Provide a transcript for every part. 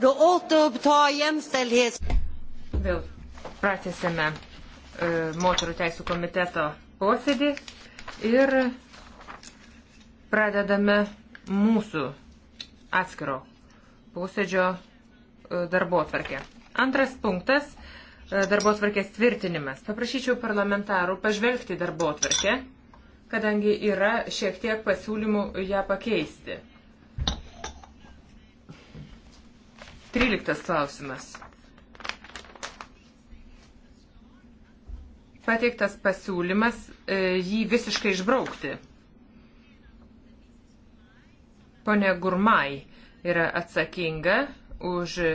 Vėl pratėsime e, moterų teisų komiteto posėdį ir pradedame mūsų atskiro posėdžio e, darbo atvarkę. Antras punktas e, - darbo atvarkės tvirtinimas. Paprašyčiau parlamentarų pažvelgti darbo atvarkę, kadangi yra šiek tiek pasiūlymų ją pakeisti. 13 klausimas. Pateiktas pasiūlymas e, jį visiškai išbraukti. Pone Gurmai yra atsakinga už e,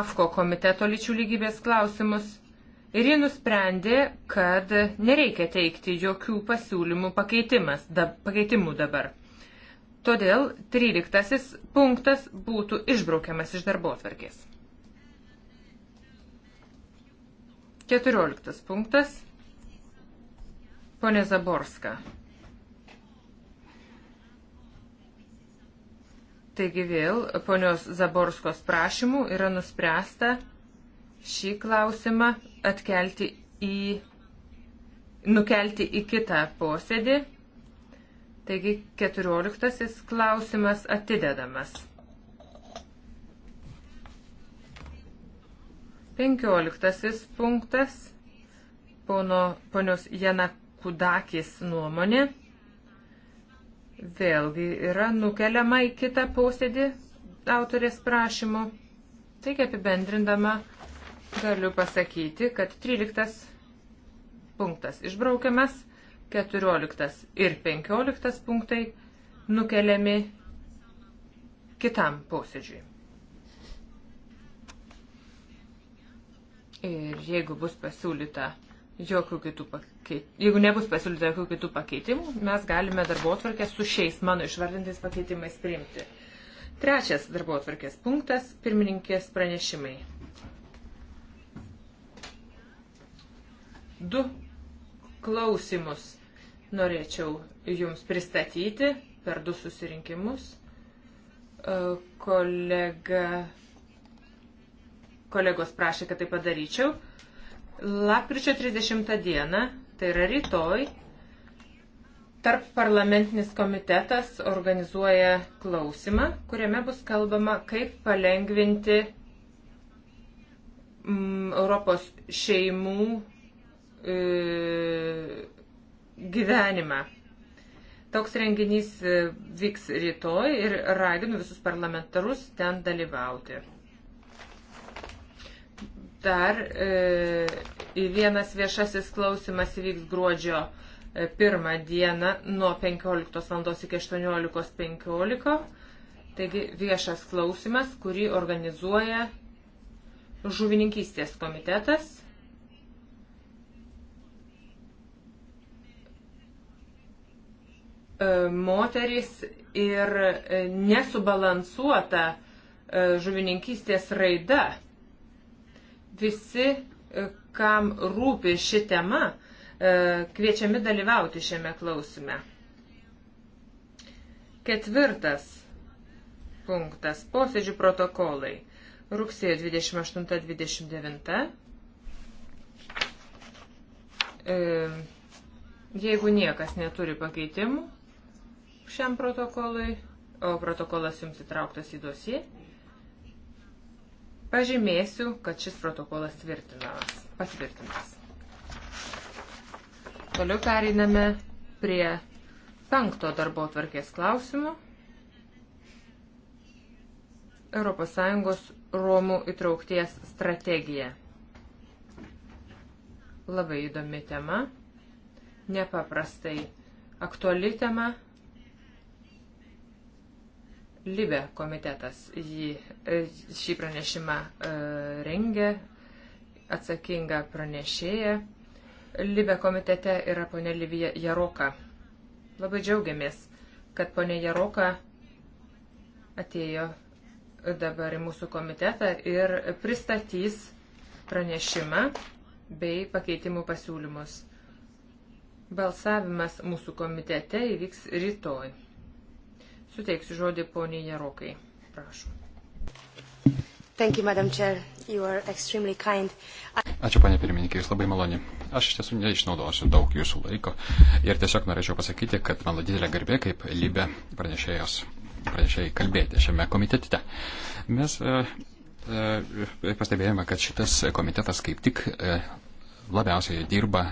AFKO komiteto lyčių lygybės klausimus ir ji nusprendė, kad nereikia teikti jokių pasiūlymų da, pakeitimų dabar. Todėl 13 punktas būtų išbraukiamas iš darbo atvarkės. 14 punktas. Pone Zaborska. Taigi vėl ponios Zaborskos prašymų yra nuspręsta šį klausimą atkelti į, nukelti į kitą posėdį. Taigi, keturioliktasis klausimas atidedamas. Penkioliktasis punktas. Pono, ponios Jana Kudakis nuomonė vėlgi yra nukeliama į kitą posėdį autorės prašymu. Taigi apibendrindama galiu pasakyti, kad 13 punktas išbraukiamas, 14 ir 15 punktai nukeliami kitam posėdžiui. Ir jeigu bus pasiūlyta jokių kitų pakeitimų, jeigu nebus pasiūlyta jokių kitų pakeitimų, mes galime darbo atvarkę su šiais mano išvardintais pakeitimais priimti. Trečias darbo atvarkės punktas - pirmininkės pranešimai. Du klausimus norėčiau Jums pristatyti per du susirinkimus. E, kolega, kolegos prašė, kad tai padaryčiau. Lapkričio 30 dieną, tai yra rytoj, tarp parlamentinis komitetas organizuoja klausimą, kuriame bus kalbama, kaip palengvinti mm, Europos šeimų e, gyvenimą. Toks renginys e, vyks rytoj ir raginu visus parlamentarus ten dalyvauti. Dar e, vienas viešasis klausimas įvyks gruodžio e, pirmą dieną nuo 15 val. iki 18.15. .15. Taigi viešas klausimas, kurį organizuoja žuvininkystės komitetas E, moteris ir e, nesubalansuota e, žuvininkystės raida. Visi, kam rūpi ši tema, kviečiami dalyvauti šiame klausime. Ketvirtas punktas - posėdžių protokolai. Rugsėjo 28-29. Jeigu niekas neturi pakeitimų, šiam protokolui, o protokolas jums įtrauktas į dosiją. Pažymėsiu, kad šis protokolas tvirtinamas, patvirtinamas. Toliau pereiname prie penkto darbo tvarkės klausimų. ES Romų įtraukties strategija. Labai įdomi tema, nepaprastai aktuali tema, Libe komitetas jį, e, šį pranešimą e, rengė, atsakinga pranešėja. Libe komitete yra ponė Livija Jaroka. Labai džiaugiamės, kad ponė Jaroka atėjo dabar į mūsų komitetą ir pristatys pranešimą bei pakeitimų pasiūlymus. Balsavimas mūsų komitete įvyks rytoj. Suteiksiu žodį poniai Jarokai. Prašom. Thank you, Madam Chair. You are extremely kind. I... Ačiū, panė pirmininkė, jūs labai maloni. Aš iš tiesų neišnaudosiu daug jūsų laiko ir tiesiog norėčiau pasakyti, kad man didelė garbė kaip lybė pranešėjos, pranešėjai kalbėti šiame komitete. Mes e, e, pastebėjome, kad šitas komitetas kaip tik e, labiausiai dirba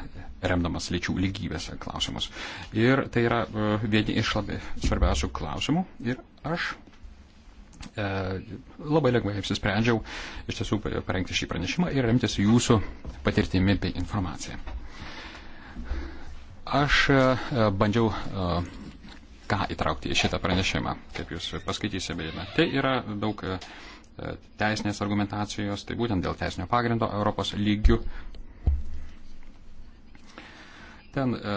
remdamas lyčių lygybės klausimus. Ir tai yra e, vieni iš labai svarbiausių klausimų. Ir aš e, labai lengvai apsisprendžiau iš tiesų parengti šį pranešimą ir remtis jūsų patirtimi bei informacija. Aš e, bandžiau e, ką įtraukti į šitą pranešimą, kaip jūs paskaitysite beje. Tai yra daug e, teisinės argumentacijos, tai būtent dėl teisinio pagrindo Europos lygių Ten e,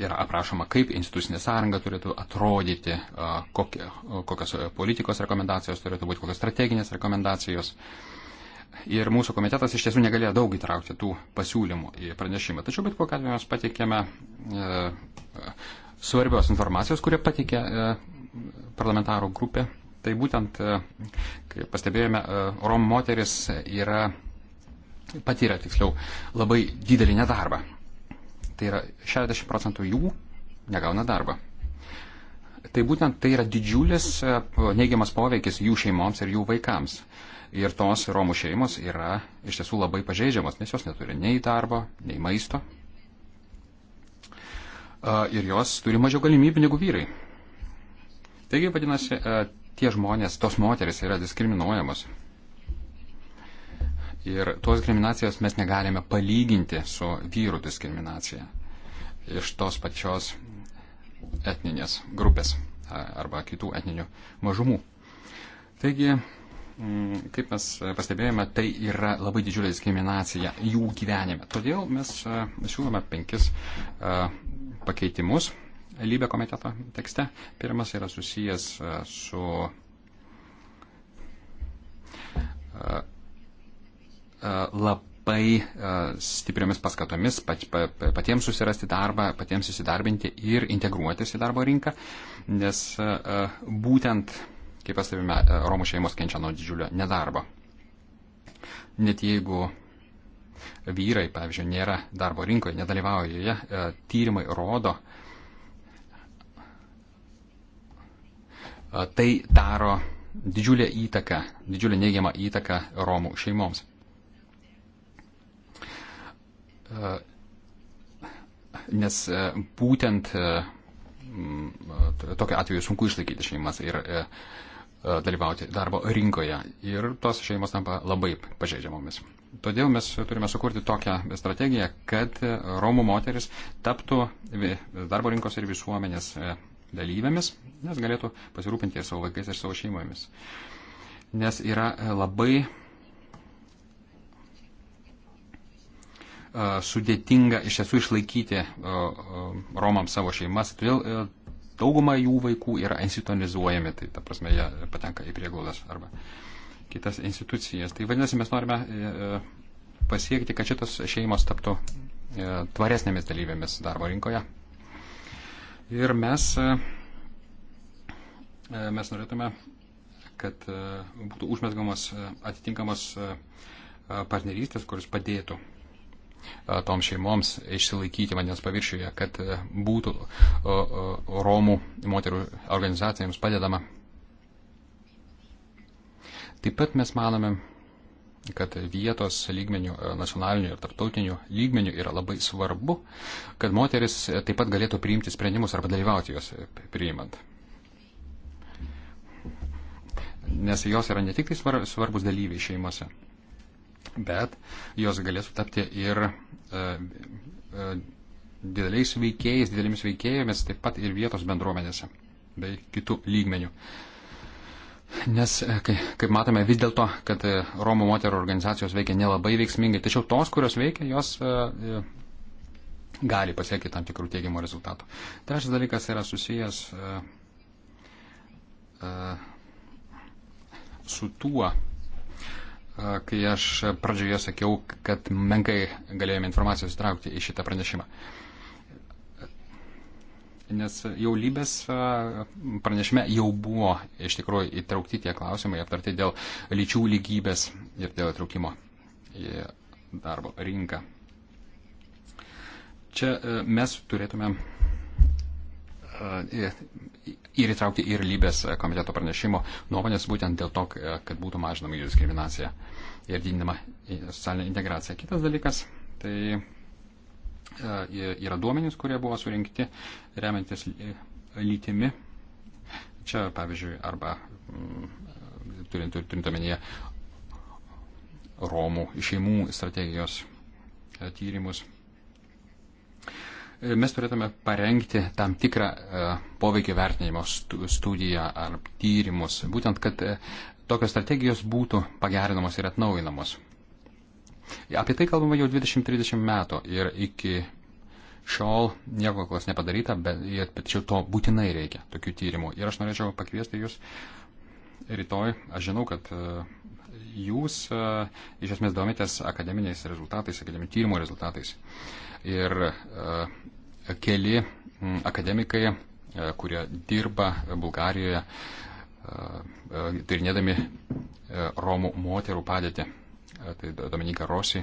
yra aprašoma, kaip institucinė sąranga turėtų atrodyti, e, kokie, e, kokios politikos rekomendacijos turėtų būti, kokios strateginės rekomendacijos. Ir mūsų komitetas iš tiesų negalėjo daug įtraukti tų pasiūlymų į pranešimą. Tačiau bet kokią atveju mes pateikėme svarbios informacijos, kurie pateikė parlamentarų grupė. Tai būtent, kaip pastebėjome, Rom moteris yra patyrę, tiksliau, labai didelį nedarbą tai yra 60 procentų jų negauna darbo. Tai būtent tai yra didžiulis e, neigiamas poveikis jų šeimoms ir jų vaikams. Ir tos Romų šeimos yra iš tiesų labai pažeidžiamos, nes jos neturi nei darbo, nei maisto. E, ir jos turi mažiau galimybių negu vyrai. Taigi, vadinasi, e, tie žmonės, tos moteris yra diskriminuojamos Ir tos diskriminacijos mes negalime palyginti su vyrų diskriminacija iš tos pačios etninės grupės arba kitų etninių mažumų. Taigi, mm, kaip mes pastebėjome, tai yra labai didžiulė diskriminacija jų gyvenime. Todėl mes siūlome penkis pakeitimus lybė komiteto tekste. Pirmas yra susijęs su labai stipriomis paskatomis pat, pat, patiems susirasti darbą, patiems įsidarbinti ir integruotis į darbo rinką, nes būtent, kaip pastebime, Romų šeimos kenčia nuo didžiulio nedarbo. Net jeigu vyrai, pavyzdžiui, nėra darbo rinkoje, nedalyvauja joje, tyrimai rodo, tai daro didžiulę įtaką, didžiulę neigiamą įtaką Romų šeimoms. E, nes e, būtent e, tokiu atveju sunku išlaikyti šeimas ir dalyvauti darbo rinkoje. Ir tos šeimos tampa labai pažeidžiamomis. Todėl mes turime sukurti tokią strategiją, kad Romų moteris taptų darbo rinkos ir visuomenės dalyvėmis, nes galėtų pasirūpinti ir savo vaikais, ir savo šeimomis. Nes yra labai sudėtinga iš tiesų išlaikyti Romams savo šeimas, todėl e, dauguma jų vaikų yra institucionalizuojami, tai ta prasme jie patenka į prieglaudas arba kitas institucijas. Tai vadinasi, mes norime e, e, pasiekti, kad šitos šeimos taptų tvaresnėmis dalyvėmis darbo rinkoje. Ir mes, mes norėtume, kad būtų užmesgamos atitinkamos partnerystės, kuris padėtų tom šeimoms išsilaikyti vandens paviršiuje, kad e, būtų Romų moterų organizacijoms padedama. Taip pat mes manome, kad vietos lygmenių, e, nacionalinių ir tarptautinių lygmenių yra labai svarbu, kad moteris e, taip pat galėtų priimti sprendimus arba dalyvauti juos priimant. Nes jos yra ne tik tai svarbus dalyviai šeimose, bet jos galės tapti ir e, e, dideliais veikėjais, didelėmis veikėjomis, taip pat ir vietos bendruomenėse bei kitų lygmenių. Nes, e, kaip matome, vis dėlto, kad e, Romų moterų organizacijos veikia nelabai veiksmingai, tačiau tos, kurios veikia, jos e, e, gali pasiekti tam tikrų teigiamų rezultatų. Trečias dalykas yra susijęs e, e, su tuo, kai aš pradžioje sakiau, kad menkai galėjome informacijos traukti į šitą pranešimą. Nes jau lybės pranešime jau buvo iš tikrųjų įtraukti tie klausimai, aptarti dėl lyčių lygybės ir dėl įtraukimo į darbo rinką. Čia e, mes turėtume ir įtraukti ir lybės komiteto pranešimo nuomonės būtent dėl to, kad būtų mažinama jų diskriminacija ir didinama socialinė integracija. Kitas dalykas, tai e, yra duomenys, kurie buvo surinkti remiantis e, lytimi. Čia, pavyzdžiui, arba mm, turint, turint omenyje Romų šeimų strategijos e, tyrimus mes turėtume parengti tam tikrą e, poveikį vertinimo studiją ar tyrimus, būtent kad e, tokios strategijos būtų pagerinamos ir atnaujinamos. Apie tai kalbama jau 20-30 metų ir iki šiol nieko kol kas nepadaryta, bet, bet čia to būtinai reikia, tokių tyrimų. Ir aš norėčiau pakviesti jūs rytoj, aš žinau, kad e, jūs iš esmės domitės akademiniais rezultatais, akademinių tyrimų rezultatais. Uh, ir e, keli akademikai, e, kurie dirba Bulgarijoje, e, tyrinėdami Romų moterų padėtį. Tai Dominika Rosi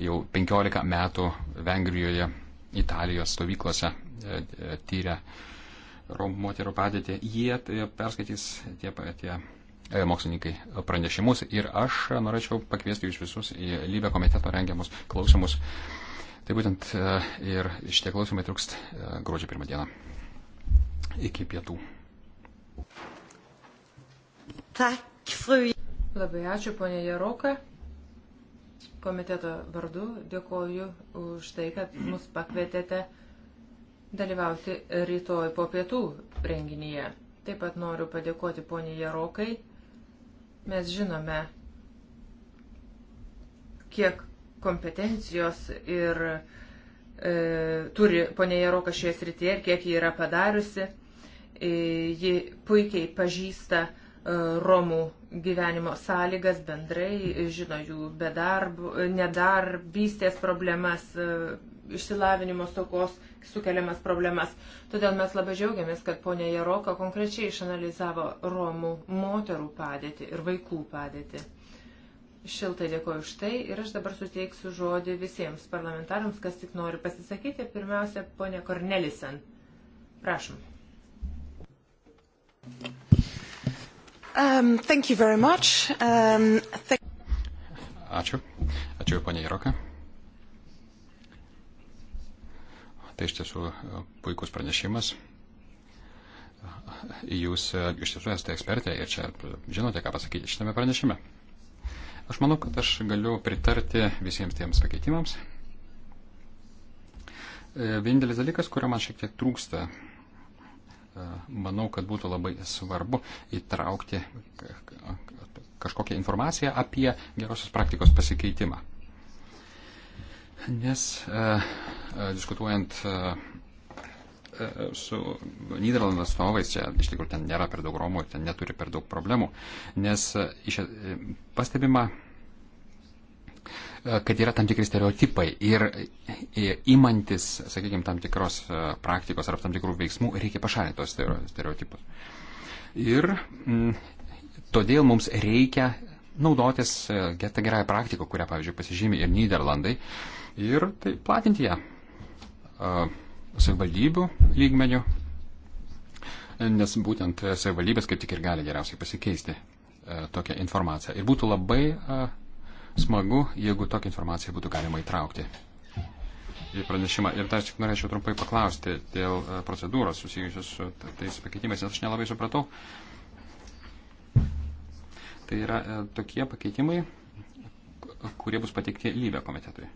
jau 15 metų Vengrijoje, Italijos stovyklose tyria Romų moterų padėtį. Jie tai perskaitys tie, tie mokslininkai pranešimus ir aš norėčiau pakviesti jūs visus į Lybę komiteto rengiamus klausimus Tai būtent e, ir šitie klausimai truks e, gruodžio pirmą dieną iki pietų. Labai ačiū, ponė Jaroka. Komiteto vardu dėkoju už tai, kad mus pakvietėte dalyvauti rytoj po pietų renginyje. Taip pat noriu padėkoti poniai Jarokai. Mes žinome, kiek kompetencijos ir e, turi ponė Jaroka šioje srityje ir kiek ji yra padariusi. E, ji puikiai pažįsta e, Romų gyvenimo sąlygas bendrai, žino jų bedarbų, e, nedarbystės problemas, e, išsilavinimo stokos sukeliamas problemas. Todėl mes labai džiaugiamės, kad ponė Jaroka konkrečiai išanalizavo Romų moterų padėtį ir vaikų padėtį. Šiltai dėkoju už tai ir aš dabar suteiksiu žodį visiems parlamentarams, kas tik nori pasisakyti. Pirmiausia, ponė Kornelisen. Prašom. Um, thank you very much. Um, thank... Ačiū. Ačiū, ponė Jiroka. Tai iš tiesų uh, puikus pranešimas. Jūs uh, iš tiesų esate ekspertė ir čia uh, žinote, ką pasakyti šitame pranešime. Aš manau, kad aš galiu pritarti visiems tiems pakeitimams. E, vienintelis dalykas, kurio man šiek tiek trūksta, e, manau, kad būtų labai svarbu įtraukti kažkokią informaciją apie gerosios praktikos pasikeitimą. Nes e, e diskutuojant e, E, su Niderlandų atstovais, čia iš tikrųjų ten nėra per daug romų, ten neturi per daug problemų, nes e, iš, e, pastebima, kad yra tam tikri stereotipai ir įmantis, sakykime, tam tikros praktikos ar tam tikrų veiksmų reikia pašalinti tos stereotipus. Ir m, mm, todėl mums reikia naudotis tą gerąją praktiką, kurią, pavyzdžiui, pasižymė ir Niderlandai, ir tai platinti ją. Uh, savivaldybių lygmenių, nes būtent savivaldybės kaip tik ir gali geriausiai pasikeisti e, tokią informaciją. Ir būtų labai e, smagu, jeigu tokią informaciją būtų galima įtraukti į pranešimą. Ir dar tik norėčiau trumpai paklausti dėl e, procedūros susijusios su tais pakeitimais, nes aš nelabai supratau. Tai yra tokie pakeitimai, kurie bus pateikti lybė komitetui.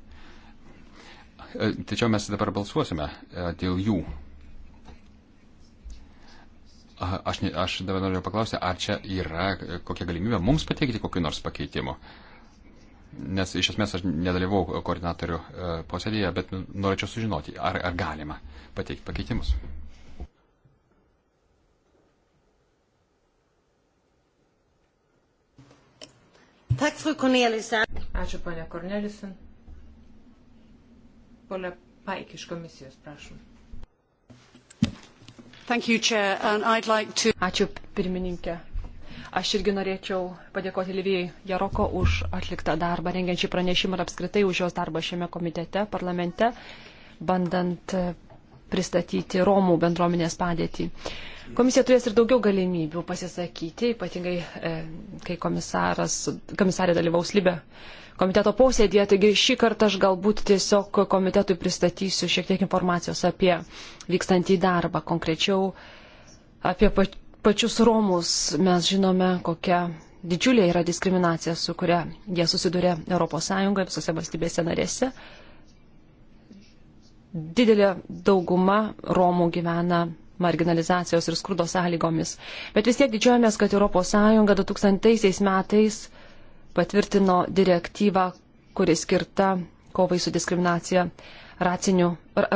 E, tačiau mes dabar balsuosime e, dėl jų. Aš, ne, aš dabar noriu paklausti, ar čia yra e, kokia galimybė mums pateikti kokiu nors pakeitimu. Nes iš esmės aš nedalyvau koordinatorių posėdėje, bet nu, norėčiau sužinoti, ar, ar galima pateikti pakeitimus. Ačiū, ponė Kornelisen. Nikola Paik iš komisijos, prašom. You, Chair, like to... Ačiū pirmininkė. Aš irgi norėčiau padėkoti Livijai Jaroko už atliktą darbą, rengiant šį pranešimą ir apskritai už jos darbą šiame komitete, parlamente, bandant pristatyti Romų bendruomenės padėtį. Komisija turės ir daugiau galimybių pasisakyti, ypatingai e, kai komisarė dalyvaus Libė komiteto posėdėje. Taigi šį kartą aš galbūt tiesiog komitetui pristatysiu šiek tiek informacijos apie vykstantį darbą, konkrečiau apie pačius Romus. Mes žinome, kokia didžiulė yra diskriminacija, su kuria jie susiduria ES visose valstybėse narėse didelė dauguma Romų gyvena marginalizacijos ir skurdo sąlygomis. Bet vis tiek didžiuojamės, kad ES 2000 metais patvirtino direktyvą, kuri skirta kovai su diskriminacija racinių,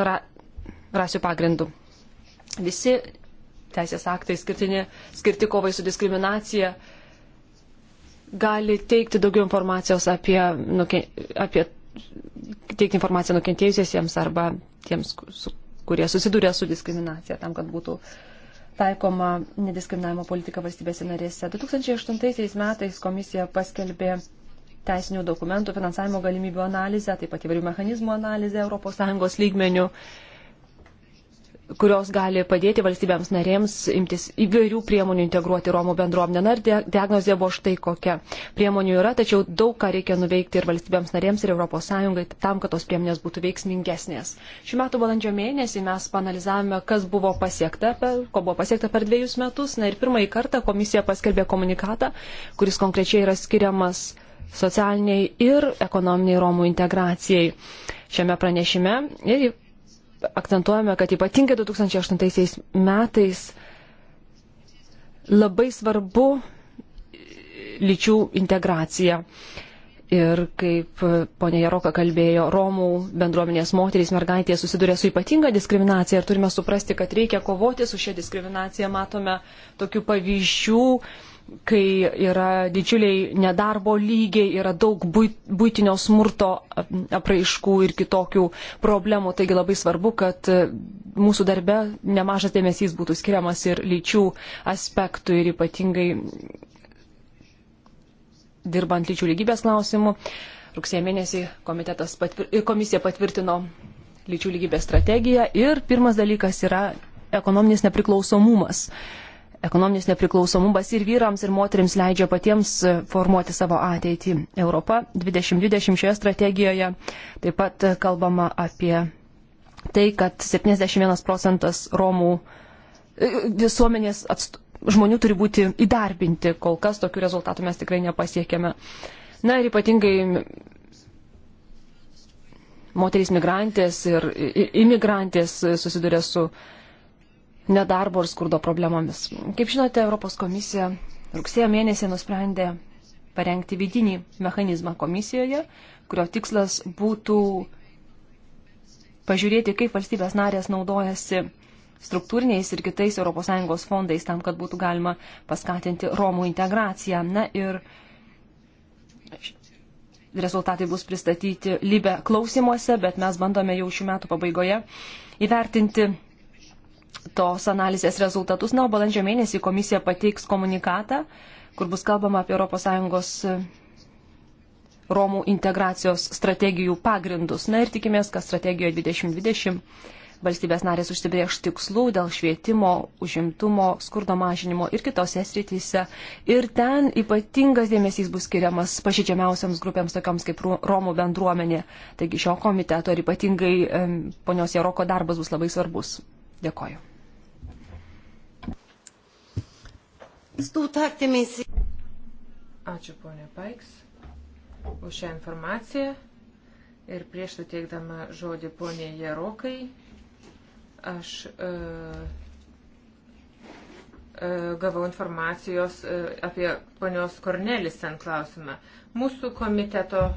ra, rasių pagrindų. Visi teisės aktai skirtini, skirti kovai su diskriminacija gali teikti daugiau informacijos apie, nuke, apie teikti informaciją nukentėjusiesiems arba tiems, kurie susidūrė su diskriminacija, tam, kad būtų taikoma nediskriminavimo politika valstybėse narėse. 2008 metais komisija paskelbė teisinių dokumentų finansavimo galimybių analizę, taip pat įvairių mechanizmų analizę ES lygmenių kurios gali padėti valstybėms narėms imtis įvairių priemonių integruoti Romų bendruomenę. Na ir diagnozija buvo štai kokia. Priemonių yra, tačiau daug ką reikia nuveikti ir valstybėms narėms, ir ES tam, kad tos priemonės būtų veiksmingesnės. Šiuo metu balandžio mėnesį mes panalizavome, kas buvo pasiekta, per, ko buvo pasiekta per dviejus metus. Na ir pirmąjį kartą komisija paskelbė komunikatą, kuris konkrečiai yra skiriamas socialiniai ir ekonominiai Romų integracijai. Šiame pranešime ir akcentuojame, kad ypatingai 2008 metais labai svarbu lyčių integracija. Ir kaip ponė Jaroka kalbėjo, Romų bendruomenės moterys, mergaitės susiduria su ypatinga diskriminacija ir turime suprasti, kad reikia kovoti su šia diskriminacija. Matome tokių pavyzdžių kai yra didžiuliai nedarbo lygiai, yra daug būtinio smurto apraiškų ir kitokių problemų. Taigi labai svarbu, kad e, mūsų darbe nemažas dėmesys būtų skiriamas ir lyčių aspektų ir ypatingai dirbant lyčių lygybės klausimų. Rugsėjo mėnesį patvir... E, komisija patvirtino lyčių lygybės strategiją ir pirmas dalykas yra ekonominis nepriklausomumas. Uh, Ekonominis nepriklausomumas ir vyrams, ir moteriams leidžia patiems e, formuoti savo ateitį. Europa 2020 šioje strategijoje taip pat e, kalbama apie tai, kad 71 procentas Romų e, visuomenės atst... žmonių turi būti įdarbinti. Kol kas tokių rezultatų mes tikrai nepasiekėme. Na ir ypatingai moterys migrantės ir imigrantės susiduria su uh, nedarbo ir skurdo problemomis. Kaip žinote, Europos komisija rugsėjo mėnesį nusprendė parengti vidinį mechanizmą komisijoje, kurio tikslas būtų pažiūrėti, kaip valstybės narės naudojasi struktūriniais ir kitais ES fondais tam, kad būtų galima paskatinti Romų integraciją. Na ir rezultatai bus pristatyti Libe klausimuose, bet mes bandome jau šių metų pabaigoje įvertinti tos analizės rezultatus. Na, o balandžio mėnesį komisija pateiks komunikatą, kur bus kalbama apie ES e, Romų integracijos strategijų pagrindus. Na ir tikimės, kad strategijoje 2020 valstybės narės užsibrieš tikslų dėl švietimo, užimtumo, skurdo mažinimo ir kitose srityse. Ir ten ypatingas dėmesys bus skiriamas pažydžiamiausiams grupėms, tokiams kaip Romų bendruomenė. Taigi šio komiteto ir ypatingai ponios Jaroko darbas bus labai svarbus. Dėkoju. Ačiū ponė Paiks už šią informaciją ir prieš suteikdama žodį ponė Jerokai, aš e, e, gavau informacijos e, apie ponios Kornelisen klausimą. Mūsų komiteto e,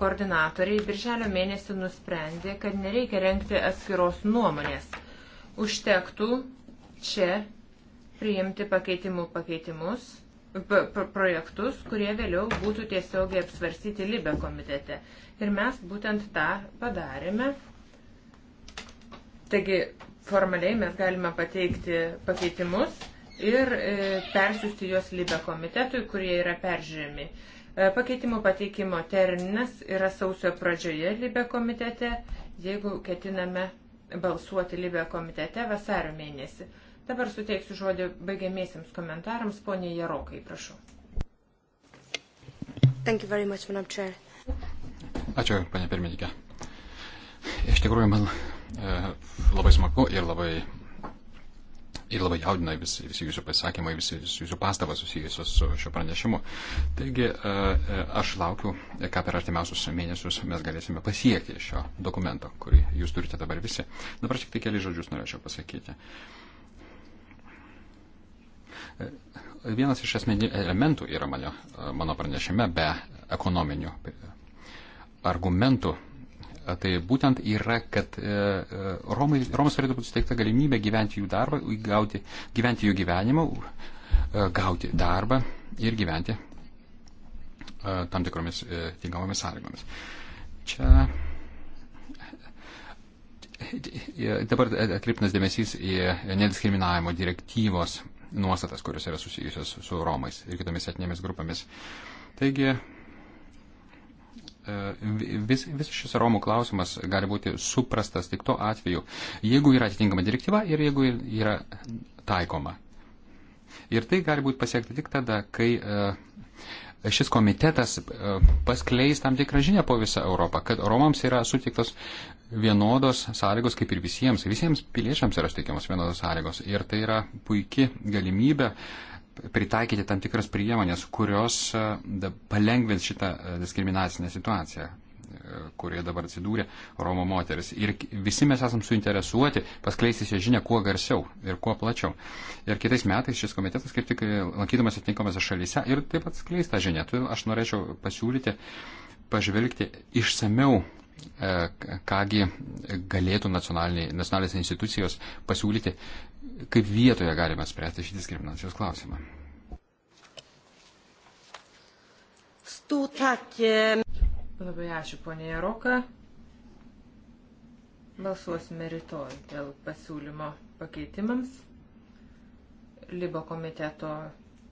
koordinatoriai birželio mėnesį nusprendė, kad nereikia renkti atskiros nuomonės. Užtektų čia priimti pakeitimų pakeitimus, projektus, kurie vėliau būtų tiesiogiai apsvarstyti Libe komitete. Ir mes būtent tą padarėme. Taigi formaliai mes galime pateikti pakeitimus ir e, persiųsti juos Libe komitetui, kurie yra peržiūrimi. E, pakeitimų pateikimo terminas yra sausio pradžioje Libe komitete, jeigu ketiname balsuoti Libe komitete vasario mėnesį. Dabar suteiksiu žodį baigiamiesiams komentarams. Pone Jarokai, prašau. Much, Ačiū, panė pirmininkė. Iš tikrųjų, man e, labai smagu ir labai, ir labai jaudina visi, visi jūsų pasakymai, visi, visi jūsų pastabas susijusios su šiuo pranešimu. Taigi, e, e aš laukiu, e, ką per artimiausius mėnesius mes galėsime pasiekti šio dokumento, kurį jūs turite dabar visi. Dabar tik tai keli žodžius norėčiau pasakyti. E, E, vienas iš esminių elementų yra mano, e, mano pranešime be ekonominių e, argumentų. Tai būtent yra, kad Romai, Romas turėtų būti suteikta galimybė gyventi jų darbą, gauti, gyventi jų gyvenimą, gauti darbą ir gyventi tam tikromis tinkamomis sąlygomis. Čia dabar atkreiptinas dėmesys į nediskriminavimo direktyvos nuostatas, kurios yra susijusios su Romais ir kitomis etinėmis grupėmis. Taigi, e, vis, vis šis Romų klausimas gali būti suprastas tik tuo atveju, jeigu yra atitinkama direktyva ir jeigu yra taikoma. Ir tai gali būti pasiekti tik tada, kai e, šis komitetas e, paskleis tam tikrą žinią po visą Europą, kad Romams yra sutiktos vienodos sąlygos kaip ir visiems. Visiems piliečiams yra suteikiamos vienodos sąlygos. Ir tai yra puikia galimybė pritaikyti tam tikras priemonės, kurios e, palengvins šitą e, diskriminacinę situaciją e, kurie dabar atsidūrė Romo moteris. Ir visi mes esam suinteresuoti paskleisti šią žinią kuo garsiau ir kuo plačiau. Ir kitais metais šis komitetas kaip tik lankydamas atinkamose šalyse ir taip pat skleis tą žinią. Todėl aš norėčiau pasiūlyti pažvelgti išsameu E, kągi galėtų nacionalinės institucijos pasiūlyti, kaip vietoje galime spręsti šį diskriminacijos klausimą. Stūtakė. Labai ačiū, ponė Jaroka. Balsuosime rytoj dėl pasiūlymo pakeitimams Libo komiteto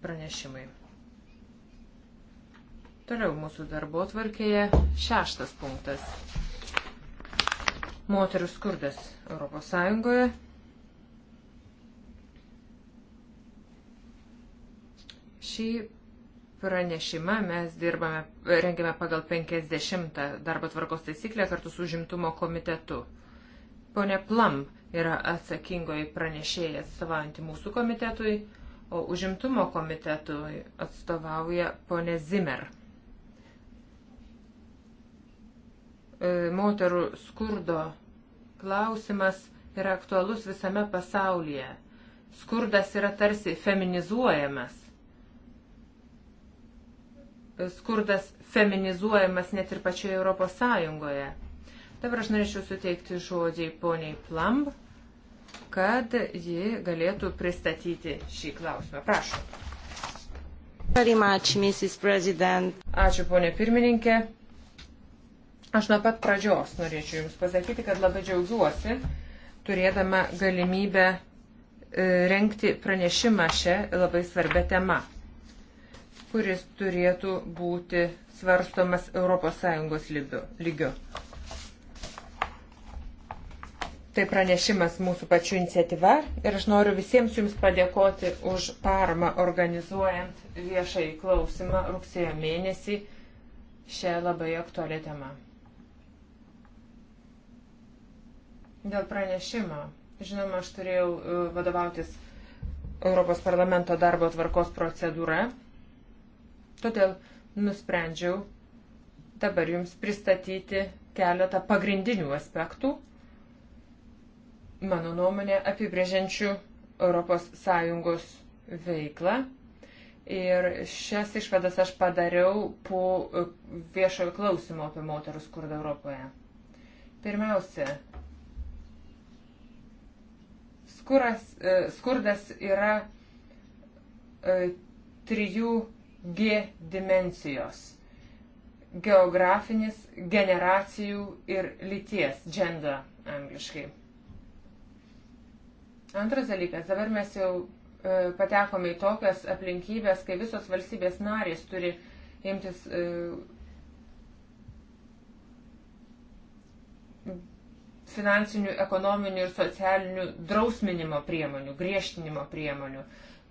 pranešimai. Toliau mūsų darbo atvarkėje šeštas punktas. Moterių skurdas Europos Sąjungoje. Šį pranešimą mes dirbame, rengiame pagal 50 darbo tvarkos taisyklę kartu su užimtumo komitetu. Pone Plam yra atsakingoji pranešėja atstovaujantį mūsų komitetui, o užimtumo komitetui atstovauja pone Zimmer. E, moterų skurdo klausimas yra aktualus visame pasaulyje. Skurdas yra tarsi feminizuojamas. Skurdas feminizuojamas net ir pačioje Europos Sąjungoje. Dabar aš norėčiau suteikti žodžiai poniai Plamb, kad ji galėtų pristatyti šį klausimą. Prašom. Much, Ačiū, ponė pirmininkė. Aš nuo pat pradžios norėčiau Jums pasakyti, kad labai džiaugiuosi turėdama galimybę e, renkti pranešimą šią labai svarbę temą, kuris turėtų būti svarstomas ES lygiu. Tai pranešimas mūsų pačių iniciatyva ir aš noriu visiems jums padėkoti už paramą organizuojant viešai klausimą rugsėjo mėnesį šią labai aktualią temą. Dėl pranešimo. Žinoma, aš turėjau e, vadovautis Europos parlamento darbo tvarkos procedūra. Todėl nusprendžiau dabar jums pristatyti keletą pagrindinių aspektų, mano nuomonė, apibrėžiančių ES veiklą. Ir šias išvadas aš padariau po e, viešojo klausimo apie moterų skurdą Europoje. Pirmiausia, skuras, e, skurdas yra 3G e, dimensijos - geografinis, generacijų ir lyties - gender angliškai. Antras dalykas - dabar mes jau e, patekome į tokias aplinkybės, kai visos valstybės narės turi imtis finansinių, ekonominių ir socialinių drausminimo priemonių, griežtinimo priemonių.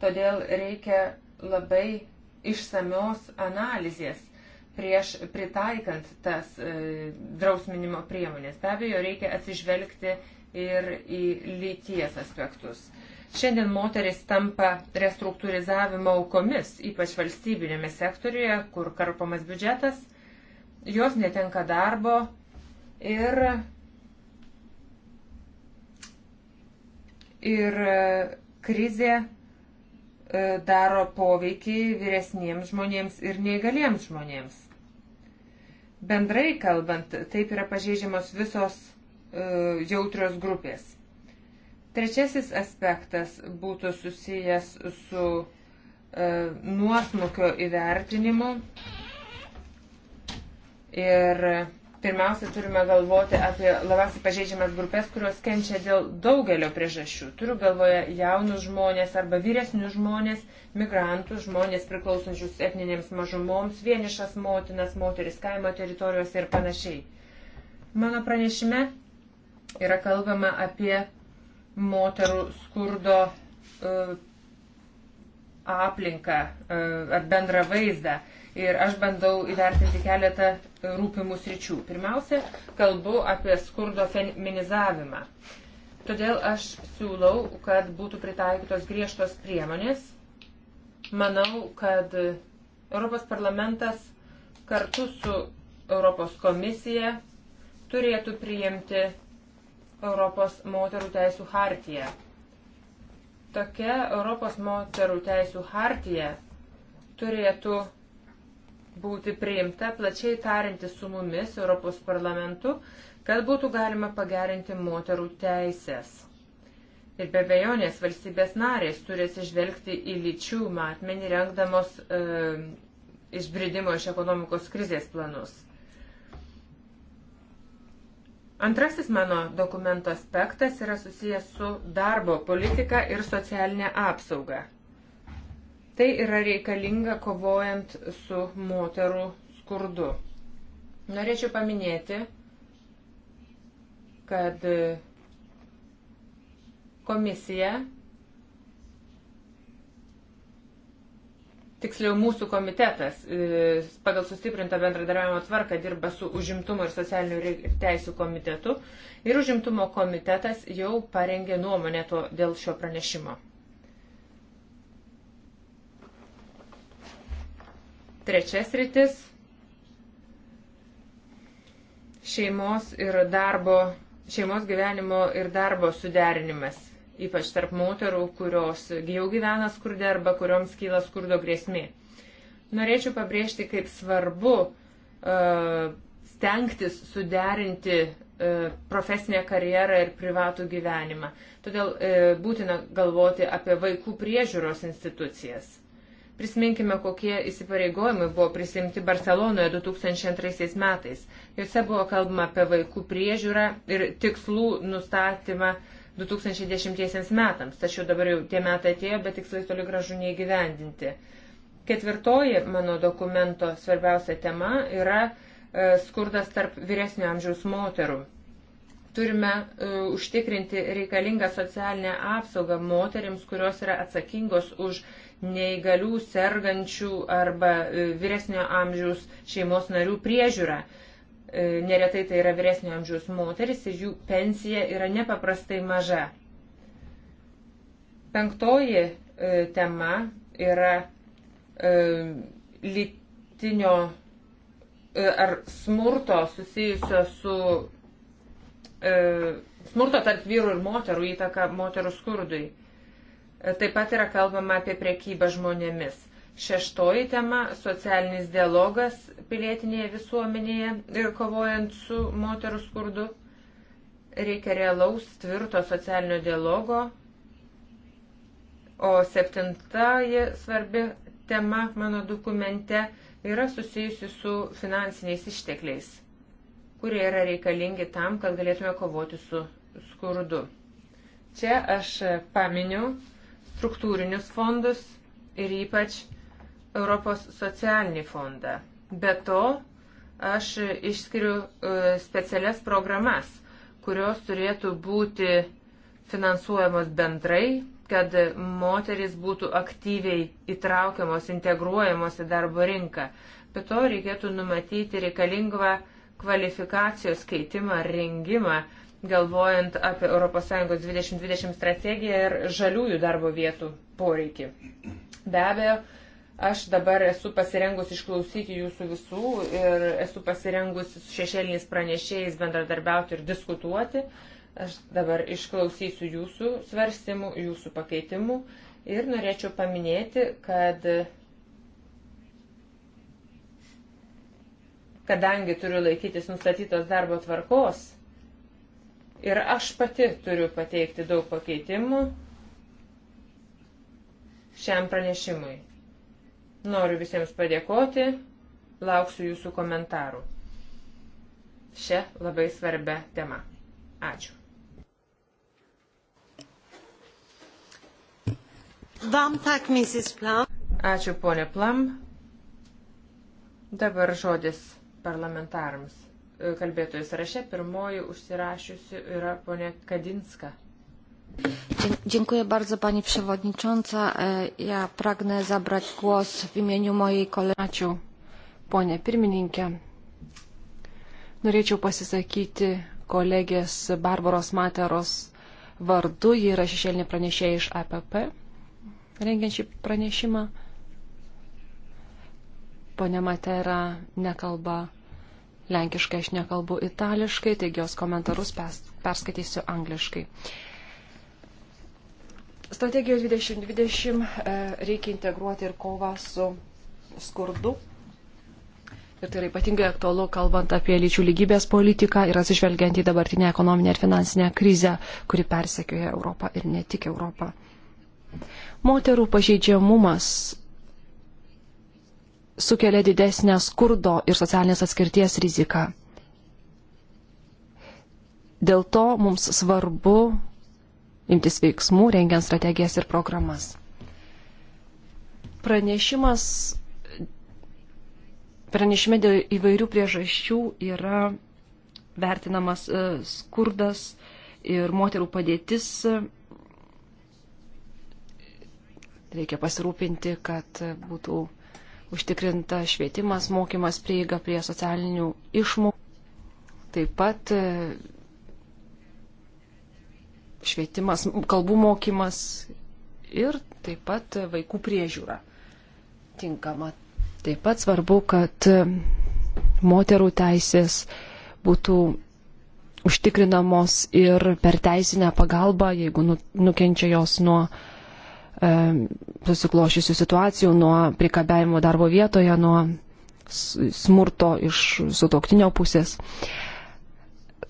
Todėl reikia labai išsamios analizės prieš pritaikant tas e, drausminimo priemonės. Be abejo, reikia atsižvelgti ir į lyties aspektus. Šiandien moteris tampa restruktūrizavimo aukomis, ypač valstybinėme sektoriuje, kur karpomas biudžetas, jos netenka darbo ir ir e, krizė e, daro poveikį vyresniems žmonėms ir neįgaliems žmonėms. Bendrai kalbant, taip yra pažeidžiamos visos uh, jautrios grupės. Trečiasis aspektas būtų susijęs su uh, nuosmukio įvertinimu ir uh, pirmiausia turime galvoti apie labiausiai pažeidžiamas grupės, kurios kenčia dėl daugelio priežasčių. Turiu galvoje jaunus žmonės arba vyresnius žmonės, migrantus, žmonės priklausančius etninėms mažumoms, vienišas motinas, moteris kaimo teritorijose ir panašiai. Mano pranešime yra kalbama apie moterų skurdo uh, aplinką uh, ar bendrą vaizdą. Uh, ir aš bandau įvertinti keletą rūpimų sričių. Pirmiausia, kalbu apie skurdo feminizavimą. Todėl aš siūlau, kad būtų pritaikytos griežtos priemonės. Manau, kad Europos parlamentas kartu su Europos komisija turėtų priimti Europos moterų teisų hartiją. Tokia Europos moterų teisų hartija turėtų būti priimta plačiai tarinti su mumis Europos parlamentu, kad būtų galima pagerinti moterų teisės. Ir be bejonės valstybės narės turės išvelgti į lyčių matmenį rengdamos e, išbridimo iš ekonomikos krizės planus. Antrasis mano dokumento aspektas yra susijęs su darbo politika ir socialinė apsauga. Tai yra reikalinga kovojant su moterų skurdu. Norėčiau paminėti, kad komisija, tiksliau mūsų komitetas, e, pagal sustiprintą bendradarbiavimo tvarką dirba su užimtumo ir socialinių teisų komitetu ir užimtumo komitetas jau parengė nuomonę to, dėl šio pranešimo. Trečias rytis - šeimos ir darbo, šeimos gyvenimo ir darbo suderinimas, ypač tarp moterų, kurios jau gyvena skurde arba kurioms kyla skurdo grėsmė. Norėčiau pabrėžti, kaip svarbu uh, stengtis suderinti e, profesinę karjerą ir privatų gyvenimą. Todėl e, būtina galvoti apie vaikų priežiūros institucijas. Prisiminkime, kokie įsipareigojimai buvo prisimti Barcelonoje 2002 metais. Juose buvo kalbama apie vaikų priežiūrą ir tikslų nustatymą 2010 metams. Tačiau dabar jau tie metai atėjo, bet tikslai toli gražu neįgyvendinti. Ketvirtoji mano dokumento svarbiausia tema yra e, skurdas tarp vyresnio amžiaus moterų. Turime uh, užtikrinti reikalingą socialinę apsaugą moteriams, kurios yra atsakingos už uh, neįgalių, sergančių arba e, vyresnio amžiaus šeimos narių priežiūrą. E, neretai tai yra vyresnio amžiaus moteris ir jų pensija yra nepaprastai maža. Penktoji e, tema yra lytinio ar smurto susijusio su smurto tarp vyrų ir moterų įtaka moterų skurdui. Taip pat yra kalbama apie priekybą žmonėmis. Šeštoji tema - socialinis dialogas pilietinėje visuomenėje ir kovojant su moterų skurdu. Reikia realaus, tvirto socialinio dialogo. O septintaji svarbi tema mano dokumente yra susijusi su finansiniais ištekliais, kurie yra reikalingi tam, kad galėtume kovoti su skurdu. Čia aš paminiu struktūrinius fondus ir ypač Europos socialinį fondą. Be to, aš išskiriu e, specialias programas, kurios turėtų būti finansuojamos bendrai, kad moteris būtų aktyviai įtraukiamos, integruojamos į darbo rinką. Be to reikėtų numatyti reikalingą kvalifikacijos keitimą, rengimą, galvojant apie ES 2020 strategiją ir žaliųjų darbo vietų poreikį. Be abejo, aš dabar esu pasirengus išklausyti jūsų visų ir esu pasirengus su šešėliniais pranešėjais bendradarbiauti ir diskutuoti. Aš dabar išklausysiu jūsų svarstymų, jūsų pakeitimų ir norėčiau paminėti, kad kadangi turiu laikytis nustatytos darbo tvarkos, Ir aš pati turiu pateikti daug pakeitimų šiam pranešimui. Noriu visiems padėkoti, lauksiu jūsų komentarų. Šia labai svarbia tema. Ačiū. Ačiū, ponė Plam. Dabar žodis parlamentarams. E, kalbėtojų sąraše. Pirmoji užsirašiusi yra ponė Kadinska. Dziękuję bardzo Pani Przewodnicząca. E, ja pragnę zabrać głos w imieniu mojej koleżanki. Ačiū, ponė pirmininkė. Norėčiau pasisakyti kolegės Barbaros Materos vardu. Ji yra šešėlinė pranešėja iš APP, rengiant šį pranešimą. Pone Matera nekalba lenkiškai aš nekalbu itališkai, taigi jos komentarus perskaitysiu angliškai. Strategijos 2020 e, reikia integruoti ir kovą su skurdu. Ir tai yra ypatingai aktualu, kalbant apie lyčių lygybės politiką ir atsižvelgiant į dabartinę ekonominę ir finansinę krizę, kuri persekioja Europą ir ne tik Europą. Moterų pažeidžiamumas sukelia didesnę skurdo ir socialinės atskirties riziką. Dėl to mums svarbu imtis veiksmų, rengiant strategijas ir programas. Pranešimas, pranešime dėl įvairių priežasčių yra vertinamas e, skurdas ir moterų padėtis. Reikia pasirūpinti, kad būtų užtikrinta švietimas, mokymas, prieiga prie socialinių išmokų. Taip pat e, švietimas, kalbų mokymas ir taip pat vaikų priežiūra tinkama. Taip pat svarbu, kad e, moterų teisės būtų užtikrinamos ir per teisinę pagalbą, jeigu nu, nukenčia jos nuo uh, E, susiklošysių situacijų, nuo prikabėjimo darbo vietoje, nuo smurto iš sutoktinio pusės.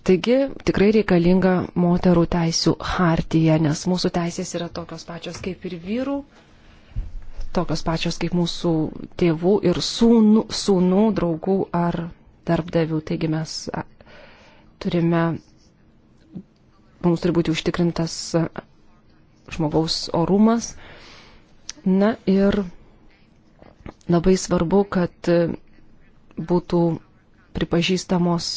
Taigi tikrai reikalinga moterų teisų hartija, nes mūsų teisės yra tokios pačios kaip ir vyrų, tokios pačios kaip mūsų tėvų ir sūnų, sūnų draugų ar darbdavių. Taigi mes turime, mums turi būti užtikrintas žmogaus orumas. Na ir labai svarbu, kad būtų pripažįstamos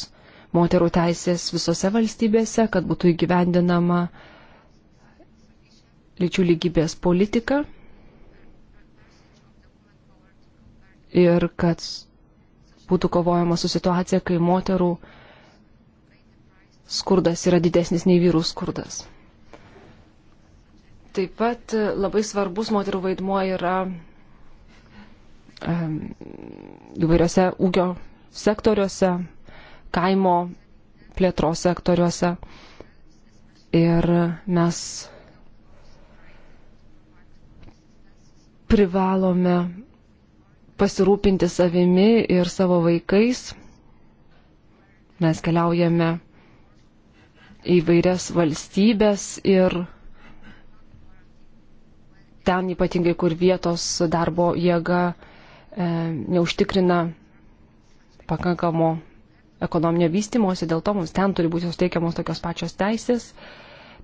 moterų teisės visose valstybėse, kad būtų įgyvendinama lyčių lygybės politika ir kad būtų kovojama su situacija, kai moterų skurdas yra didesnis nei vyrų skurdas. Taip pat e, labai svarbus moterų vaidmuo yra įvairiose ūkio sektoriuose, kaimo plėtros sektoriuose. Ir mes privalome pasirūpinti savimi ir savo vaikais. Mes keliaujame į vairias valstybės ir ten ypatingai, kur vietos darbo jėga e, neužtikrina pakankamo ekonominio vystimosi, dėl to mums ten turi būti suteikiamos tokios pačios teisės.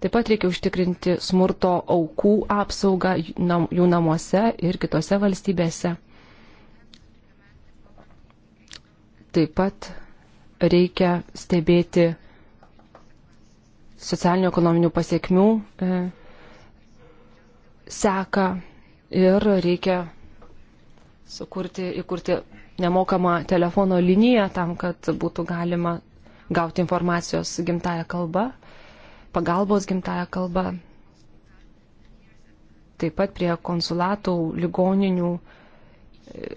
Taip pat reikia užtikrinti smurto aukų apsaugą nam, jų namuose ir kitose valstybėse. Taip pat reikia stebėti socialinių ekonominių pasiekmių e, seka ir reikia sukurti, įkurti nemokamą telefono liniją tam, kad būtų galima gauti informacijos gimtają kalbą, pagalbos gimtają kalbą. Taip pat prie konsulatų, ligoninių,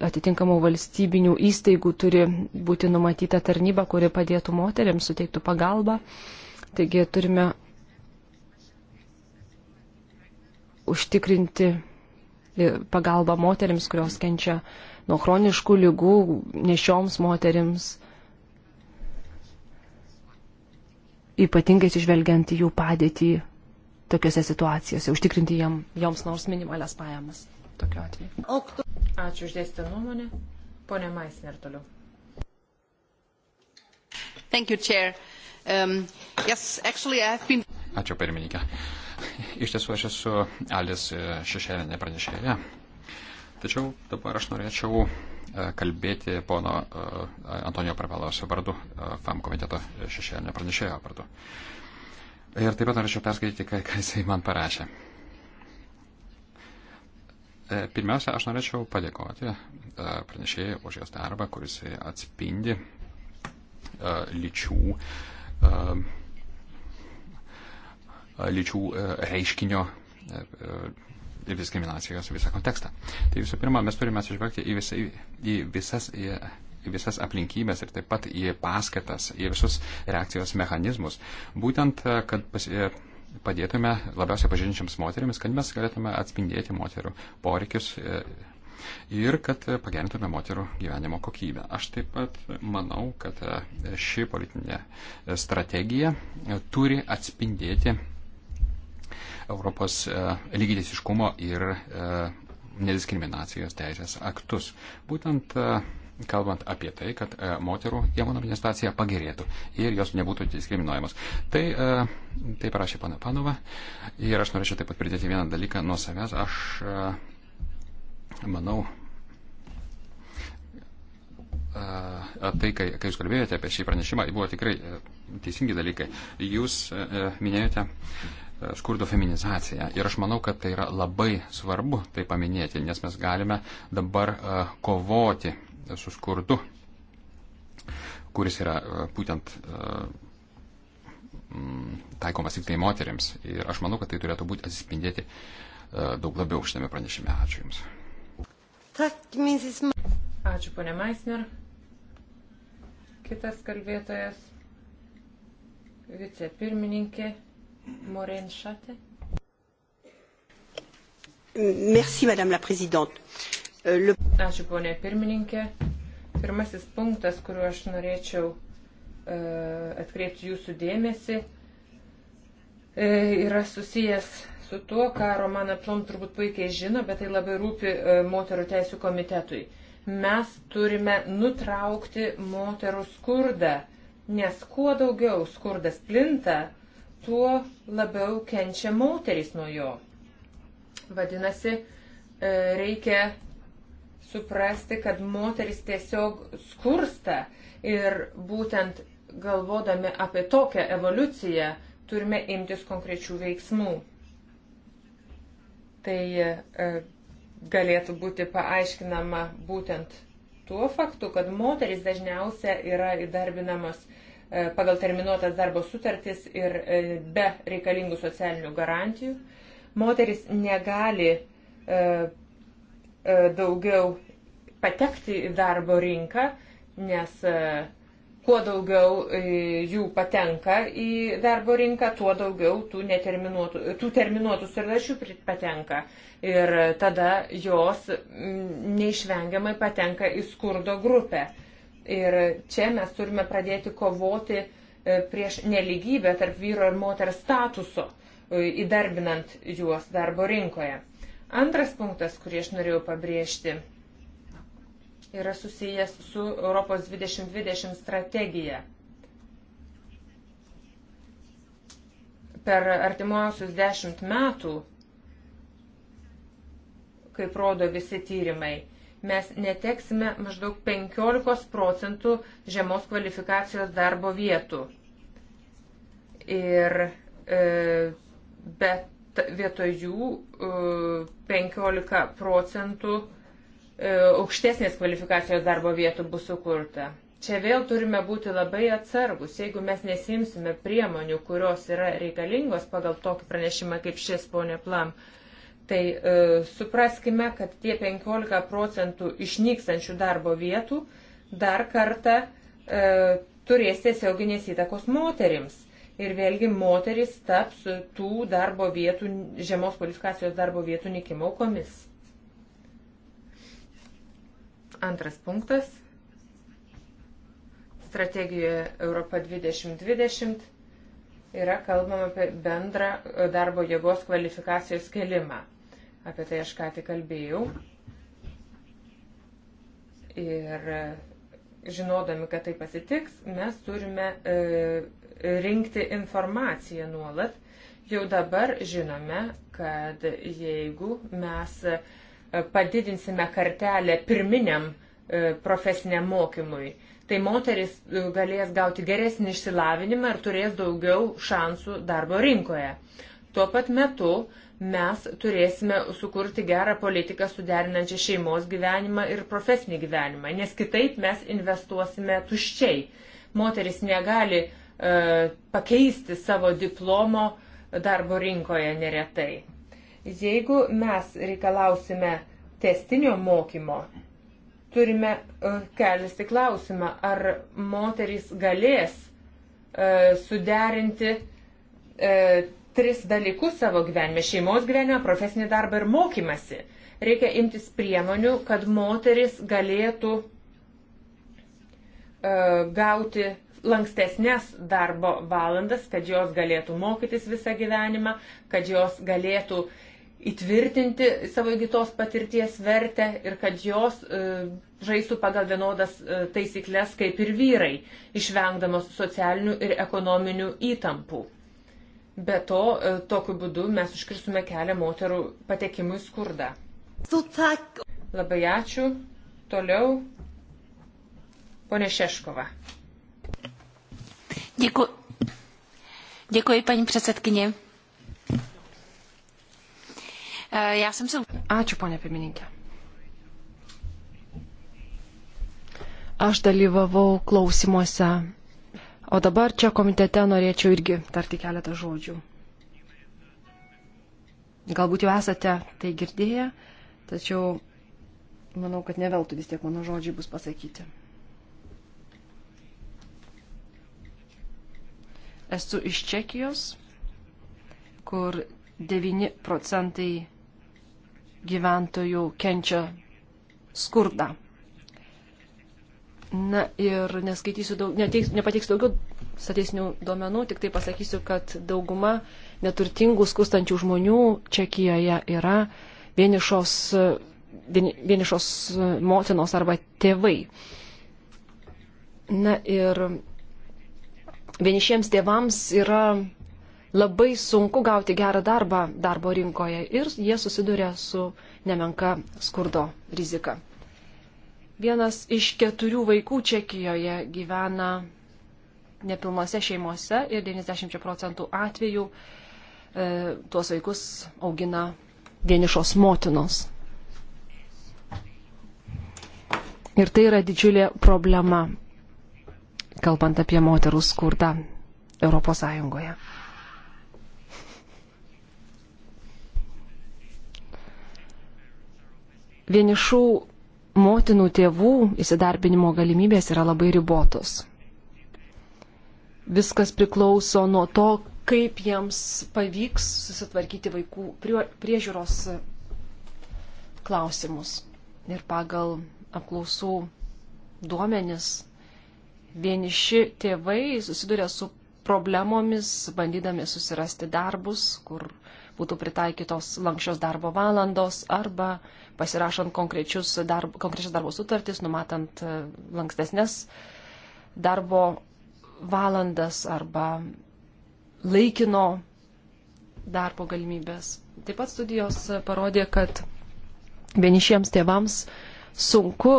atitinkamų valstybinių įstaigų turi būti numatyta tarnyba, kuri padėtų moteriams, suteiktų pagalbą. Taigi turime užtikrinti e, pagalbą moteriams, kurios kenčia nuo chroniškų lygų, nešioms moteriams, ypatingai išvelgiant jų padėtį tokiuose situacijose, užtikrinti jam, joms nors minimalias pajamas. Tokiu atveju. Ačiū uždėstę nuomonę. Pone Maisner toliau. Thank you, Chair. Um, yes, actually, I have been... Ačiū, pirmininkė. Uh, Iš tiesų aš esu Alis šešėlinė pranešėja. Tačiau dabar aš norėčiau e, kalbėti pono e, Antonijo Prapalos vardu, e, FAM komiteto šešėlinio pranešėjo vardu. Ir taip pat norėčiau perskaityti, ką, ką jisai man parašė. Pirmiausia, aš norėčiau padėkoti pranešėjai už jos darbą, kuris atspindi lyčių lyčių e, reiškinio ir e, e, diskriminacijos visą kontekstą. Tai visų pirma, mes turime atsižvelgti į, vis, į, visas, į, į visas aplinkybės ir taip pat į paskatas, į visus reakcijos mechanizmus. Būtent, kad pas, padėtume labiausiai pažinčiams moteriams, kad mes galėtume atspindėti moterų poreikius. Ir kad pagerintume moterų gyvenimo kokybę. Aš taip pat manau, kad ši politinė strategija turi atspindėti Europos e, lygidėsiškumo ir e, nediskriminacijos teisės aktus. Būtent e, kalbant apie tai, kad moterų įmonų administracija pagerėtų ir jos nebūtų diskriminuojamos. Tai, tai parašė pana Panova ir aš norėčiau taip pat pridėti vieną dalyką nuo savęs. Aš manau, tai, kai, kai jūs kalbėjote apie šį pranešimą, buvo tikrai teisingi dalykai. Jūs minėjote E, skurdo feminizacija. Ir aš manau, kad tai yra labai svarbu tai paminėti, nes mes galime dabar e, kovoti su skurdu, kuris yra e, būtent taikomas tik tai moteriams. Ir aš manau, kad tai turėtų būti atsispindėti daug labiau šitame pranešime. Ačiū Jums. Ačiū, ponė Maisner. Kitas kalbėtojas, vicepirmininkė Morin Chate. Merci, Madame la Présidente. Euh, le... Ačiū, ponė pirmininkė. Pirmasis punktas, kuriuo aš norėčiau uh, atkreipti jūsų dėmesį, e, yra susijęs su tuo, ką Romana Plom turbūt puikiai žino, bet tai labai rūpi e, moterų teisų komitetui. Mes turime nutraukti moterų skurdą, nes kuo daugiau skurdas plinta, tuo labiau kenčia moteris nuo jo. Vadinasi, e, reikia suprasti, kad moteris tiesiog skursta ir būtent galvodami apie tokią evoliuciją turime imtis konkrečių veiksmų. Tai e, galėtų būti paaiškinama būtent tuo faktu, kad moteris dažniausia yra įdarbinamos E, pagal terminuotas darbo sutartis ir e, be reikalingų socialinių garantijų. Moteris negali e, daugiau patekti į darbo rinką, nes kuo daugiau jų patenka į darbo rinką, tuo daugiau tų, tų terminuotų sutarčių patenka. Ir tada jos neišvengiamai patenka į skurdo grupę. Ir čia mes turime pradėti kovoti e, prieš neligybę tarp vyro ir moters statuso, e, įdarbinant juos darbo rinkoje. Antras punktas, kurį aš norėjau pabrėžti, yra susijęs su Europos 2020 strategija. Per artimuosius dešimt metų, kaip rodo visi tyrimai, mes neteksime maždaug 15 procentų žemos kvalifikacijos darbo vietų. Ir e, bet vietoj jų e, 15 procentų e, aukštesnės kvalifikacijos darbo vietų bus sukurta. Čia vėl turime būti labai atsargus, jeigu mes nesimsime priemonių, kurios yra reikalingos pagal tokį pranešimą kaip šis, ponė Plam. E, tai e, supraskime, kad tie 15 procentų išnykstančių darbo vietų dar kartą e, turės tiesioginės įtakos moterims. Ir vėlgi moteris taps tų darbo vietų, žemos kvalifikacijos darbo vietų nikimo aukomis. Antras punktas. Strategijoje Europa 2020 yra kalbama apie bendrą darbo jėgos kvalifikacijos kelimą. Apie tai aš ką tik kalbėjau. Ir e, žinodami, kad tai pasitiks, mes turime e, rinkti informaciją nuolat. Jau dabar žinome, kad jeigu mes e, padidinsime kartelę pirminiam e, profesiniam mokymui, tai moteris galės gauti geresnį išsilavinimą ir turės daugiau šansų darbo rinkoje. Tuo pat metu mes turėsime sukurti gerą politiką suderinančią šeimos gyvenimą ir profesinį gyvenimą, nes kitaip mes investuosime tuščiai. Moteris negali e, pakeisti savo diplomo darbo rinkoje neretai. Jeigu mes reikalausime testinio mokymo, turime e, kelti klausimą, ar moterys galės e, suderinti e, tris dalykus savo gyvenime - šeimos gyvenimą, profesinį darbą ir mokymasi. Reikia imtis priemonių, kad moteris galėtų e, gauti lankstesnės darbo valandas, kad jos galėtų mokytis visą gyvenimą, kad jos galėtų įtvirtinti savo įgytos patirties vertę ir kad jos e, žaistų pagal vienodas e, taisyklės kaip ir vyrai, išvengdamos socialinių ir ekonominių įtampų. Be to, e, tokiu būdu mes užkirsime kelią moterų patekimui skurdą. Sutak. Labai ačiū. Toliau. Pone Šeškova. Děkuji. Děkuji, paní předsedkyně. E, já jsem se... Ačiū, ponė pirmininkė. Aš dalyvavau klausimuose O dabar čia komitete norėčiau irgi tarti keletą žodžių. Galbūt jau esate tai girdėję, tačiau manau, kad neveltui vis tiek mano žodžiai bus pasakyti. Esu iš Čekijos, kur 9 procentai gyventojų kenčia skurdą. Na ir neskaitysiu, daug, neteiks, nepateiksiu daugiau statistinių duomenų, tik tai pasakysiu, kad dauguma neturtingų skustančių žmonių Čekijoje yra vienišos, vienišos motinos arba tėvai. Na ir vienišiems tėvams yra labai sunku gauti gerą darbą darbo rinkoje ir jie susiduria su nemenka skurdo rizika. Vienas iš keturių vaikų Čekijoje gyvena nepilnose šeimose ir 90 procentų atvejų e, tuos vaikus augina vienišos motinos. Ir tai yra didžiulė problema, kalbant apie moterų skurdą Europos Sąjungoje. Vienišų motinų tėvų įsidarbinimo galimybės yra labai ribotos. Viskas priklauso nuo to, kaip jiems pavyks susitvarkyti vaikų priežiūros klausimus. Ir pagal apklausų duomenis vieniši tėvai susiduria su problemomis, bandydami susirasti darbus, kur būtų pritaikytos lankščios darbo valandos arba pasirašant darb, konkrečias darbo sutartis, numatant e, lankstesnės darbo valandas arba laikino darbo galimybės. Taip pat studijos parodė, kad vienišiems tėvams sunku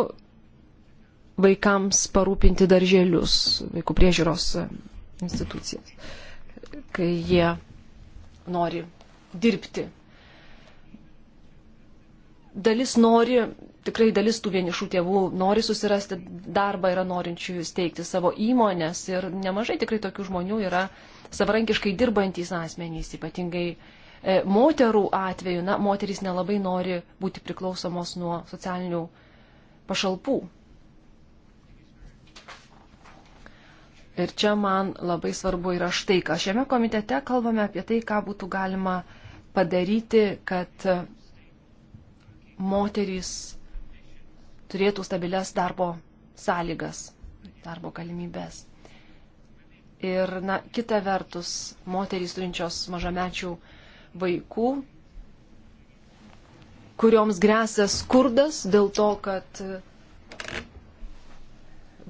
vaikams parūpinti darželius, vaikų priežiūros institucijas, kai jie nori dirbti. Dalis nori, tikrai dalis tų vienišų tėvų nori susirasti darbą, yra norinčių steigti savo įmonės ir nemažai tikrai tokių žmonių yra savarankiškai dirbantys asmenys, ypatingai e, moterų atveju, na, moterys nelabai nori būti priklausomos nuo socialinių pašalpų. Ir čia man labai svarbu yra štai, ką šiame komitete kalbame apie tai, ką būtų galima uh, padaryti, kad moterys turėtų stabilias darbo sąlygas, darbo galimybės. Ir, na, kita vertus, moterys turinčios mažamečių vaikų, kurioms grėsia skurdas dėl to, kad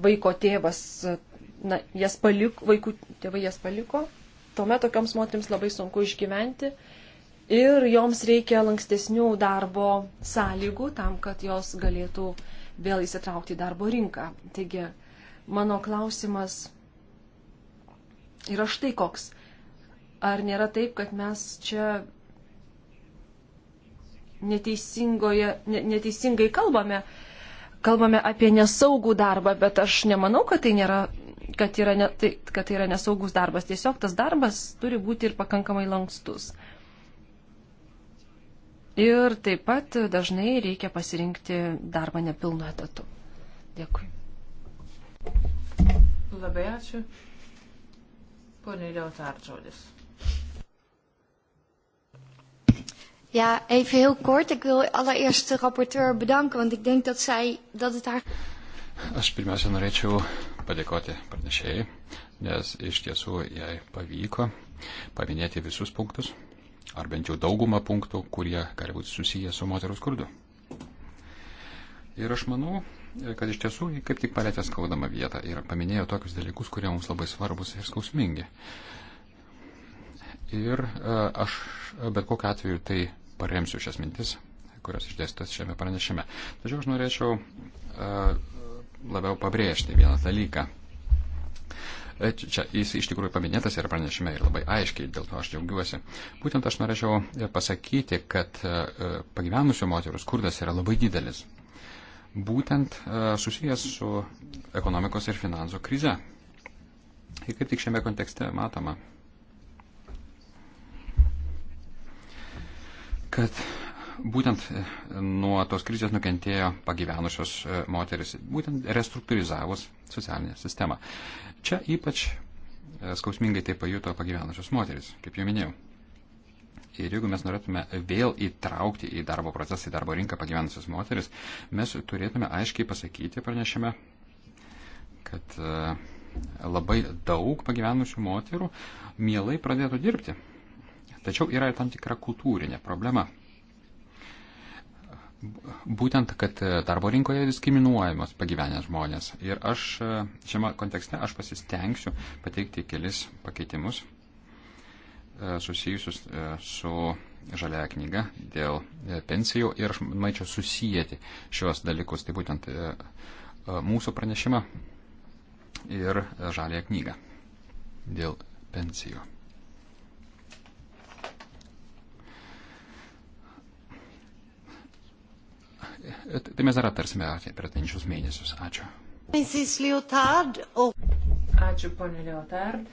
vaiko tėvas, na, jas paliko, vaikų tėvai jas paliko, tuomet tokioms moteriams labai sunku išgyventi ir joms reikia lankstesnių darbo sąlygų tam, kad jos galėtų vėl įsitraukti į darbo rinką. Taigi, mano klausimas yra štai koks. Ar nėra taip, kad mes čia neteisingai kalbame? Kalbame apie nesaugų darbą, bet aš nemanau, kad tai nėra kad, yra ne, tai, kad tai yra nesaugus darbas. Tiesiog tas darbas turi būti ir pakankamai lankstus. Uh, Ir taip pat dažnai reikia pasirinkti darbą nepilnu etatu. Dėkui. Labai ačiū. Pone Leotardžodis. Ja, even heel kort. Ik wil allereerst de rapporteur bedanken, want ik denk dat zij dat het haar. Aš pirmiausia norėčiau padėkoti pranešėjai, nes iš tiesų jai pavyko paminėti visus punktus, ar bent jau daugumą punktų, kurie gali būti susiję su moterų skurdu. Ir aš manau, kad iš tiesų jį kaip tik palėtė skaudamą vietą ir paminėjo tokius dalykus, kurie mums labai svarbus ir skausmingi. Ir e, aš bet kokiu atveju tai paremsiu šias mintis, kurios išdėstas šiame pranešime. Tačiau aš norėčiau e, labiau pabrėžti vieną dalyką. E, čia jis iš tikrųjų paminėtas yra pranešime ir labai aiškiai, dėl to aš džiaugiuosi. Būtent aš norėčiau e, pasakyti, kad e, pagyvenusių moterų skurdas yra labai didelis. Būtent susijęs su ekonomikos ir finansų krize. Ir kaip tik šiame kontekste matoma, kad būtent nuo tos krizės nukentėjo pagyvenusios moteris, būtent restruktūrizavus socialinę sistemą. Čia ypač e, skausmingai tai pajuto pagyvenusios moteris, kaip jau minėjau. Ir jeigu mes norėtume vėl įtraukti į darbo procesą, į darbo rinką pagyvenusias moteris, mes turėtume aiškiai pasakyti pranešime, kad e, labai daug pagyvenusių moterų mielai pradėtų dirbti. Tačiau yra ir tam tikra kultūrinė problema būtent, kad e, darbo rinkoje diskriminuojamos pagyvenę žmonės. Ir aš e, šiame kontekste aš pasistengsiu pateikti kelis pakeitimus e, susijusius su žalia knyga dėl pensijų ir aš maičiau susijęti šios dalykus, tai būtent mūsų pranešimą ir žalia knyga dėl pensijų. tai mes dar aptarsime per atinčius mėnesius. Ačiū. Ačiū, ponė Leotard.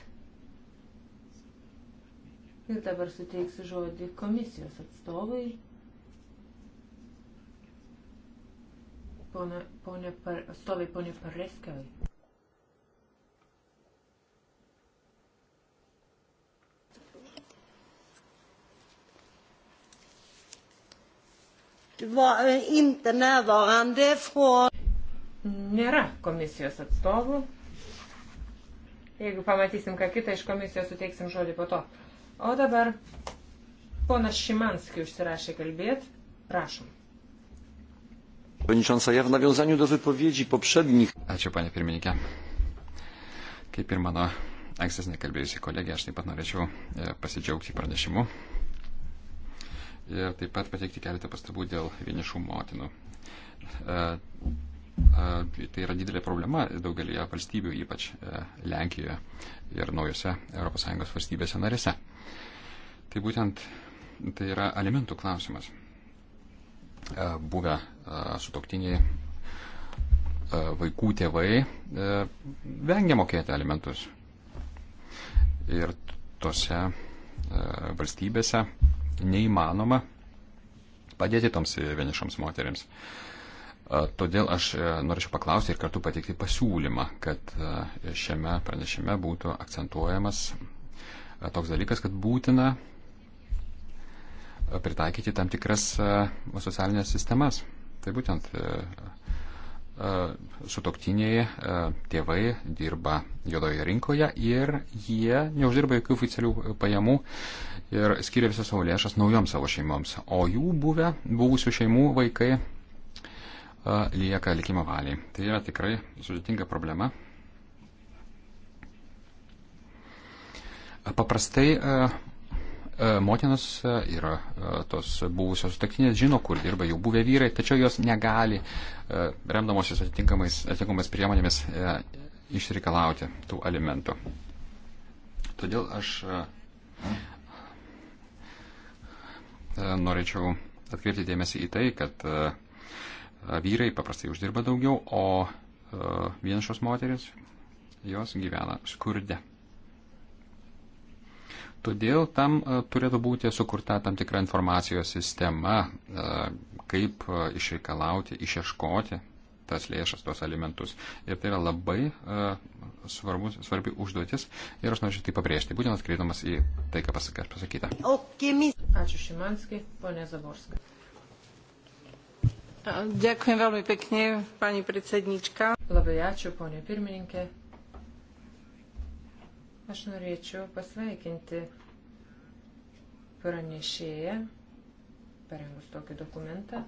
Ir dabar suteiksiu žodį komisijos atstovai. Pone, pone, atstovai ponė Pareskavai. var eh, inte närvarande från... Nėra komisijos atstovų. Jeigu pamatysim, ką kitą iš komisijos suteiksim žodį po to. O dabar ponas Šimanski užsirašė kalbėti. Prašom. Przewodnicząca, ja w nawiązaniu do wypowiedzi poprzednich. Ačiū, panie pirmininkė. Kaip ir mano ankstesnė kalbėjusi kolegė, aš taip pat norėčiau e, pasidžiaugti pranešimu ir taip pat pateikti keletą pastabų dėl vienišų motinų. E, e, tai yra didelė problema daugelį valstybių, ypač e, Lenkijoje ir naujose ES valstybėse narėse. Tai būtent tai yra alimentų klausimas. Buvę sutoktiniai vaikų tėvai vengia mokėti alimentus. Ir tose valstybėse neįmanoma padėti toms vienišoms moteriams. Todėl aš e, norėčiau paklausti ir kartu pateikti pasiūlymą, kad e, šiame pranešime būtų akcentuojamas e, toks dalykas, kad būtina pritaikyti tam tikras socialinės sistemas. Tai būtent E, sutoktiniai e, tėvai dirba juodoje rinkoje ir jie neuždirba jokių oficialių pajamų ir skiria visas savo lėšas naujoms savo šeimoms, o jų buvę, buvusių šeimų vaikai e, lieka likimo valiai. Tai yra tikrai sudėtinga problema. Paprastai E, motinos e, yra e, tos buvusios sutaktinės, žino, kur dirba jau buvę vyrai, tačiau jos negali, remdamosios atitinkamais priemonėmis, išreikalauti tų alimentų. Todėl aš norėčiau atkreipti dėmesį į tai, kad vyrai paprastai uždirba daugiau, o vienišos moteris jos gyvena skurde. Todėl tam e, turėtų būti sukurta tam tikra informacijos sistema, e, kaip e, išreikalauti, išieškoti tas lėšas, tuos alimentus. Ir tai yra labai svarbus, svarbi užduotis ir aš norėčiau tai pabrėžti, būtent atkreidamas į tai, ką pasakyta. Ačiū Šimanskiai, ponė Zaborska. Ďakujem veľmi pekne, pani predsednička. Labai ačiū, ponė pirmininkė. Aš norėčiau pasveikinti pranešėją, parengus tokį dokumentą.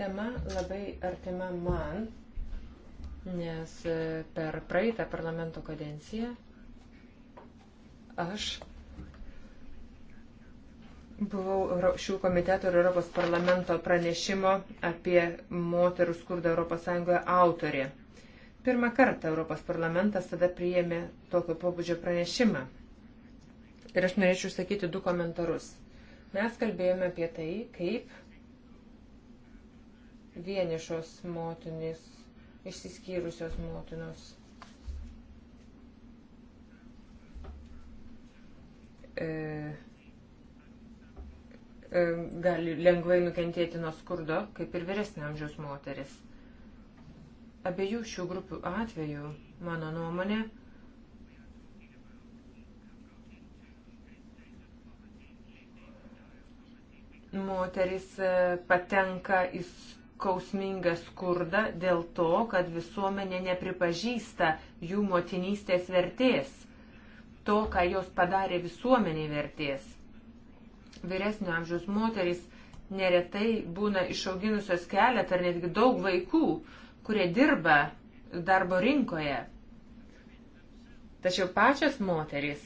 Tema labai artima man, nes e, per praeitą parlamento kadenciją aš buvau šių komitetų ir Europos parlamento pranešimo apie moterų skurdą ES autorė. Pirmą kartą Europos parlamentas tada priėmė tokio pobūdžio pranešimą. Ir aš norėčiau sakyti du komentarus. Mes kalbėjome apie tai, kaip vienišos motinis, išsiskyrusios motinos e, e, gali lengvai nukentėti nuo skurdo, kaip ir vyresnio amžiaus moteris abiejų šių grupių atveju, mano nuomonė, moteris e, patenka į skausmingą skurdą dėl to, kad visuomenė nepripažįsta jų motinystės vertės, to, ką jos padarė visuomenė vertės. Vyresnio amžiaus moteris neretai būna išauginusios keletą ar netgi daug vaikų, kurie dirba darbo rinkoje. Tačiau pačios moterys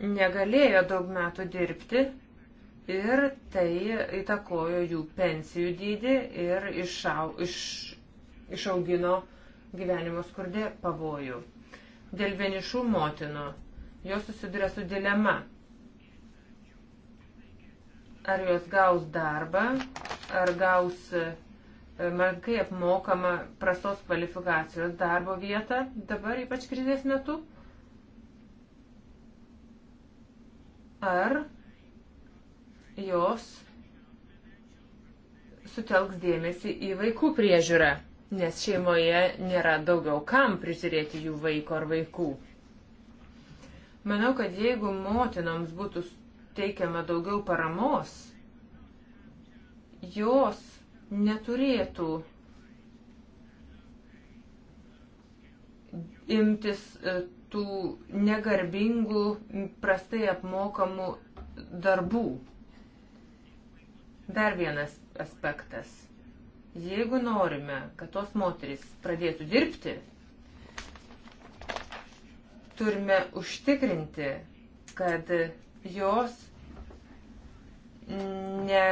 negalėjo daug metų dirbti ir tai įtakojo jų pensijų dydį ir išau, iš, išaugino gyvenimo skurdė pavojų. Dėl vienišų motinų jos susiduria su dilema. Ar jos gaus darbą, ar gaus menkai apmokama prastos kvalifikacijos darbo vieta dabar ypač krizės metu? Ar jos sutelks dėmesį į vaikų priežiūrą, nes šeimoje nėra daugiau kam prižiūrėti jų vaiko ar vaikų? Manau, kad jeigu motinoms būtų teikiama daugiau paramos, jos neturėtų imtis e, tų negarbingų, prastai apmokamų darbų. Dar vienas aspektas. Jeigu norime, kad tos moteris pradėtų dirbti, turime užtikrinti, kad jos ne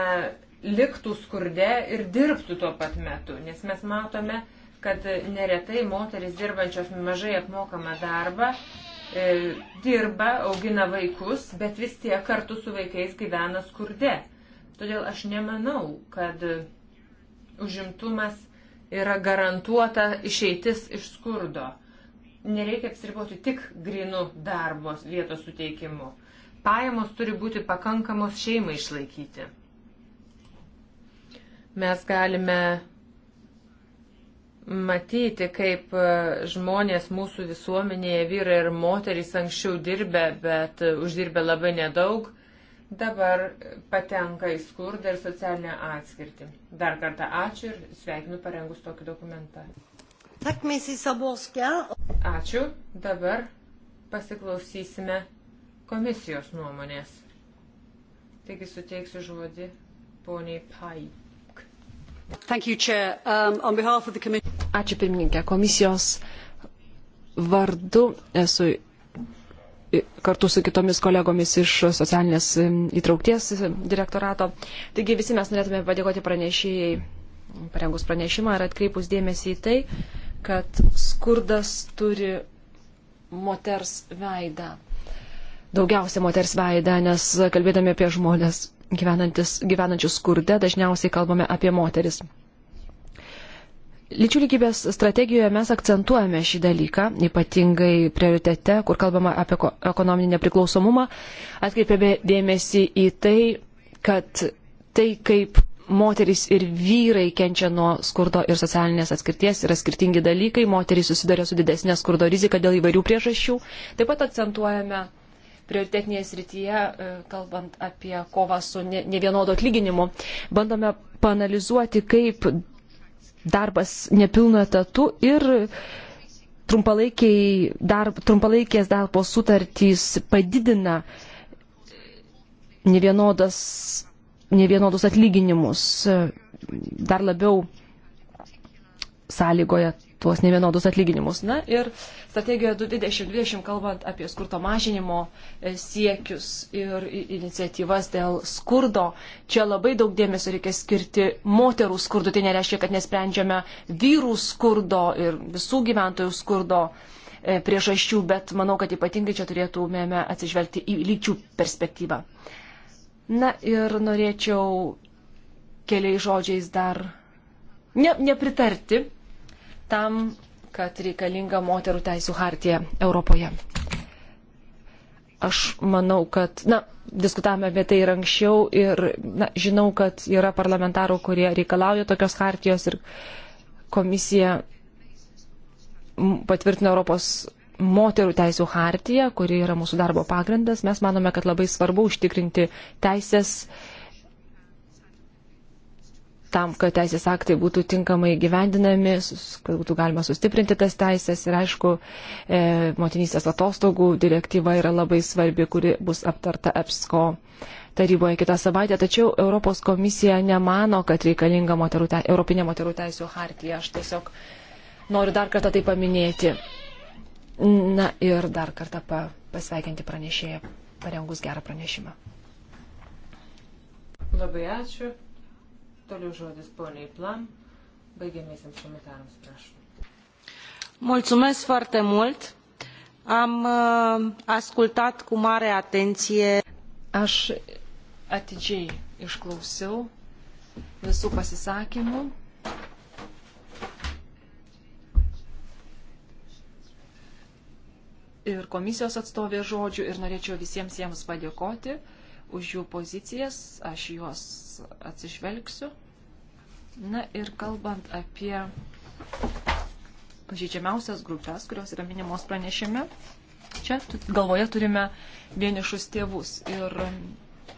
liktų skurde ir dirbtų tuo pat metu, nes mes matome, kad neretai moteris dirbančios mažai apmokamą darbą e, dirba, augina vaikus, bet vis tiek kartu su vaikais gyvena skurde. Todėl aš nemanau, kad užimtumas yra garantuota išeitis iš skurdo. Nereikia apsiriboti tik grinų darbos vietos suteikimu. Pajamos turi būti pakankamos šeimai išlaikyti. Mes galime matyti, kaip e, žmonės mūsų visuomenėje, vyrai ir moterys anksčiau dirbė, bet e, uždirbė labai nedaug, dabar patenka į skurdą ir socialinę atskirtį. Dar kartą ačiū ir sveikinu parengus tokį dokumentą. Ačiū. Dabar pasiklausysime komisijos nuomonės. Taigi suteiksiu žodį poniai Pai. You, um, Ačiū pirmininkė. Komisijos vardu esu kartu su kitomis kolegomis iš socialinės um, įtraukties direktorato. Taigi visi mes norėtume padėkoti pranešėjai, parengus pranešimą ir atkreipus dėmesį į tai, kad skurdas turi moters veidą. Daugiausia moters veidą, nes kalbėdami apie žmonės gyvenančius skurde, dažniausiai kalbame apie moteris. Lyčių lygybės strategijoje mes akcentuojame šį dalyką, ypatingai prioritete, kur kalbama apie ekonominį nepriklausomumą, atkreipėme dėmesį į tai, kad tai, kaip moterys ir vyrai kenčia nuo skurdo ir socialinės atskirties yra skirtingi dalykai, moterys susiduria su didesnė skurdo rizika dėl įvairių priežasčių. Taip pat akcentuojame prioritetinėje srityje, e, kalbant apie kovą su nevienodo atlyginimu. Bandome panalizuoti, kaip darbas nepilnu etatu ir darb, trumpalaikės darbo sutartys padidina nevienodas, nevienodus atlyginimus e, dar labiau sąlygoja tuos nevienodus atlyginimus. Na ir strategijoje 2020, kalbant apie skurto mažinimo e, siekius ir iniciatyvas dėl skurdo, čia labai daug dėmesio reikia skirti moterų skurdu. Tai nereiškia, kad nesprendžiame vyrų skurdo ir visų gyventojų skurdo e, priežasčių, bet manau, kad ypatingai čia turėtumėme atsižvelgti į lyčių perspektyvą. Na ir norėčiau keliais žodžiais dar ne, nepritarti tam, kad reikalinga moterų teisų hartija Europoje. Aš manau, kad, na, diskutavome apie tai ir anksčiau ir, na, žinau, kad yra parlamentarų, kurie reikalauja tokios hartijos ir komisija patvirtino Europos moterų teisų hartiją, kuri yra mūsų darbo pagrindas. Mes manome, kad labai svarbu užtikrinti teisės uh, tam, kad teisės aktai būtų tinkamai gyvendinami, kad būtų galima sustiprinti tas teisės. Ir aišku, e, motinystės atostogų direktyva yra labai svarbi, kuri bus aptarta EPSCO taryboje kitą savaitę. Tačiau Europos komisija nemano, kad reikalinga moterų te, Europinė moterų teisų hartija. Aš tiesiog noriu dar kartą tai paminėti. Na ir dar kartą pa, pasveikinti pranešėją, parengus gerą pranešimą. Labai ačiū. Toliau žodis poniai Plam. Baigiamiesiams komentarams, prašau. Mulțumesc foarte mult. Am uh, ascultat cu mare atenție. Aš atidžiai išklausiau visų pasisakymų. Ir komisijos atstovė žodžių ir norėčiau visiems jiems padėkoti. Uh, už jų pozicijas, aš juos atsižvelgsiu. Na ir kalbant apie pažydžiamiausias grupės, kurios yra minimos pranešime, čia galvoje turime vienišus tėvus ir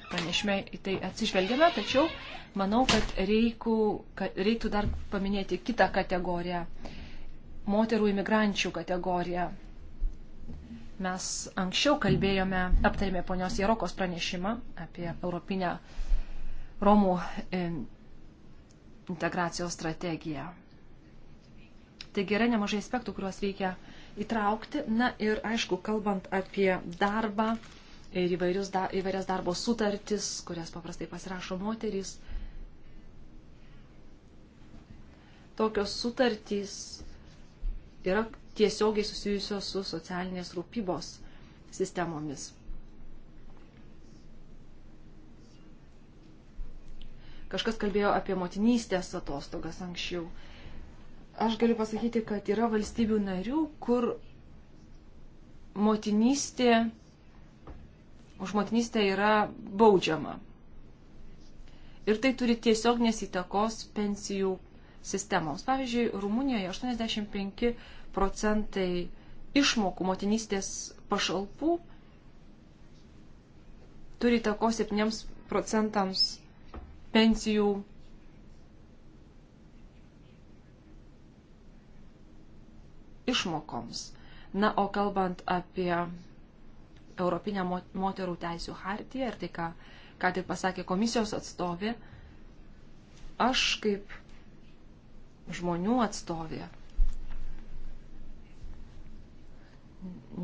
pranešime į tai atsižvelgiame, tačiau manau, kad, reikų, kad reiktų dar paminėti kitą kategoriją - moterų imigrančių kategoriją. Mes anksčiau kalbėjome, aptarėme ponios Jerokos pranešimą apie Europinę Romų e, integracijos strategiją. Taigi yra nemažai aspektų, kuriuos reikia įtraukti. Na ir aišku, kalbant apie darbą ir da, įvairias darbo sutartis, kurias paprastai pasirašo moterys, tokios sutartys yra tiesiogiai susijusios su socialinės rūpybos sistemomis. Kažkas kalbėjo apie motinystės atostogas anksčiau. Aš galiu pasakyti, kad yra valstybių narių, kur motinystė, už motinystę yra baudžiama. Ir tai turi tiesiog nesitakos pensijų sistemoms. Pavyzdžiui, Rumunijoje 85 procentai išmokų motinystės pašalpų turi tako 7 procentams pensijų išmokoms. Na, o kalbant apie Europinę moterų teisų hartiją ir tai, ką, ką tik pasakė komisijos atstovė, aš kaip žmonių atstovė.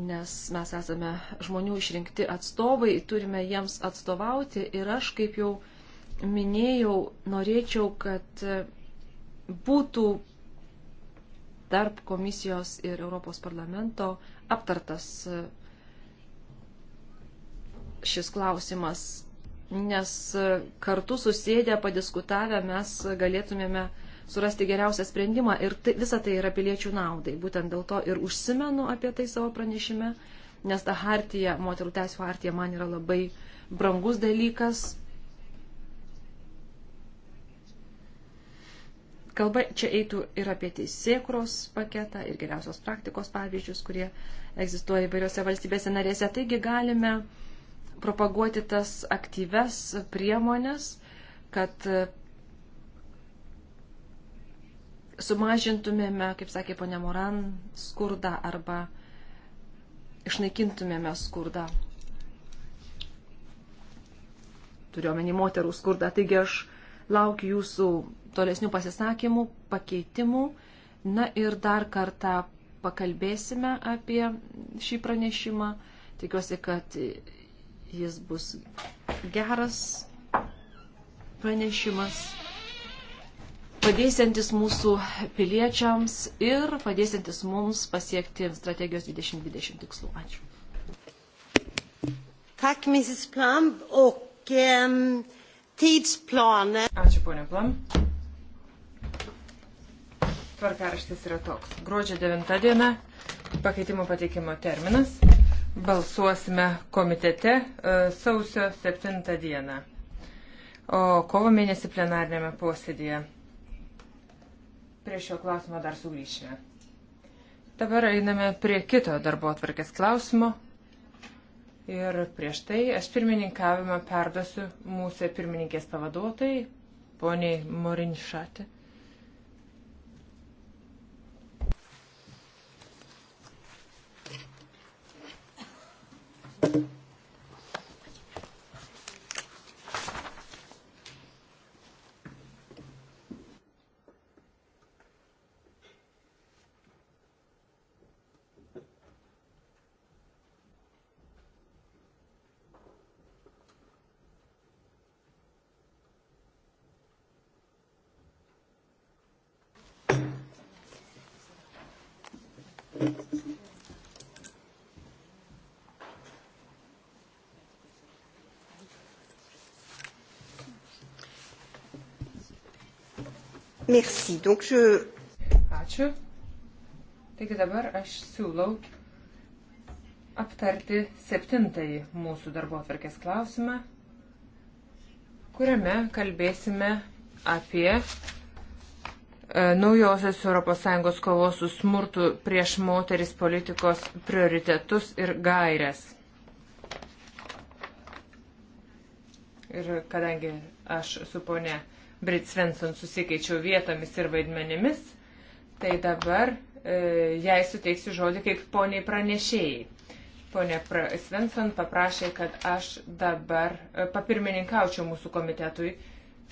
Nes mes esame žmonių išrinkti atstovai, turime jiems atstovauti ir aš, kaip jau minėjau, norėčiau, kad būtų tarp komisijos ir Europos parlamento aptartas šis klausimas, nes kartu susėdę, padiskutavę mes galėtumėme uh, surasti geriausią sprendimą ir tai, visa tai yra piliečių naudai. Būtent dėl to ir užsimenu apie tai savo pranešime, nes ta hartija, moterų teisų hartija man yra labai brangus dalykas. Kalba čia eitų ir apie teisėkros paketą, ir geriausios praktikos pavyzdžius, kurie egzistuoja įvairiose valstybėse narėse. Taigi galime propaguoti tas aktyves priemonės, kad sumažintumėme, kaip sakė ponė Moran, skurdą arba išnaikintumėme skurdą. Turiuomenį moterų skurdą. Taigi aš laukiu jūsų tolesnių pasisakymų, pakeitimų. Na ir dar kartą pakalbėsime apie šį pranešimą. Tikiuosi, kad jis bus geras pranešimas padėsiantis mūsų piliečiams ir padėsiantis mums pasiekti strategijos 2020 tikslų. Ačiū. Tak, Mrs. Plum, och um, tidsplanen. Ačiū, ponia Plum. Tvarkaraštis yra toks. Gruodžio 9 diena, pakeitimo pateikimo terminas. Balsuosime komitete e, sausio 7 dieną, o kovo mėnesį plenarnėme posėdėje. Prie šio klausimo dar sugrįšime. Dabar einame prie kito darbo atvarkės klausimo. Ir prieš tai aš pirmininkavimą perdosiu mūsų pirmininkės pavaduotojai, poniai Morinšatė. Thank you. Merci. Donc je... Ačiū. Taigi dabar aš siūlau aptarti septintąjį mūsų darbo atvarkės klausimą, kuriame kalbėsime apie e, naujosios ES kovos su smurtu prieš moteris politikos prioritetus ir gairias. Ir kadangi aš su ponė Brit Svensson susikeičiau vietomis ir vaidmenimis, tai dabar e, jai suteiksiu žodį kaip poniai pranešėjai. Pone pra, Svensson paprašė, kad aš dabar e, papirmininkaučiau mūsų komitetui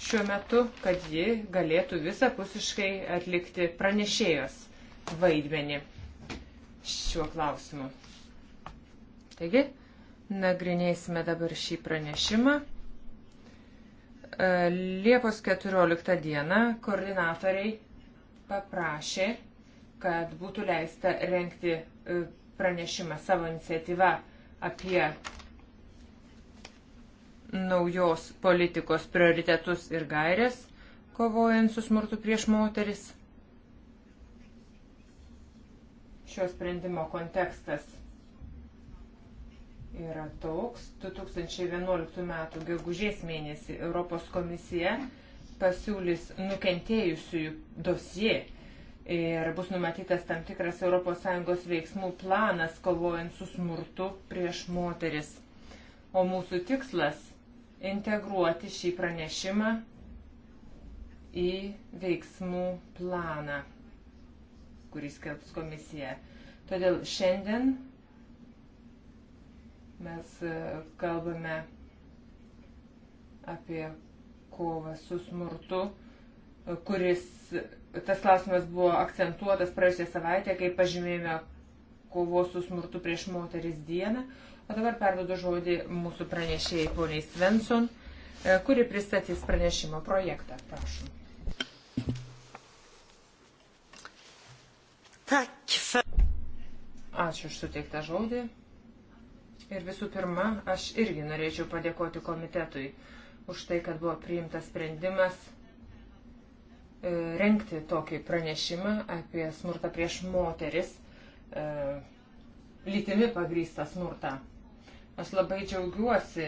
šiuo metu, kad ji galėtų visapusiškai atlikti pranešėjos vaidmenį šiuo klausimu. Taigi, nagrinėsime dabar šį pranešimą. E, Liepos 14 dieną koordinatoriai paprašė, kad būtų leista renkti e, pranešimą savo iniciatyvą apie naujos politikos prioritetus ir gairės, kovojant su smurtu prieš moteris. Šio sprendimo kontekstas yra toks. 2011 m. gegužės mėnesį Europos komisija pasiūlys nukentėjusiųjų dosie ir bus numatytas tam tikras ES veiksmų planas kovojant su smurtu prieš moteris. O mūsų tikslas - integruoti šį pranešimą į veiksmų planą, kurį skelbs komisija. Todėl šiandien Mes e, kalbame apie kovą su smurtu, e, kuris tas klausimas buvo akcentuotas praėjusią savaitę, kai pažymėjome kovos su smurtu prieš moteris dieną. O dabar perdodu žodį mūsų pranešėjai poniai Svensson, e, kuri pristatys pranešimo projektą. Prašom. Ačiū už suteiktą žodį. Ir visų pirma, aš irgi norėčiau padėkoti komitetui už tai, kad buvo priimtas sprendimas e, renkti tokį pranešimą apie smurtą prieš moteris, e, lytimi pagrįstą smurtą. Aš labai džiaugiuosi,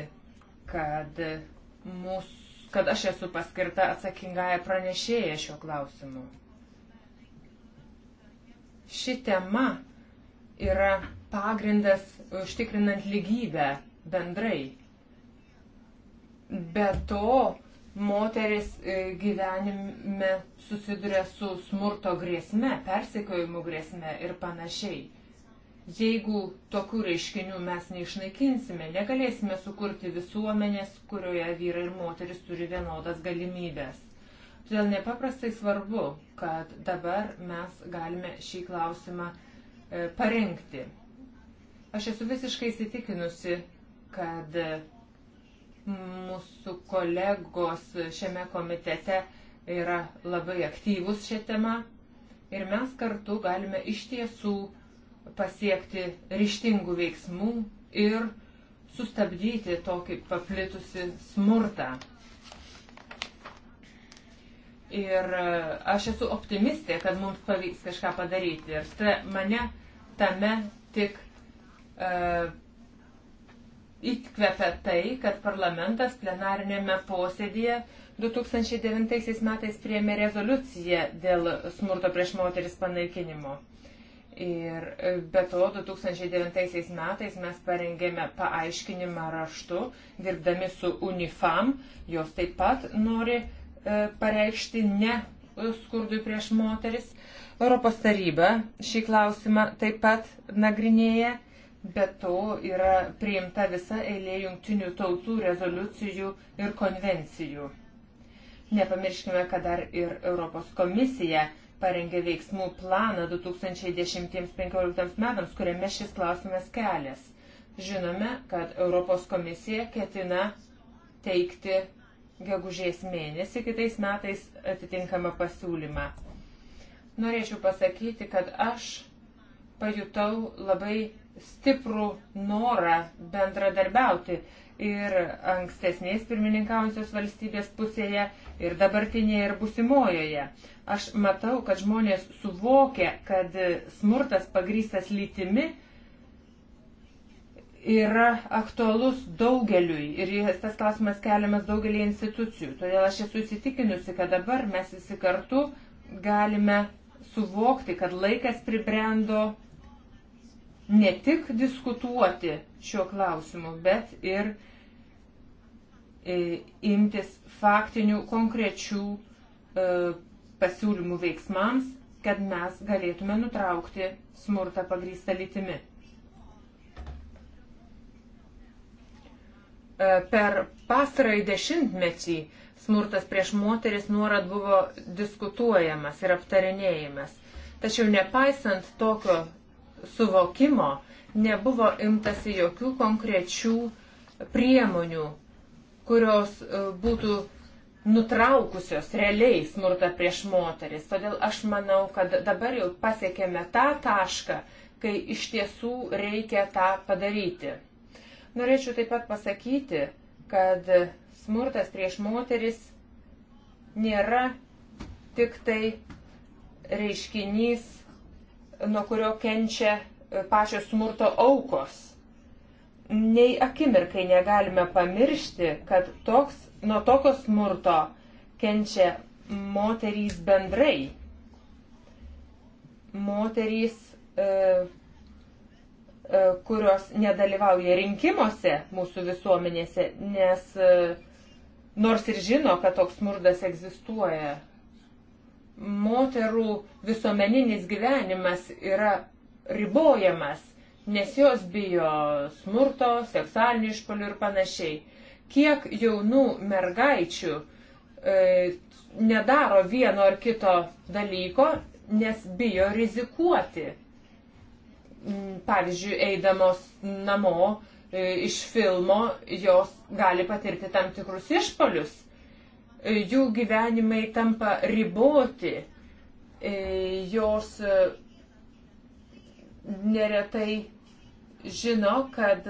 kad, mūs, kad aš esu paskirta atsakingąją pranešėją šiuo klausimu. Ši tema yra pagrindas užtikrinant lygybę bendrai. Be to, moteris e, gyvenime susiduria su smurto grėsme, persikojimų grėsme ir panašiai. Jeigu tokių reiškinių mes neišnaikinsime, negalėsime sukurti visuomenės, kurioje vyrai ir moteris turi vienodas galimybės. Todėl nepaprastai svarbu, kad dabar mes galime šį klausimą E, parengti. Aš esu visiškai įsitikinusi, kad mūsų kolegos šiame komitete yra labai aktyvus šią temą ir mes kartu galime iš tiesų pasiekti ryštingų veiksmų ir sustabdyti tokį paplitusi smurtą. Ir e, aš esu optimistė, kad mums pavyks kažką padaryti. Ir ta, mane tame tik uh, įkvepia tai, kad parlamentas plenarinėme posėdėje 2009 metais priėmė rezoliuciją dėl smurto prieš moteris panaikinimo. Ir e, be to 2009 metais mes parengėme paaiškinimą raštu, dirbdami su UNIFAM, jos taip pat nori uh, E, pareikšti ne skurdui prieš moteris. Europos taryba šį klausimą taip pat nagrinėja, bet to yra priimta visa eilė jungtinių tautų rezoliucijų ir konvencijų. Nepamirškime, kad dar ir Europos komisija parengė veiksmų planą 2010-2015 metams, kuriame šis klausimas kelias. Žinome, kad Europos komisija ketina teikti gegužės mėnesį kitais metais atitinkamą pasiūlymą. Norėčiau pasakyti, kad aš pajutau labai stiprų norą bendradarbiauti ir ankstesnės pirmininkaujančios valstybės pusėje, ir dabartinėje, ir busimojoje. Aš matau, kad žmonės suvokia, kad smurtas pagrystas lytimi yra aktualus daugeliui ir tas klausimas keliamas daugelį institucijų. Todėl aš esu įsitikinusi, kad dabar mes visi kartu galime suvokti, kad laikas pribrendo ne tik diskutuoti šiuo klausimu, bet ir e, imtis faktinių, konkrečių e, pasiūlymų veiksmams, kad mes galėtume nutraukti smurtą pagrįstą lytimi. E, per pastarąjį dešimtmetį smurtas prieš moteris nuorat buvo diskutuojamas ir aptarinėjimas. Tačiau nepaisant tokio suvokimo, nebuvo imtasi jokių konkrečių priemonių, kurios e, būtų nutraukusios realiai smurtą prieš moteris. Todėl aš manau, kad dabar jau pasiekėme tą tašką, kai iš tiesų reikia tą padaryti. Norėčiau taip pat pasakyti, kad smurtas prieš moteris nėra tik tai reiškinys, nuo kurio kenčia e, pačios smurto aukos. Nei akimirkai negalime pamiršti, kad toks, nuo tokio smurto kenčia moterys bendrai. Moterys e, E, kurios nedalyvauja rinkimuose mūsų visuomenėse, nes e, nors ir žino, kad toks smurdas egzistuoja, moterų visuomeninis gyvenimas yra ribojamas, nes jos bijo smurto, seksualinių išpolių ir panašiai. Kiek jaunų mergaičių e, nedaro vieno ar kito dalyko, nes bijo rizikuoti pavyzdžiui, eidamos namo e, iš filmo, jos gali patirti tam tikrus išpolius. E, jų gyvenimai tampa riboti, e, jos neretai žino, kad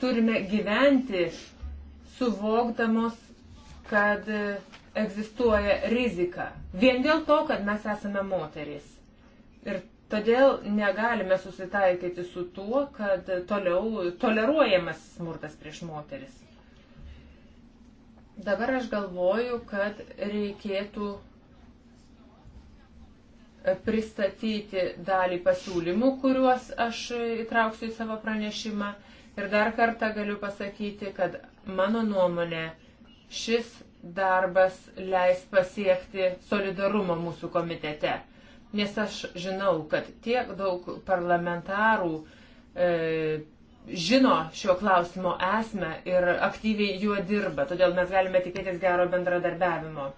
turime gyventi suvokdamos, kad egzistuoja rizika. Vien dėl to, kad mes esame moteris. Ir Todėl negalime susitaikyti su tuo, kad toliau toleruojamas smurtas prieš moteris. Dabar aš galvoju, kad reikėtų pristatyti dalį pasiūlymų, kuriuos aš įtrauksiu į savo pranešimą. Ir dar kartą galiu pasakyti, kad mano nuomonė šis darbas leis pasiekti solidarumo mūsų komitete nes aš žinau, kad tiek daug parlamentarų e, žino šio klausimo esmę ir aktyviai juo dirba, todėl mes galime tikėtis gero bendradarbiavimo.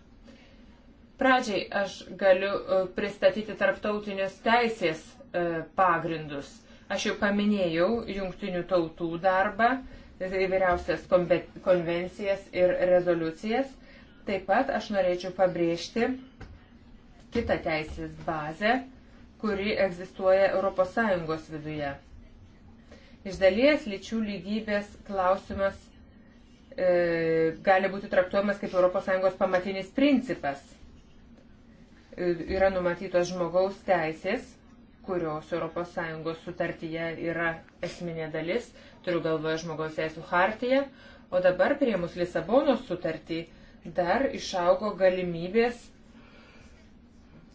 Pradžiai aš galiu e, pristatyti tarptautinius teisės e, pagrindus. Aš jau paminėjau jungtinių tautų darbą, įvairiausias konvencijas ir rezoliucijas. Taip pat aš norėčiau pabrėžti kitą teisės bazę, kuri egzistuoja ES viduje. Iš dalies lyčių lygybės klausimas e, gali būti traktuojamas kaip ES pamatinis principas. E, yra numatytos žmogaus teisės, kurios ES sutartyje yra esminė dalis, turiu galvoje žmogaus teisų hartiją, o dabar prie mus Lisabonos sutartį dar išaugo galimybės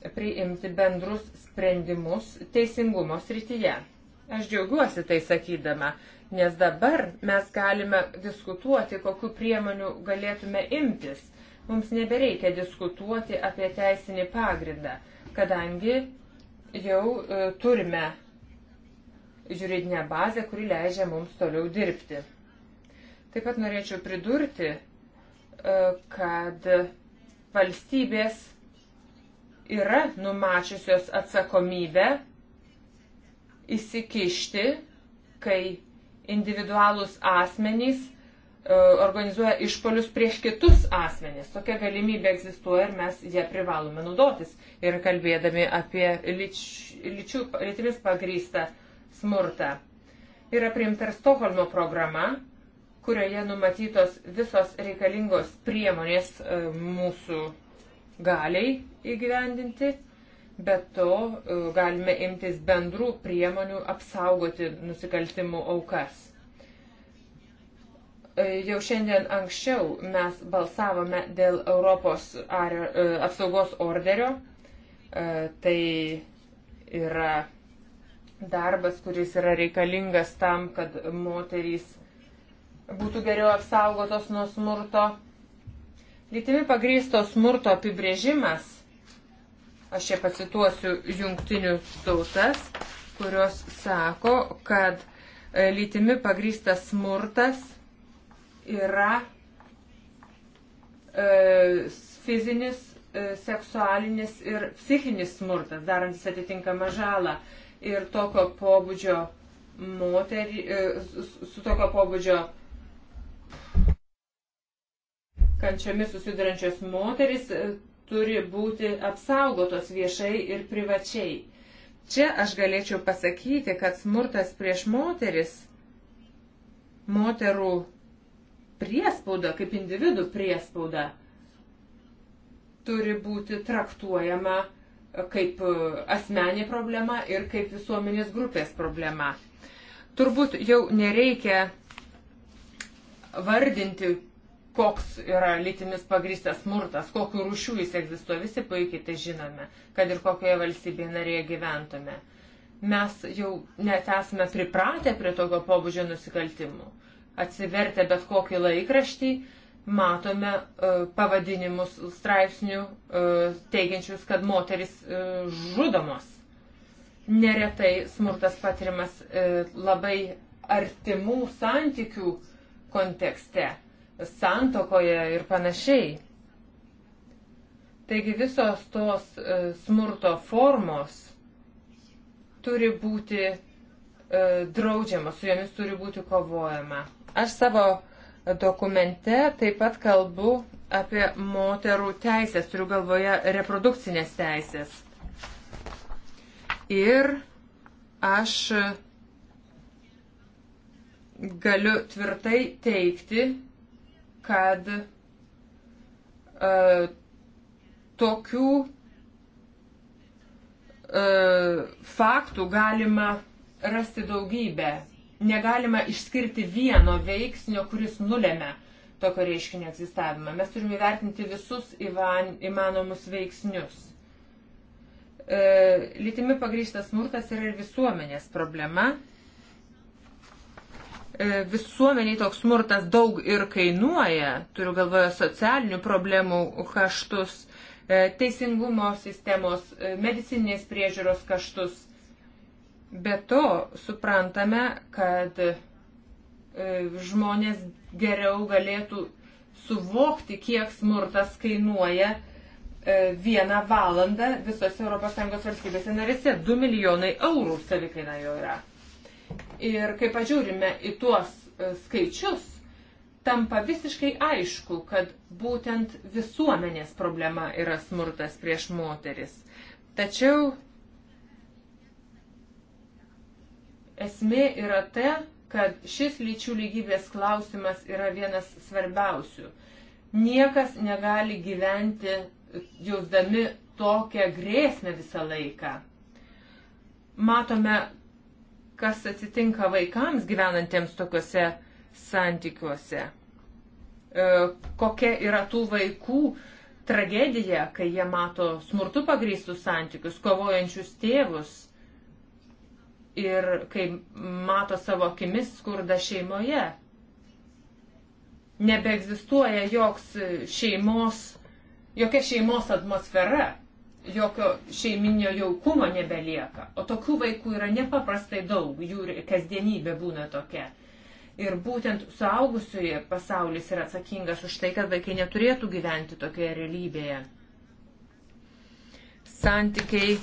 priimti bendrus sprendimus teisingumo srityje. Aš džiaugiuosi tai sakydama, nes dabar mes galime diskutuoti, kokiu priemoniu galėtume imtis. Mums nebereikia diskutuoti apie teisinį pagrindą, kadangi jau e, turime juridinę bazę, kuri leidžia mums toliau dirbti. Taip pat norėčiau pridurti, e, kad valstybės yra numačiusios atsakomybę įsikišti, kai individualūs asmenys e, organizuoja išpolius prieš kitus asmenys. Tokia galimybė egzistuoja ir mes ją privalome naudotis. Ir kalbėdami apie lyč, lyčių, lytimis pagrystą smurtą. Yra priimta ir Stokholmo programa, kurioje numatytos visos reikalingos priemonės e, mūsų galiai įgyvendinti, bet to e, galime imtis bendrų priemonių apsaugoti nusikaltimų aukas. E, jau šiandien anksčiau mes balsavome dėl Europos ar, e, apsaugos orderio. Tai yra darbas, kuris yra reikalingas tam, kad moterys būtų geriau apsaugotos nuo smurto Lytimi pagrįsto smurto apibrėžimas, aš čia pacituosiu jungtinių tautas, kurios sako, kad e, lytimi pagrįstas smurtas yra e, fizinis, e, seksualinis ir psichinis smurtas, darantis atitinkamą žalą. Ir tokio pobūdžio moterį, e, su, su tokio pobūdžio e, kančiomis susidurančios moteris e, turi būti apsaugotos viešai ir privačiai. Čia aš galėčiau pasakyti, kad smurtas prieš moteris, moterų priespauda, kaip individų priespauda, turi būti traktuojama e, kaip e, asmenė problema ir kaip visuomenės grupės problema. Turbūt jau nereikia vardinti koks yra lytimis pagristas smurtas, kokiu rušiu jis egzistuoja, visi puikiai tai žinome, kad ir kokioje valstybėje narėje gyventume. Mes jau net esame pripratę prie tokio pobūdžio nusikaltimų. Atsivertę bet kokį laikraštį, matome uh, pavadinimus straipsnių uh, teigiančius, kad moteris uh, žudomos. Neretai smurtas patirimas uh, labai artimų santykių kontekste. Uh, santokoje ir panašiai. Taigi visos tos e, smurto formos turi būti e, draudžiama, su jomis turi būti kovojama. Aš savo dokumente taip pat kalbu apie moterų teisės, turiu galvoje reprodukcinės teisės. Ir aš galiu tvirtai teikti, kad e, tokių e, faktų galima rasti daugybę. Negalima išskirti vieno veiksnio, kuris nulėmė tokio reiškinio egzistavimą. Mes turime vertinti visus įmanomus veiksnius. E, Lytimi pagrįstas smurtas yra ir visuomenės problema, E, visuomeniai toks smurtas daug ir kainuoja, turiu galvoje socialinių problemų kaštus, e, teisingumo sistemos, e, medicininės priežiūros kaštus. Be to suprantame, kad žmonės geriau galėtų suvokti, kiek smurtas kainuoja vieną valandą visose ES valstybėse narėse. 2 milijonai eurų savikaina jo yra. Ir kai pažiūrime į tuos e, skaičius, tampa visiškai aišku, kad būtent visuomenės problema yra smurtas prieš moteris. Tačiau esmė yra ta, kad šis lyčių lygybės klausimas yra vienas svarbiausių. Niekas negali gyventi jausdami tokią grėsmę visą laiką. Matome, kas atsitinka vaikams gyvenantiems tokiuose santykiuose. E, kokia yra tų vaikų tragedija, kai jie mato smurtu pagrįstus santykius, kovojančius tėvus ir kai mato savo akimis skurdą šeimoje. Nebeegzistuoja joks šeimos, jokia šeimos atmosfera, jokio šeiminio jaukumo nebelieka. O tokių vaikų yra nepaprastai daug, jų kasdienybė būna tokia. Ir būtent suaugusiųjų pasaulis yra atsakingas už tai, kad vaikai neturėtų gyventi tokioje realybėje. Santykiai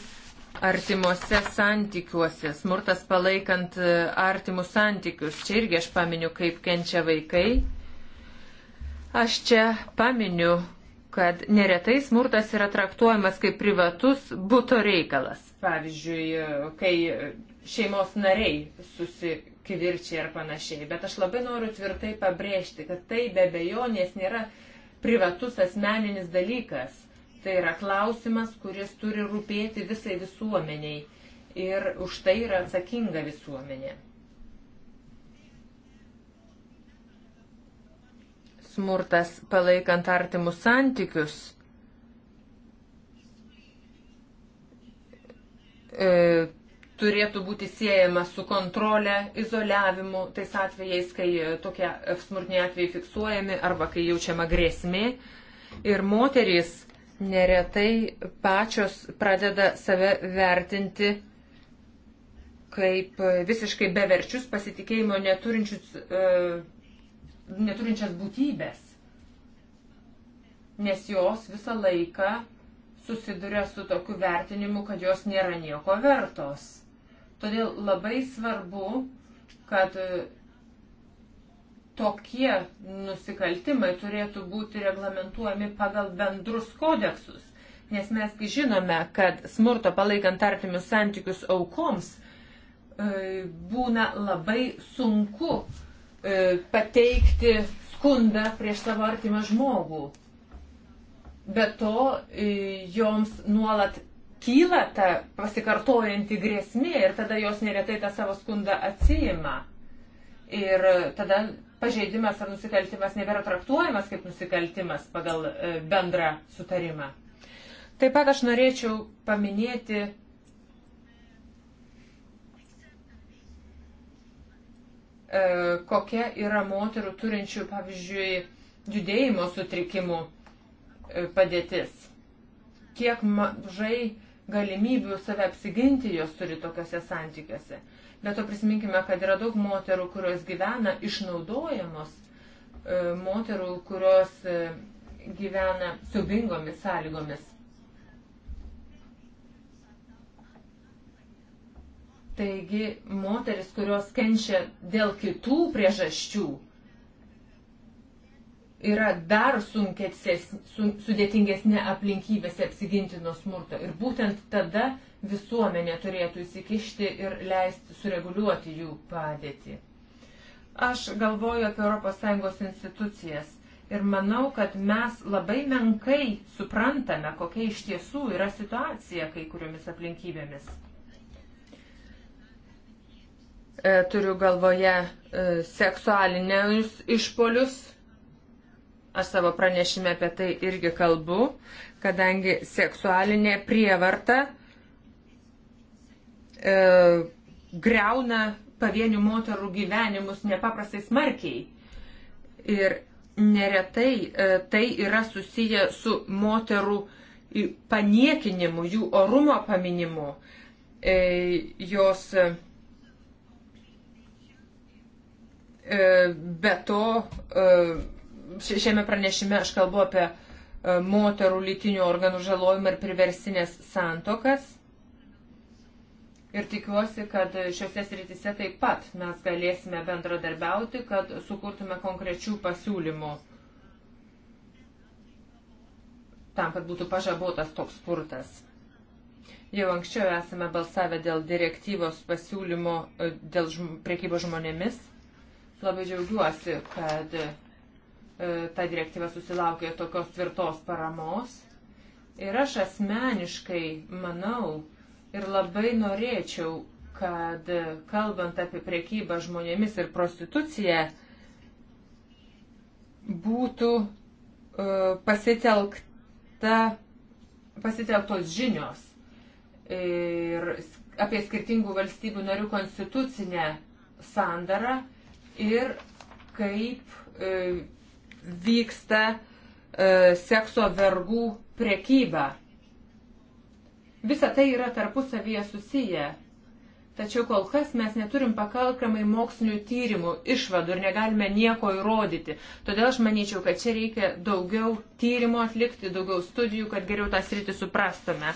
artimuose santykiuose, smurtas palaikant e, artimus santykius. Čia irgi aš paminiu, kaip kenčia vaikai. Aš čia paminiu, kad neretai smurtas yra traktuojamas kaip privatus būto reikalas. Pavyzdžiui, kai šeimos nariai susikivirčia ir panašiai. Bet aš labai noriu tvirtai pabrėžti, kad tai be bejonės nėra privatus asmeninis dalykas. Tai yra klausimas, kuris turi rūpėti visai visuomeniai ir už tai yra atsakinga visuomenė. smurtas palaikant artimus santykius e, turėtų būti siejama su kontrolė, izoliavimu, tais atvejais, kai e, tokie smurtiniai atvejai fiksuojami arba kai jaučiama grėsmė. Ir moterys neretai pačios pradeda save vertinti kaip e, visiškai beverčius pasitikėjimo neturinčius. E, neturinčias būtybės, nes jos visą laiką susiduria su tokiu vertinimu, kad jos nėra nieko vertos. Todėl labai svarbu, kad e, tokie nusikaltimai turėtų būti reglamentuojami pagal bendrus kodeksus, nes mesgi žinome, kad smurto palaikant artimius santykius aukoms e, būna labai sunku E, pateikti skundą prieš savo artimą žmogų. Be to, e, joms nuolat kyla ta pasikartojanti grėsmė ir tada jos neretai tą savo skundą atsijima. Ir tada pažeidimas ar nusikaltimas nebėra traktuojamas kaip nusikaltimas pagal e, bendrą sutarimą. Taip pat aš norėčiau paminėti E, kokia yra moterų turinčių, pavyzdžiui, judėjimo sutrikimų e, padėtis. Kiek mažai galimybių save apsiginti jos turi tokiuose santykiuose. Bet to prisiminkime, kad yra daug moterų, kurios gyvena išnaudojamos, e, moterų, kurios gyvena siubingomis sąlygomis. Taigi moteris, kurios kenčia dėl kitų priežasčių, yra dar sudėtingesnė aplinkybėse apsiginti nuo smurto. Ir būtent tada visuomenė turėtų įsikišti ir leisti sureguliuoti jų padėtį. Aš galvoju apie ES institucijas ir manau, kad mes labai menkai suprantame, kokia iš tiesų yra situacija kai kuriomis aplinkybėmis. E, turiu galvoje e, seksualinius išpolius. Aš savo pranešime apie tai irgi kalbu, kadangi seksualinė prievarta e, greuna pavienių moterų gyvenimus nepaprastai smarkiai. Ir neretai e, tai yra susiję su moterų paniekinimu, jų orumo paminimu. E, jos e, E, be to, e, šiame pranešime aš kalbu apie e, moterų lytinių organų žalojimą ir priversinės santokas. Ir tikiuosi, kad šiuose srityse taip pat mes galėsime bendradarbiauti, kad sukurtume konkrečių pasiūlymų tam, kad būtų pažabotas toks spurtas. Jau anksčiau esame balsavę dėl direktyvos pasiūlymo dėl žm prekybos žmonėmis Labai džiaugiuosi, kad e, ta direktyva susilaukė tokios tvirtos paramos. Ir aš asmeniškai manau ir labai norėčiau, kad e, kalbant apie priekybą žmonėmis ir prostituciją, būtų e, pasitelkta, pasitelktos žinios ir apie skirtingų valstybių narių konstitucinę sandarą ir kaip e, vyksta e, sekso vergų prekyba. Visa tai yra tarpusavyje susiję. Tačiau kol kas mes neturim pakankamai mokslinių tyrimų, išvadų ir negalime nieko įrodyti. Todėl aš manyčiau, kad čia reikia daugiau tyrimų atlikti, daugiau studijų, kad geriau tą sritį suprastume.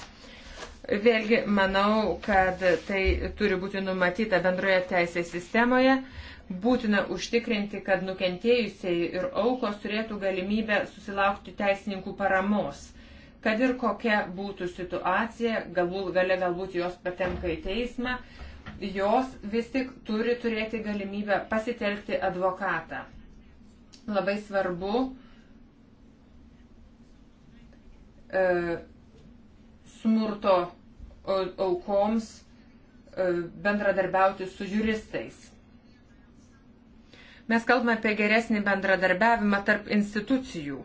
Vėlgi, manau, kad tai turi būti numatyta bendroje teisės sistemoje. Būtina užtikrinti, kad nukentėjusiai ir aukos turėtų galimybę susilaukti teisininkų paramos. Kad ir kokia būtų situacija, galbūt, gale galbūt jos patenka į teismą, jos vis tik turi turėti galimybę pasitelkti advokatą. Labai svarbu e, smurto aukoms e, bendradarbiauti su juristais. Mes kalbame apie geresnį bendradarbiavimą tarp institucijų.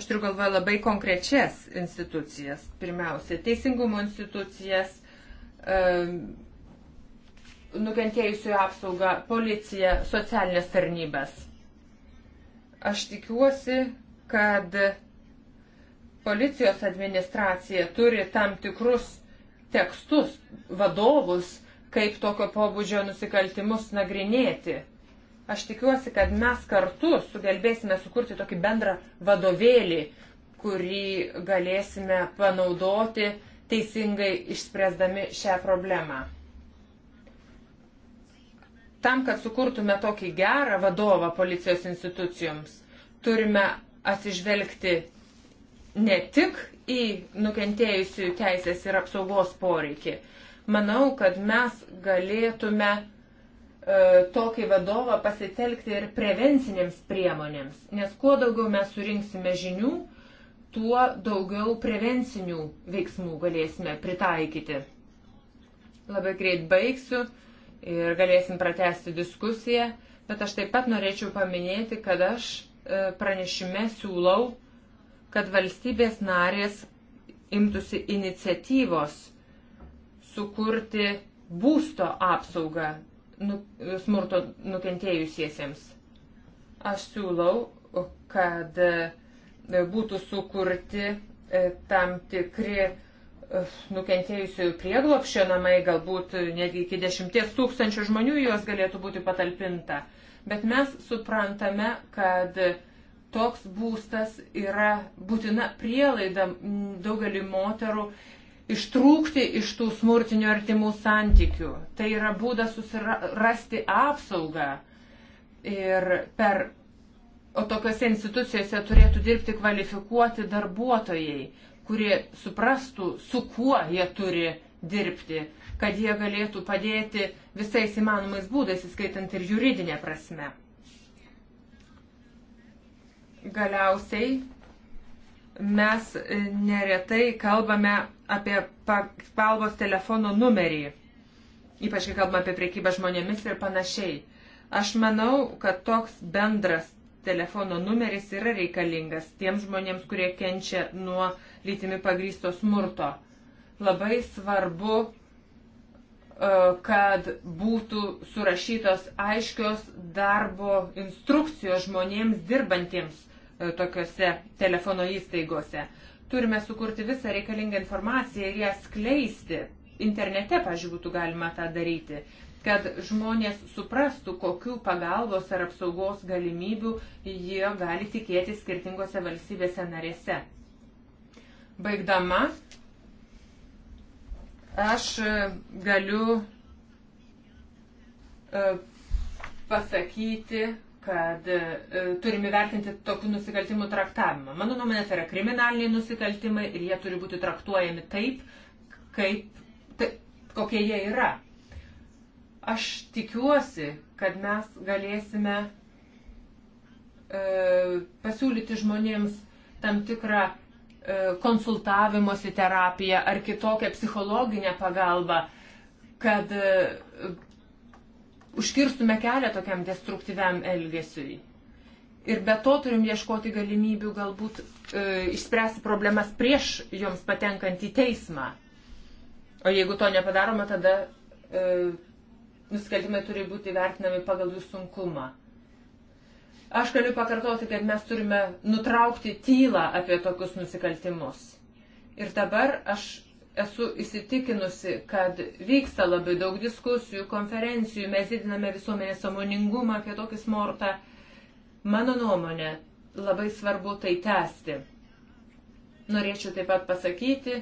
Aš turiu galvoje labai konkrečias institucijas. Pirmiausia, teisingumo institucijas, nukentėjusių apsaugą, policiją, socialinės tarnybas. Aš tikiuosi, kad policijos administracija turi tam tikrus tekstus, vadovus, kaip tokio pobūdžio nusikaltimus nagrinėti. Aš tikiuosi, kad mes kartu sugebėsime sukurti tokį bendrą vadovėlį, kurį galėsime panaudoti teisingai išspręsdami šią problemą. Tam, kad sukurtume tokį gerą vadovą policijos institucijoms, turime atsižvelgti ne tik į nukentėjusių teisės ir apsaugos poreikį. Manau, kad mes galėtume E, tokį vadovą pasitelkti ir prevencinėms priemonėms, nes kuo daugiau mes surinksime žinių, tuo daugiau prevencinių veiksmų galėsime pritaikyti. Labai greit baigsiu ir galėsim pratesti diskusiją, bet aš taip pat norėčiau paminėti, kad aš e, pranešime siūlau, kad valstybės narės imtųsi iniciatyvos sukurti būsto apsaugą Nu, smurto nukentėjusiesiems. Aš siūlau, kad e, būtų sukurti e, tam tikri e, nukentėjusiųjų prieglopščio namai, galbūt netgi iki dešimties tūkstančių žmonių juos galėtų būti patalpinta. Bet mes suprantame, kad toks būstas yra būtina prielaida daugeliu moterų ištrūkti iš tų smurtinių artimų santykių. Tai yra būdas susirasti apsaugą. Ir per, o tokiuose institucijose turėtų dirbti kvalifikuoti darbuotojai, kurie suprastų, su kuo jie turi dirbti, kad jie galėtų padėti visais įmanomais būdais, įskaitant ir juridinę prasme. Galiausiai mes neretai kalbame apie pagalbos telefono numerį, ypač kai kalbame apie priekybę žmonėmis ir panašiai. Aš manau, kad toks bendras telefono numeris yra reikalingas tiems žmonėms, kurie kenčia nuo lytimi pagrysto smurto. Labai svarbu, e, kad būtų surašytos aiškios darbo instrukcijos žmonėms dirbantiems e, tokiuose telefono įstaigose. Turime sukurti visą reikalingą informaciją ir ją skleisti. Internete, pažiūrėjau, būtų galima tą daryti, kad žmonės suprastų, kokiu pagalbos ar apsaugos galimybių jie gali tikėti skirtingose valstybėse narėse. Baigdama, aš e, galiu e, pasakyti, kad e, turime vertinti tokių nusikaltimų traktavimą. Mano nuomonė, tai yra kriminaliniai nusikaltimai ir jie turi būti traktuojami taip, kaip, ta, kokie jie yra. Aš tikiuosi, kad mes galėsime e, pasiūlyti žmonėms tam tikrą e, konsultavimosi terapiją ar kitokią psichologinę pagalbą, kad e, užkirstume kelią tokiam destruktyviam elgesiui. Ir be to turim ieškoti galimybių galbūt e, išspręsti problemas prieš joms patenkant į teismą. O jeigu to nepadaroma, tada e, nusikaltimai turi būti vertinami pagal jų sunkumą. Aš galiu pakartoti, kad mes turime nutraukti tylą apie tokius nusikaltimus. Ir dabar aš esu įsitikinusi, kad vyksta labai daug diskusijų, konferencijų, mes didiname visuomenės samoningumą apie tokį smurtą. Mano nuomonė, labai svarbu tai tęsti. Norėčiau taip pat pasakyti,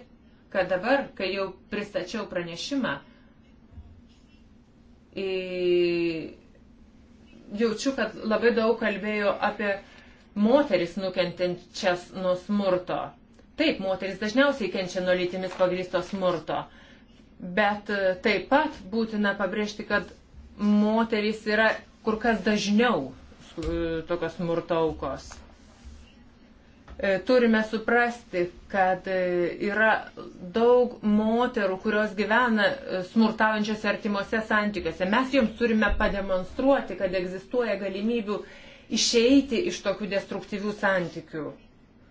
kad dabar, kai jau pristačiau pranešimą, jaučiu, kad labai daug kalbėjau apie moteris nukentinčias nuo smurto Taip, moteris dažniausiai kenčia nuo lytimis pagristo smurto, bet e, taip pat būtina pabrėžti, kad moteris yra kur kas dažniau e, tokios smurto aukos. E, turime suprasti, kad yra daug moterų, kurios gyvena smurtaujančiose artimuose santykiuose. Mes joms turime pademonstruoti, kad egzistuoja galimybių išeiti iš tokių destruktyvių santykių.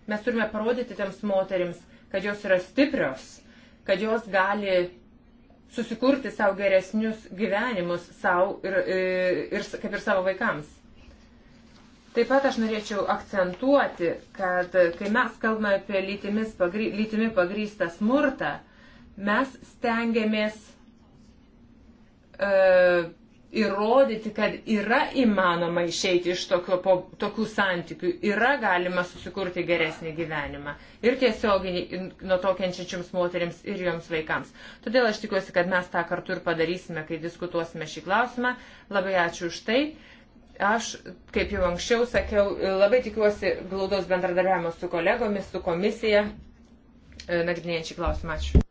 Mes turime parodyti tiems moterims, kad jos yra stiprios, kad jos gali susikurti savo geresnius gyvenimus savo ir, e, ir, ir kaip ir savo vaikams. Taip pat aš norėčiau akcentuoti, kad kai mes kalbame apie lytimis, pagry, lytimi pagrystą smurtą, mes stengiamės uh, e, įrodyti, kad yra įmanoma išeiti iš tokio, po, tokių santykių, yra galima susikurti geresnį gyvenimą ir tiesioginį nuo to kenčiančiams moteriams ir joms vaikams. Todėl aš tikiuosi, kad mes tą kartu ir padarysime, kai diskutuosime šį klausimą. Labai ačiū už tai. Aš, kaip jau anksčiau sakiau, labai tikiuosi glaudos bendradarbiavimo su kolegomis, su komisija, e, nagrinėjant šį klausimą. Ačiū.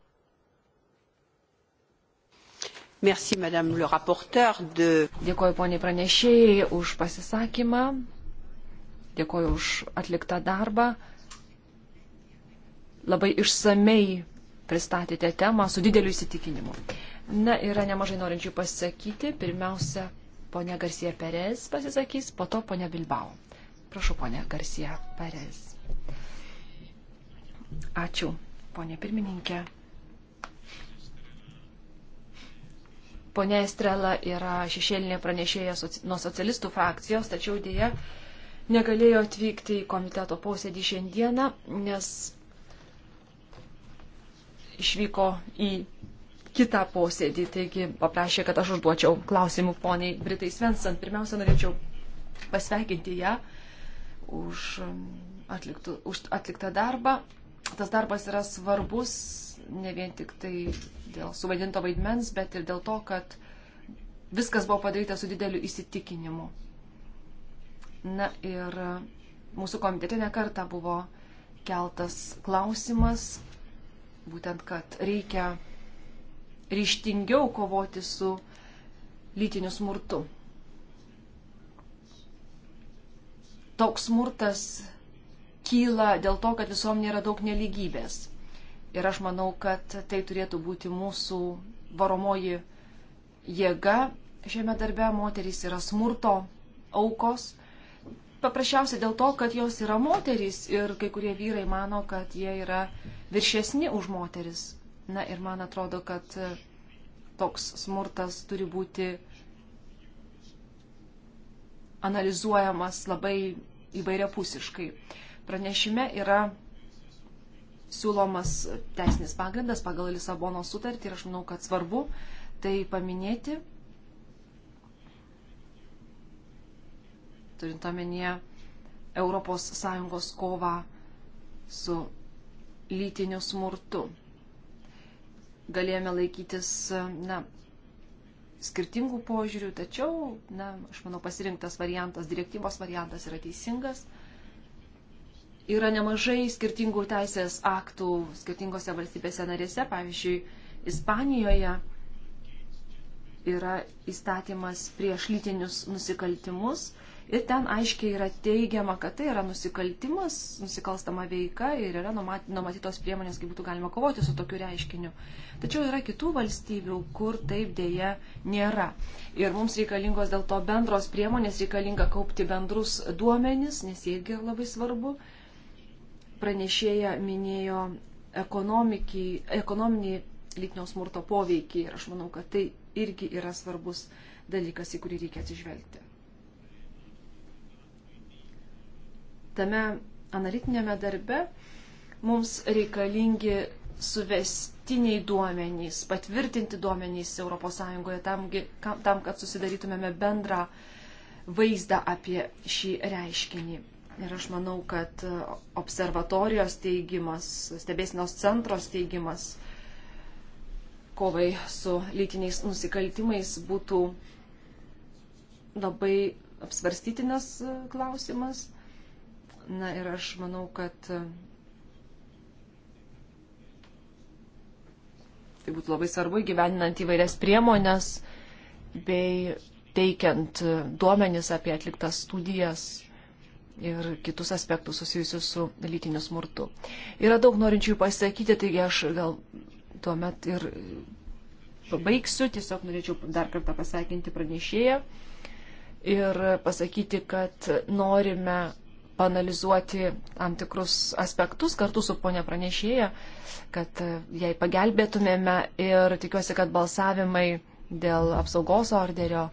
Merci, madame le rapporteur, de. Dėkoju poniai pranešėjai už pasisakymą. Dėkoju už atliktą darbą. Labai išsamei pristatėte temą su dideliu įsitikinimu. Na, yra nemažai norinčių pasakyti. Pirmiausia, ponia Garcia Perez pasisakys, po to ponia Bilbao. Prašau, ponia Garcia Perez. Ačiū, ponia pirmininkė. Pone Estrela yra šešėlinė pranešėja nuo socialistų frakcijos, tačiau dėja negalėjo atvykti į komiteto posėdį šiandieną, nes išvyko į kitą posėdį, taigi paprašė, kad aš užduočiau klausimų poniai Britai Svensson. Pirmiausia, norėčiau pasveikinti ją už, um, atliktų, už atliktą darbą. Tas darbas yra svarbus ne vien tik tai dėl suvaidinto vaidmens, bet ir dėl to, kad viskas buvo padaryta su dideliu įsitikinimu. Na ir e, mūsų komitete nekarta buvo keltas klausimas, būtent, kad reikia ryštingiau kovoti su lytiniu smurtu. Toks smurtas kyla dėl to, kad visuomenė yra daug neligybės. Ir aš manau, kad tai turėtų būti mūsų varomoji jėga šiame darbe. Moterys yra smurto aukos. Paprasčiausiai dėl to, kad jos yra moterys ir kai kurie vyrai mano, kad jie yra viršesni už moteris. Na ir man atrodo, kad toks smurtas turi būti analizuojamas labai įvairiapusiškai. Pranešime yra siūlomas teisinis pagrindas pagal Lisabono sutartį ir aš manau, kad svarbu tai paminėti, turint omenyje ES kovą su lytiniu smurtu. Galėjome laikytis na, skirtingų požiūrių, tačiau, na, aš manau, pasirinktas variantas, direktyvos variantas yra teisingas yra nemažai skirtingų teisės aktų skirtingose valstybėse narėse, pavyzdžiui, Ispanijoje yra įstatymas prieš lytinius nusikaltimus ir ten aiškiai yra teigiama, kad tai yra nusikaltimas, nusikalstama veika ir yra numatytos priemonės, kaip būtų galima kovoti su tokiu reiškiniu. Tačiau yra kitų valstybių, kur taip dėja nėra. Ir mums reikalingos dėl to bendros priemonės, reikalinga kaupti bendrus duomenis, nes jie irgi labai svarbu pranešėja minėjo ekonominį lytinio smurto poveikį ir aš manau, kad tai irgi yra svarbus dalykas, į kurį reikia atsižvelgti. Tame analitinėme darbe mums reikalingi suvestiniai duomenys, patvirtinti duomenys ES tam, tam, kad susidarytumėme bendrą vaizdą apie šį reiškinį. Ir aš manau, kad observatorijos teigimas, stebėsinos centros teigimas kovai su lytiniais nusikaltimais būtų labai apsvarstytinas klausimas. Na ir aš manau, kad tai būtų labai svarbu įgyveninant įvairias priemonės bei teikiant duomenis apie atliktas studijas ir kitus aspektus susijusius su lytiniu smurtu. Yra daug norinčių pasakyti, taigi aš gal tuomet ir pabaigsiu, tiesiog norėčiau dar kartą pasakinti pranešėją ir pasakyti, kad norime panalizuoti tam tikrus aspektus kartu su ponia pranešėja, kad jai pagelbėtumėme ir tikiuosi, kad balsavimai dėl apsaugos orderio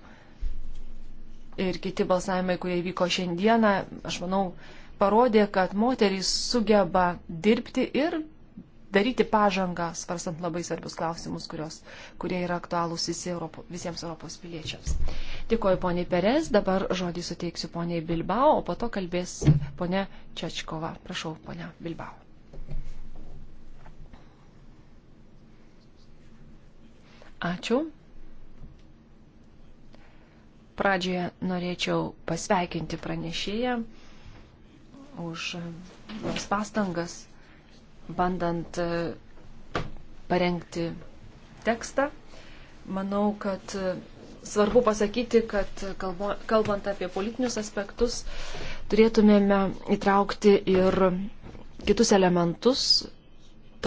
ir kiti balsavimai, kurie vyko šiandieną, aš manau, parodė, kad moterys sugeba dirbti ir daryti pažangą, svarstant labai svarbius klausimus, kurios, kurie yra aktualūs visi Europo, visiems Europos piliečiams. Dėkuoju poniai Perez, dabar žodį suteiksiu poniai Bilbao, o po to kalbės ponia Čečkova. Prašau, ponia Bilbao. Ačiū. Pradžioje norėčiau pasveikinti pranešėją už jos pastangas, bandant e, parengti tekstą. Manau, kad e, svarbu pasakyti, kad kalbant apie politinius aspektus, turėtumėme įtraukti ir kitus elementus,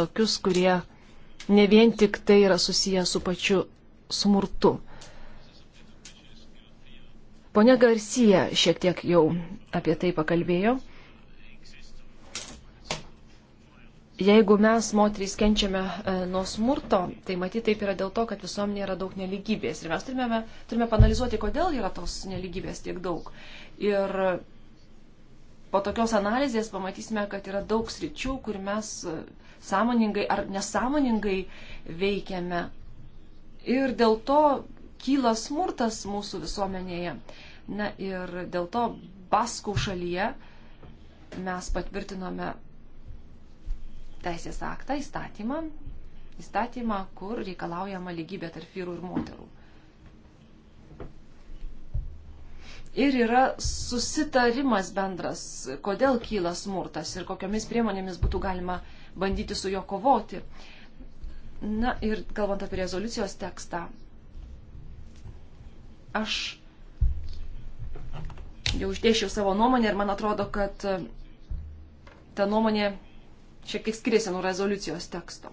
tokius, kurie ne vien tik tai yra susiję su pačiu smurtu. Pone Garcija šiek tiek jau apie tai pakalbėjo. Jeigu mes, moterys, kenčiame e, nuo smurto, tai matyti taip yra dėl to, kad visuomenė yra daug neligybės. Ir mes turime, turime panalizuoti, kodėl yra tos neligybės tiek daug. Ir po tokios analizės pamatysime, kad yra daug sričių, kur mes e, sąmoningai ar nesąmoningai veikiame. Ir dėl to kyla smurtas mūsų visuomenėje. Na ir dėl to Baskų šalyje mes patvirtinome teisės aktą, įstatymą, įstatymą, kur reikalaujama lygybė tarp vyrų ir moterų. ir yra susitarimas bendras, kodėl kyla smurtas ir kokiamis priemonėmis būtų galima bandyti su juo kovoti. Na ir kalbant apie rezoliucijos tekstą, Aš jau išdėšiau savo nuomonę ir man atrodo, kad e, ta nuomonė šiek tiek skiriasi nuo rezoliucijos teksto.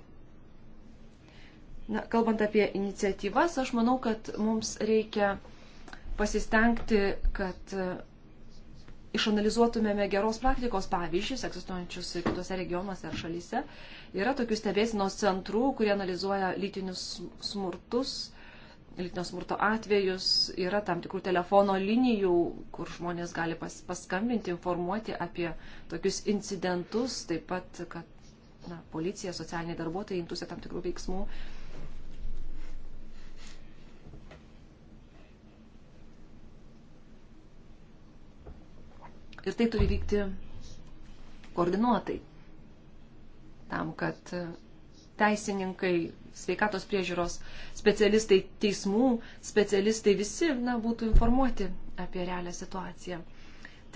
Na, kalbant apie iniciatyvas, aš manau, kad mums reikia pasistengti, kad e, išanalizuotumėme geros praktikos pavyzdžius, egzistuojančius kitose regionuose ar šalyse. Yra tokių stebėsinos centrų, kurie analizuoja lytinius smurtus lytinio smurto atvejus, yra tam tikrų telefono linijų, kur žmonės gali pas, paskambinti, informuoti apie tokius incidentus, taip pat, kad na, policija, socialiniai darbuotojai imtųsi tam tikrų veiksmų. Ir tai turi vykti koordinuotai, tam, kad teisininkai, sveikatos priežiūros specialistai, teismų specialistai, visi na, būtų informuoti apie realią situaciją.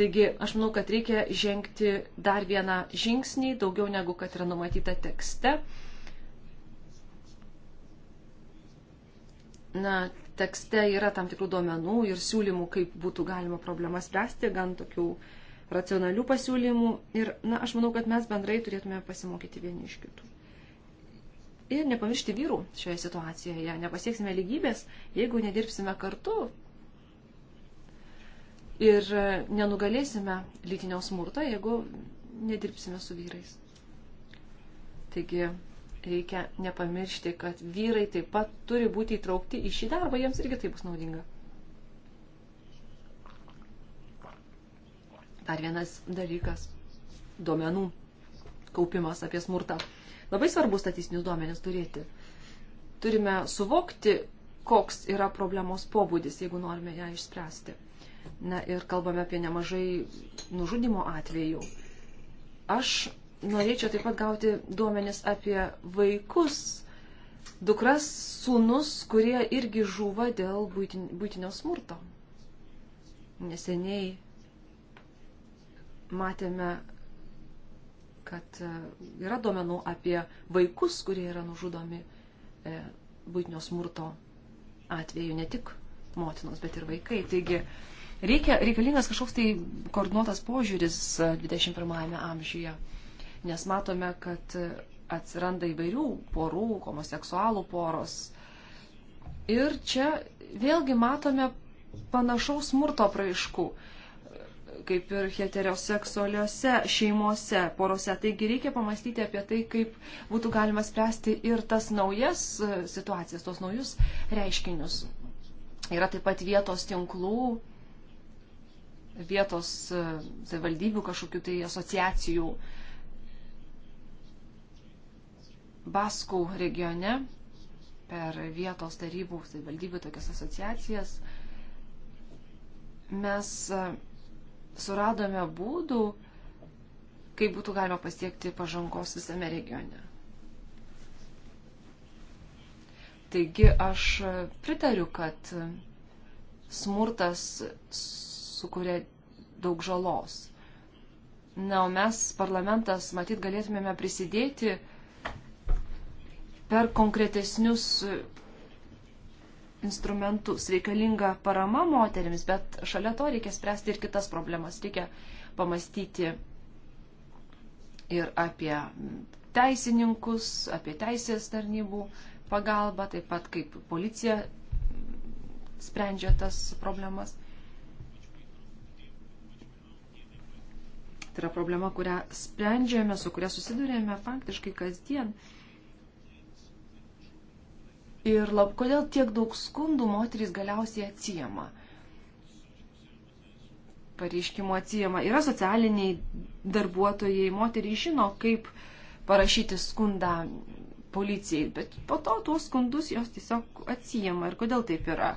Taigi aš manau, kad reikia žengti dar vieną žingsnį, daugiau negu kad yra numatyta tekste. Na, tekste yra tam tikrų duomenų ir siūlymų, kaip būtų galima problemą spręsti, gan tokių racionalių pasiūlymų. Ir, na, aš manau, kad mes bendrai turėtume pasimokyti vieni iš kitų ir nepamiršti vyrų šioje situacijoje. Nepasieksime lygybės, jeigu nedirbsime kartu ir e, nenugalėsime lytinio smurto, jeigu nedirbsime su vyrais. Taigi reikia nepamiršti, kad vyrai taip pat turi būti įtraukti į šį darbą, jiems irgi tai bus naudinga. Dar vienas dalykas - duomenų kaupimas apie smurtą Labai svarbu statistinius duomenis turėti. Turime suvokti, koks yra problemos pobūdis, jeigu norime ją išspręsti. Na ir kalbame apie nemažai nužudimo atvejų. Aš norėčiau taip pat gauti duomenis apie vaikus, dukras, sūnus, kurie irgi žuva dėl būtinio smurto. Neseniai matėme kad e, yra duomenų apie vaikus, kurie yra nužudomi e, būtinio smurto atveju, ne tik motinos, bet ir vaikai. Taigi reikia, reikalingas kažkoks tai koordinuotas požiūris 21-ame e, amžiuje, nes matome, kad atsiranda įvairių porų, homoseksualų poros. Ir čia vėlgi matome panašaus smurto praiškų kaip ir heteroseksualiuose šeimose, porose. Taigi reikia pamastyti apie tai, kaip būtų galima spręsti ir tas naujas e, situacijas, tos naujus reiškinius. Yra taip pat vietos tinklų, vietos e, savivaldybių kažkokių tai asociacijų. Baskų regione per vietos tarybų savivaldybių tokias asociacijas mes e, suradome būdų, kaip būtų galima pasiekti pažangos visame regione. Taigi aš pritariu, kad smurtas sukuria daug žalos. Na, o mes, parlamentas, matyt, galėtumėme prisidėti per konkretesnius instrumentus. Reikalinga parama moteriams, bet šalia to reikia spręsti ir kitas problemas. Reikia pamastyti ir apie teisininkus, apie teisės tarnybų pagalbą, taip pat kaip policija sprendžia tas problemas. Tai yra problema, kurią sprendžiame, su kuria susidurėme faktiškai kasdien. Uh, Ir lab, kodėl tiek daug skundų moterys galiausiai atsijama? Pareiškimo atsijama. Yra socialiniai darbuotojai, moteriai žino, kaip parašyti skundą policijai, bet po to tuos skundus jos tiesiog atsijama. Ir kodėl taip yra?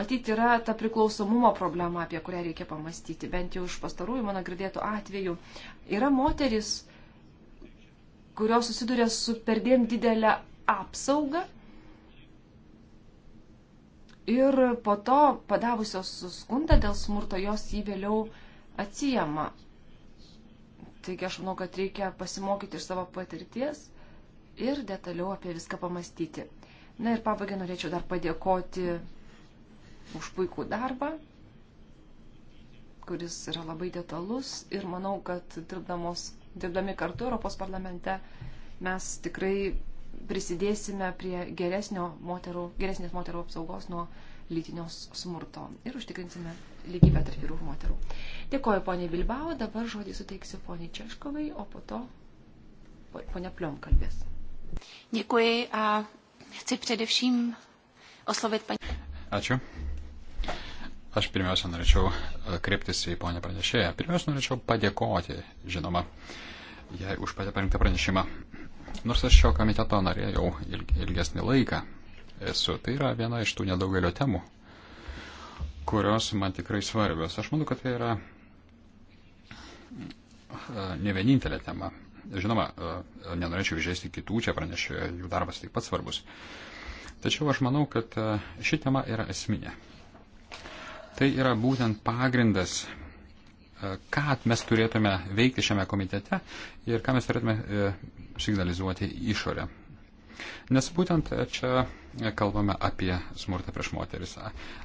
Matyt, yra ta priklausomumo problema, apie kurią reikia pamastyti. Bent jau iš pastarųjų mano girdėtų atvejų. Yra moteris, kurios susiduria su perdėm didelę apsaugą ir po to padavusios skundą dėl smurto jos jį vėliau atsijama. Taigi aš manau, kad reikia pasimokyti iš savo patirties ir detaliau apie viską pamastyti. Na ir pabaigai norėčiau dar padėkoti už puikų darbą, kuris yra labai detalus ir manau, kad dirbdamos, dirbdami kartu Europos parlamente mes tikrai prisidėsime prie moterų, geresnės moterų apsaugos nuo lytinio smurto ir užtikrinsime lygybę tarp vyrų ir moterų. Dėkoju poniai Bilbao, dabar žodį suteiksiu poniai Češkovai, o po to ponia Pliom kalbės. Dėkoju, a, chci především oslovit paní. Ačiū. Aš pirmiausia norėčiau e, kreiptis į ponę pranešėją. Pirmiausia norėčiau padėkoti, žinoma, jai už patį parinktą pranešimą. Nors aš šio komiteto narė jau ilgesnį laiką esu, tai yra viena iš tų nedaugelio temų, kurios man tikrai svarbios. Aš manau, kad tai yra ne vienintelė tema. Žinoma, nenorėčiau įžeisti kitų, čia pranešė, jų darbas taip pat svarbus. Tačiau aš manau, kad ši tema yra esminė. Tai yra būtent pagrindas, ką mes turėtume veikti šiame komitete ir ką mes turėtume e, signalizuoti išorę. Nes būtent čia kalbame apie smurtą prieš moteris.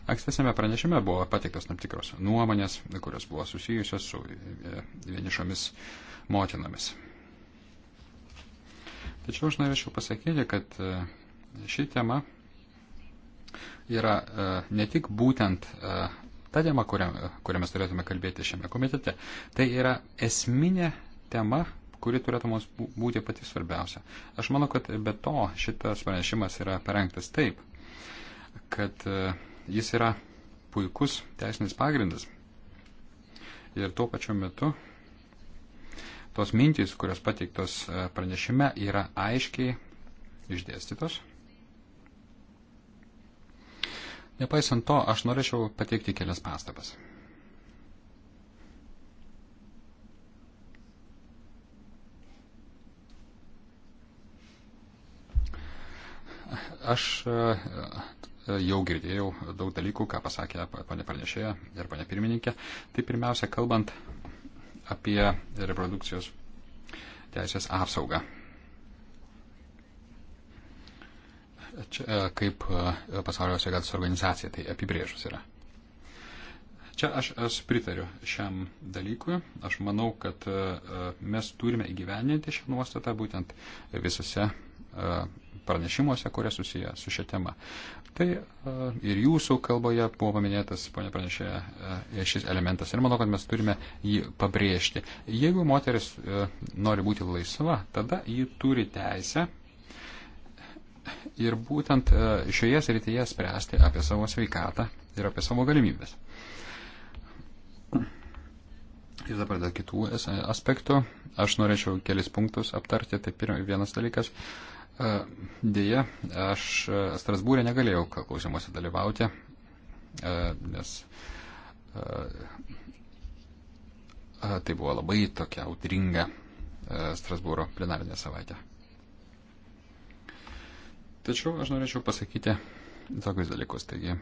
Ankstesnėme pranešime buvo pateiktos tam tikros nuomonės, kurios buvo susijusios su e, vienišomis motinomis. Tačiau aš norėčiau pasakyti, kad e, ši tema yra e, ne tik būtent ta tema, kurią, kurią mes turėtume kalbėti šiame komitete, tai yra esminė tema kuri turėtų mums būti pati svarbiausia. Aš manau, kad be to šitas pranešimas yra parengtas taip, kad e, jis yra puikus teisinis pagrindas. Ir tuo pačiu metu tos mintys, kurios pateiktos e, pranešime, yra aiškiai išdėstytos. Nepaisant to, aš norėčiau pateikti kelias pastabas. Aš e, jau girdėjau daug dalykų, ką pasakė panė pranešėja ir panė pirmininkė. Tai pirmiausia, kalbant apie reprodukcijos teisės apsaugą. Čia e, kaip e, pasaulio sveikatos organizacija tai apibrėžus yra. Čia aš, aš pritariu šiam dalykui. Aš manau, kad mes turime įgyveninti šią nuostatą būtent visose pranešimuose, kurie susiję su šia tema. Tai e, ir jūsų kalboje buvo paminėtas, ponė pranešėja, e, šis elementas ir manau, kad mes turime jį pabrėžti. Jeigu moteris e, nori būti laisva, tada ji turi teisę ir būtent šioje srityje spręsti apie savo sveikatą ir apie savo galimybės. Ir dabar dėl kitų aspektų aš norėčiau kelis punktus aptarti. Tai pirmas vienas dalykas Deja, aš Strasbūrė negalėjau klausimuose dalyvauti, nes tai buvo labai tokia audringa Strasbūro plenarinė savaitė. Tačiau aš norėčiau pasakyti tokius dalykus. Taigi,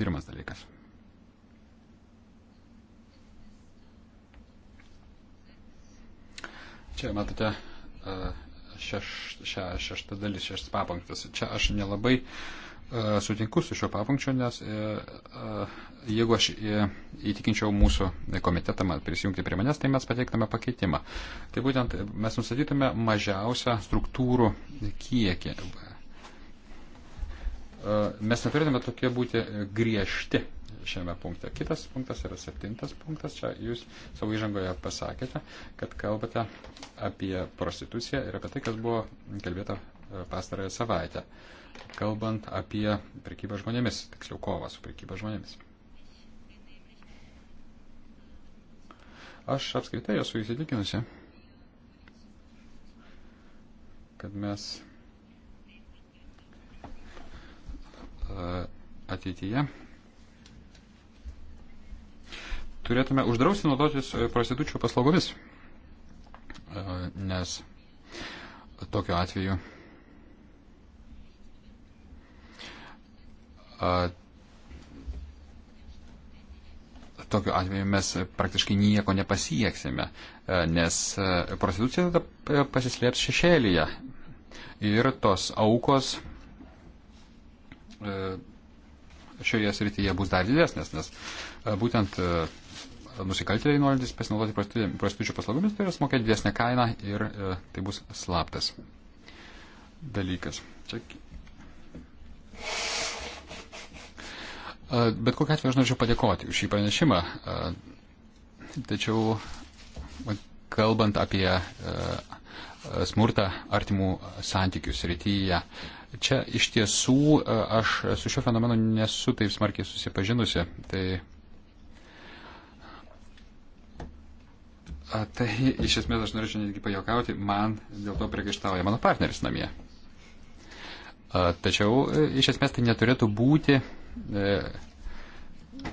pirmas dalykas. Čia matote šeš, še, šešta dalis, šeštas papunktas. Čia aš nelabai e, sutinku su šio papunkčio, nes e, e, jeigu aš e, įtikinčiau mūsų komitetą prisijungti prie manęs, tai mes pateiktume pakeitimą. Tai būtent mes nustatytume mažiausią struktūrų kiekį. E, mes neturėtume tokie būti griežti šiame punkte. Kitas punktas yra septintas punktas. Čia jūs savo įžangoje pasakėte, kad kalbate apie prostituciją ir apie tai, kas buvo kalbėta e, pastarąją savaitę, kalbant apie prekybą žmonėmis, tiksliau kovą su prekyba žmonėmis. Aš apskritai esu įsitikinusi, kad mes e, ateityje turėtume uždrausti naudotis e, prostitučių paslaugomis, e, nes tokiu atveju e, tokiu atveju mes praktiškai nieko nepasieksime, nes prostitucija tada pasislėps šešėlyje ir tos aukos šioje srityje bus dar didesnės, nes būtent nusikaltėliai norintys pasinaudoti prostitučių paslaugomis turės tai mokėti didesnę kainą ir e, tai bus slaptas dalykas. Čia... E, bet kokiu atveju aš norėčiau padėkoti už šį pranešimą. E, tačiau, kalbant apie e, e, smurtą artimų santykių srityje, čia iš tiesų e, aš su šiuo fenomenu nesu taip smarkiai susipažinusi. Tai A, tai iš esmės aš norėčiau netgi pajokauti, man dėl to priekaištauja mano partneris namie. A, tačiau e, iš esmės tai neturėtų būti e,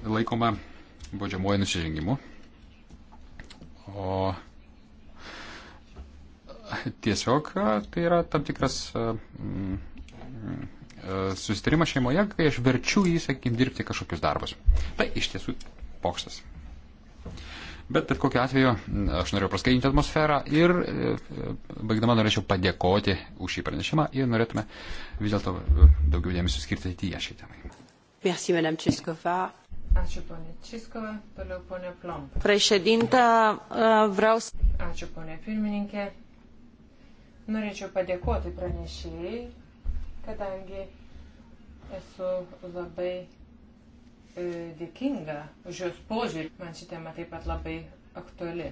laikoma baudžiamuoju nusižengimu. O tiesiog tai yra tam tikras mm, susitarimas šeimoje, kai aš verčiu jį, sakykime, dirbti kažkokius darbus. Tai iš tiesų pokštas. Bet bet kokiu atveju aš norėjau praskaitinti atmosferą ir e, baigdama norėčiau padėkoti už šį pranešimą ir norėtume vis dėlto e, daugiau dėmesio skirti ateityje šiai temai. Merci, Madame Českova. Ačiū, ponė Českova. Toliau, ponė Plom. Prašedinta, e, Vraus. Ačiū, ponė pirmininkė. Norėčiau padėkoti pranešėjai, kadangi esu labai E, dėkinga už jos požiūrį. Man ši tema taip pat labai aktuali.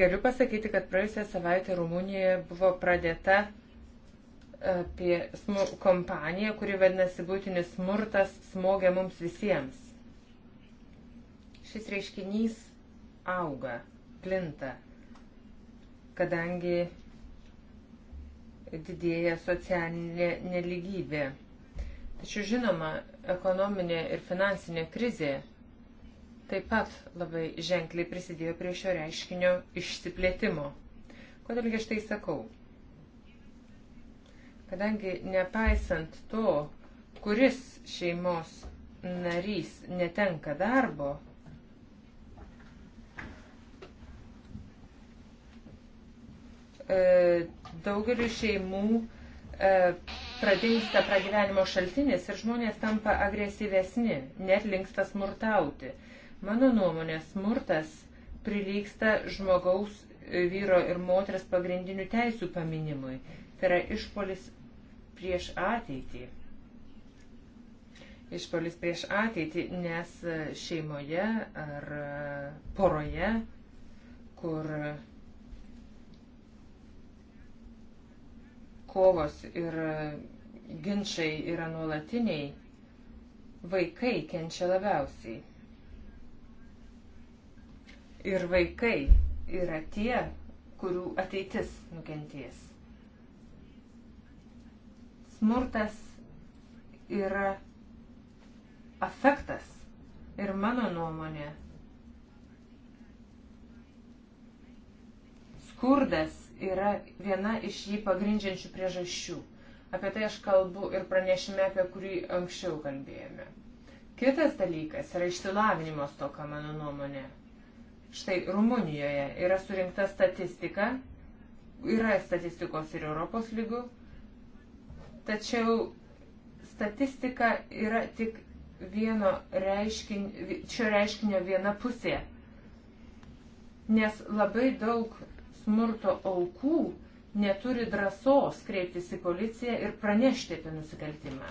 Galiu pasakyti, kad praėjusią savaitę Rumunijoje buvo pradėta apie e, kompaniją, kuri vadinasi būtinis smurtas smogia mums visiems. Šis reiškinys auga, plinta, kadangi didėja socialinė neligybė. Ne Tačiau žinoma, ekonominė ir finansinė krizė taip pat labai ženkliai prisidėjo prie šio reiškinio išsiplėtimo. Kodėl aš tai sakau? Kadangi nepaisant to, kuris šeimos narys netenka darbo, e, daugeliu šeimų e, pradingsta pragyvenimo šaltinis ir žmonės tampa agresyvesni, net linksta smurtauti. Mano nuomonė, smurtas prilyksta žmogaus e, vyro ir moters pagrindinių teisų paminimui. Tai yra išpolis prieš ateitį. Išpolis prieš ateitį, nes e, šeimoje ar e, poroje, kur kovos ir ginčiai yra nuolatiniai, vaikai kenčia labiausiai. Ir vaikai yra tie, kurių ateitis nukenties. Smurtas yra afektas ir mano nuomonė. Skurdas yra viena iš jį pagrindžiančių priežasčių. Apie tai aš kalbu ir pranešime, apie kurį anksčiau kalbėjome. Kitas dalykas yra išsilavinimo stoka, mano nuomonė. Štai Rumunijoje yra surinkta statistika, yra statistikos ir Europos lygių, tačiau statistika yra tik vieno reiškin, šio reiškinio viena pusė. Nes labai daug smurto aukų neturi drąsos kreiptis į policiją ir pranešti apie nusikaltimą.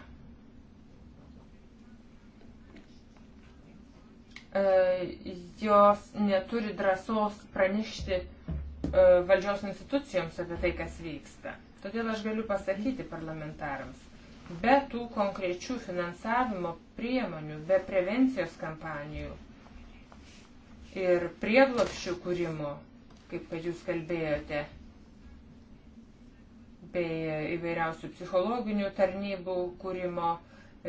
E, jos neturi drąsos pranešti e, valdžios institucijoms apie tai, kas vyksta. Todėl aš galiu pasakyti parlamentarams, be tų konkrečių finansavimo priemonių, be prevencijos kampanijų ir prieglopščių kūrimo kaip kad jūs kalbėjote, bei įvairiausių psichologinių tarnybų kūrimo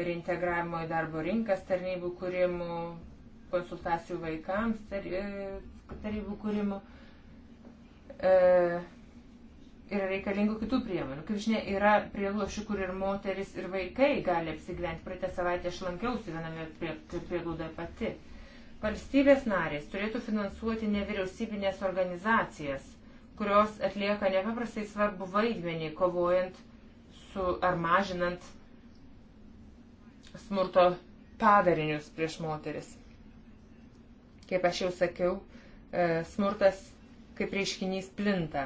ir integravimo į darbo rinkas tarnybų kūrimų, konsultacijų vaikams e, tarnybų kūrimų. E, yra reikalingų kitų priemonių. Kaip žinia, yra prieglošių, kur ir moteris, ir vaikai gali apsigyventi. Praeitą savaitę aš lankiausi viename prieglaudoje prie pati. Valstybės narės turėtų finansuoti nevyriausybinės organizacijas, kurios atlieka nepaprastai svarbu vaidmenį kovojant su ar mažinant smurto padarinius prieš moteris. Kaip aš jau sakiau, e, smurtas kaip reiškinys plinta.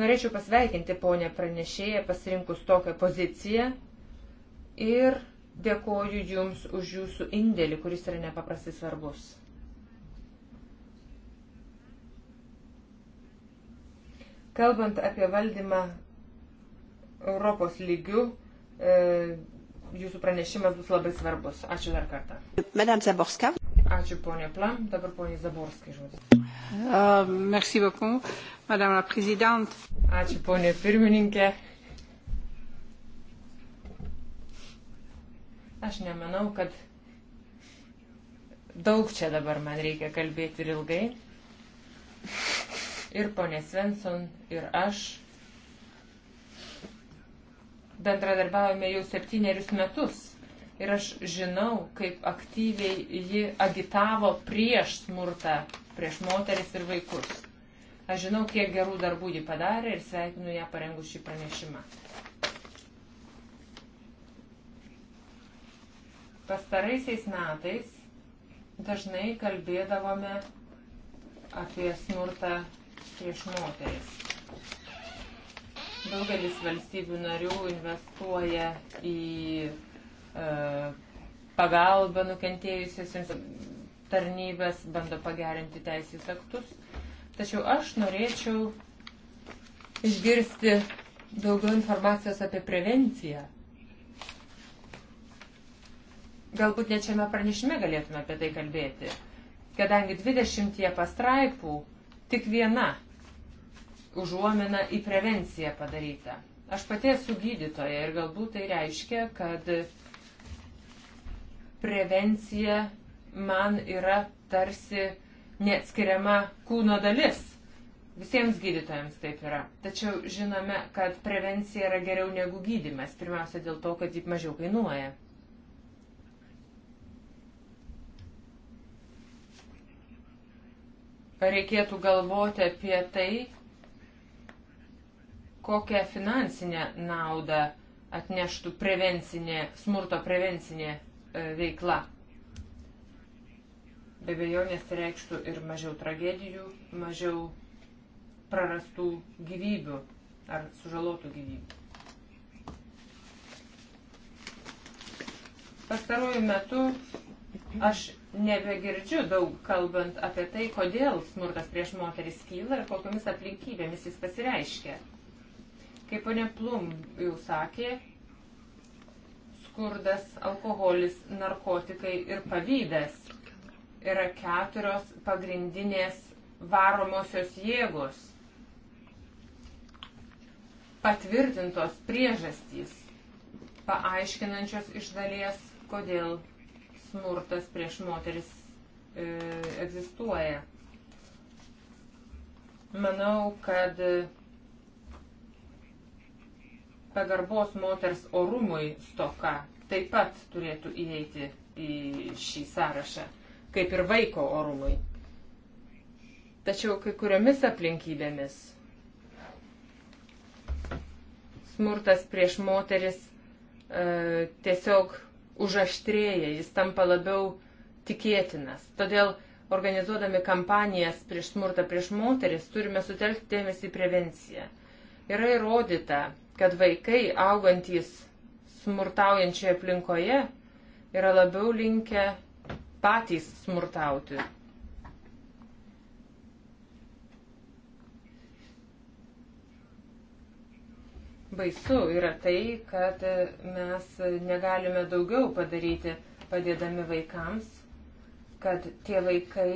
Norėčiau pasveikinti ponę pranešėją pasirinkus tokią poziciją ir Dėkoju Jums už Jūsų indėlį, kuris yra nepaprastai svarbus. Kalbant apie valdymą Europos lygių, e, Jūsų pranešimas bus labai svarbus. Ačiū dar kartą. Madame Zaborska. Ačiū ponė Plam, dabar ponė Zaborskai žodis. Uh, merci beaucoup, madame la présidente. Ačiū ponė pirmininkė. Aš nemanau, kad daug čia dabar man reikia kalbėti ir ilgai. Ir ponė Svensson, ir aš bendradarbiavome jau septynerius metus. Ir aš žinau, kaip aktyviai ji agitavo prieš smurtą, prieš moteris ir vaikus. Aš žinau, kiek gerų darbų ji padarė ir sveikinu ją parengus šį pranešimą. Pastaraisiais metais dažnai kalbėdavome apie smurtą prieš moteris. Daugelis valstybių narių investuoja į e, pagalbą nukentėjusiesiams tarnybės, bando pagerinti teisės aktus. Tačiau aš norėčiau išgirsti daugiau informacijos apie prevenciją. Galbūt net šiame pranešime galėtume apie tai kalbėti, kadangi 20 pastraipų tik viena užuomina į prevenciją padaryta. Aš pati esu gydytoja ir galbūt tai reiškia, kad prevencija man yra tarsi neatskiriama kūno dalis. Visiems gydytojams taip yra. Tačiau žinome, kad prevencija yra geriau negu gydimas. Pirmiausia dėl to, kad ji mažiau kainuoja. reikėtų galvoti apie tai, kokią finansinę naudą atneštų prevencinė, smurto prevencinė e, veikla. Be bejonės tai reikštų ir mažiau tragedijų, mažiau prarastų gyvybių ar sužalotų gyvybių. Pastaruoju metu Aš nebegirdžiu daug kalbant apie tai, kodėl smurtas prieš moteris kyla ir kokiamis aplinkybėmis jis pasireiškia. Kaip ponė Plum jau sakė, skurdas, alkoholis, narkotikai ir pavydas yra keturios pagrindinės varomosios jėgos patvirtintos priežastys, paaiškinančios iš dalies, kodėl smurtas prieš moteris e, egzistuoja. Manau, kad pagarbos moters orumui stoka taip pat turėtų įeiti į šį sąrašą, kaip ir vaiko orumui. Tačiau kai kuriomis aplinkybėmis smurtas prieš moteris e, tiesiog užaštrėja, jis tampa labiau tikėtinas. Todėl organizuodami kampanijas prieš smurtą prieš moteris turime sutelkti dėmesį į prevenciją. Yra įrodyta, kad vaikai augantys smurtaujančioje aplinkoje yra labiau linkę patys smurtauti. Baisu yra tai, kad mes negalime daugiau padaryti padėdami vaikams, kad tie vaikai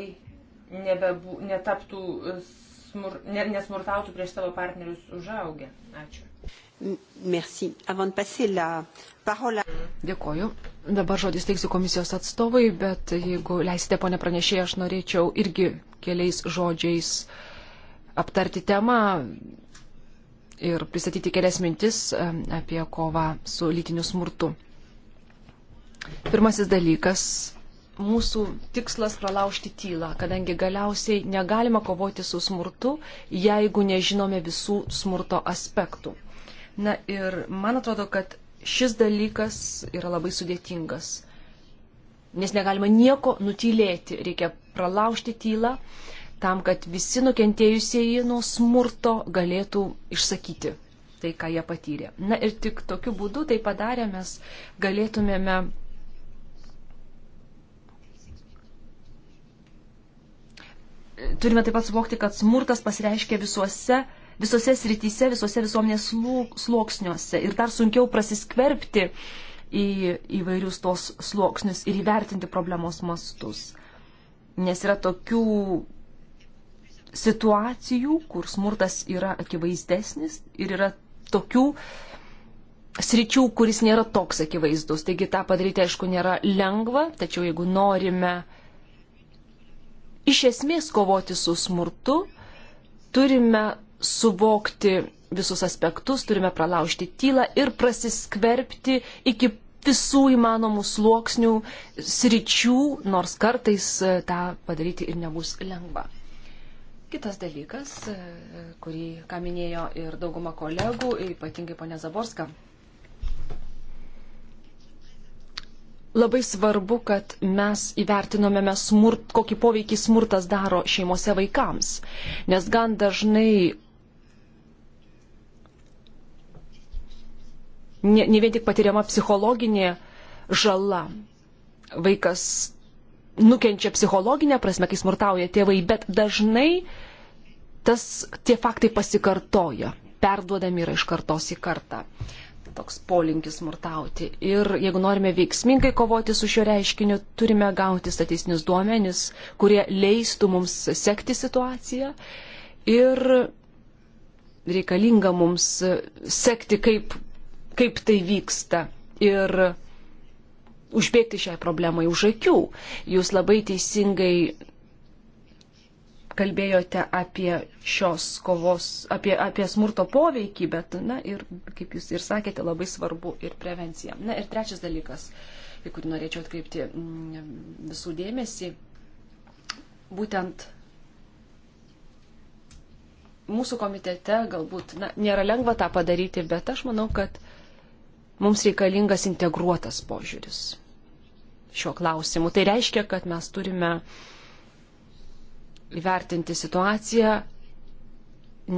nebebu, netaptų, smur, ne, nesmurtautų prieš savo partnerius užaugę. Ačiū. Merci. Avant de passer la parole. Dėkoju. Dabar žodis teiksiu komisijos atstovai, bet jeigu leisite, ponė pranešėja, aš norėčiau irgi keliais žodžiais aptarti temą ir pristatyti kelias mintis e, apie kovą su lytiniu smurtu. Pirmasis dalykas - mūsų tikslas pralaužti tylą, kadangi galiausiai negalima kovoti su smurtu, jeigu nežinome visų smurto aspektų. Na ir man atrodo, kad šis dalykas yra labai sudėtingas, nes negalima nieko nutylėti, reikia pralaužti tylą. Uh, tam, kad visi nukentėjusieji nuo smurto galėtų išsakyti tai, ką jie patyrė. Na ir tik tokiu būdu tai padarę mes galėtumėme turime taip pat suvokti, kad smurtas pasireiškia visuose, visose srityse, visuose visuomenės sluoksniuose ir dar sunkiau prasiskverbti į įvairius tos sluoksnius ir įvertinti problemos mastus. Nes yra tokių situacijų, kur smurtas yra akivaizdesnis ir yra tokių sričių, kuris nėra toks akivaizdus. Taigi tą padaryti, aišku, nėra lengva, tačiau jeigu norime iš esmės kovoti su smurtu, turime suvokti visus aspektus, turime pralaužti tylą ir prasiskverbti iki visų įmanomų sluoksnių, sričių, nors kartais e, tą padaryti ir nebus lengva. Kitas dalykas, e, kurį, ką minėjo ir dauguma kolegų, ypatingai ponė Zaborska. Labai svarbu, kad mes įvertinomėme, smurt, kokį poveikį smurtas daro šeimose vaikams. Nes gan dažnai ne, ne vien tik patiriama psichologinė žala. Vaikas nukenčia psichologinė prasme, kai smurtauja tėvai, bet dažnai tas, tie faktai pasikartoja, perduodami yra iš kartos į kartą. Toks polinkis smurtauti. Ir jeigu norime veiksmingai kovoti su šiuo reiškiniu, turime gauti statistinius duomenis, kurie leistų mums sekti situaciją. Ir reikalinga mums sekti, kaip, kaip tai vyksta. Ir užbėgti šiai problemai už akių. Jūs labai teisingai kalbėjote apie šios kovos, apie, apie smurto poveikį, bet, na, ir, kaip jūs ir sakėte, labai svarbu ir prevencija. Na, ir trečias dalykas, į kurį norėčiau atkreipti mm, visų dėmesį, būtent mūsų komitete galbūt, na, nėra lengva tą padaryti, bet aš manau, kad mums reikalingas integruotas požiūris šiuo klausimu. Tai reiškia, kad mes turime įvertinti situaciją,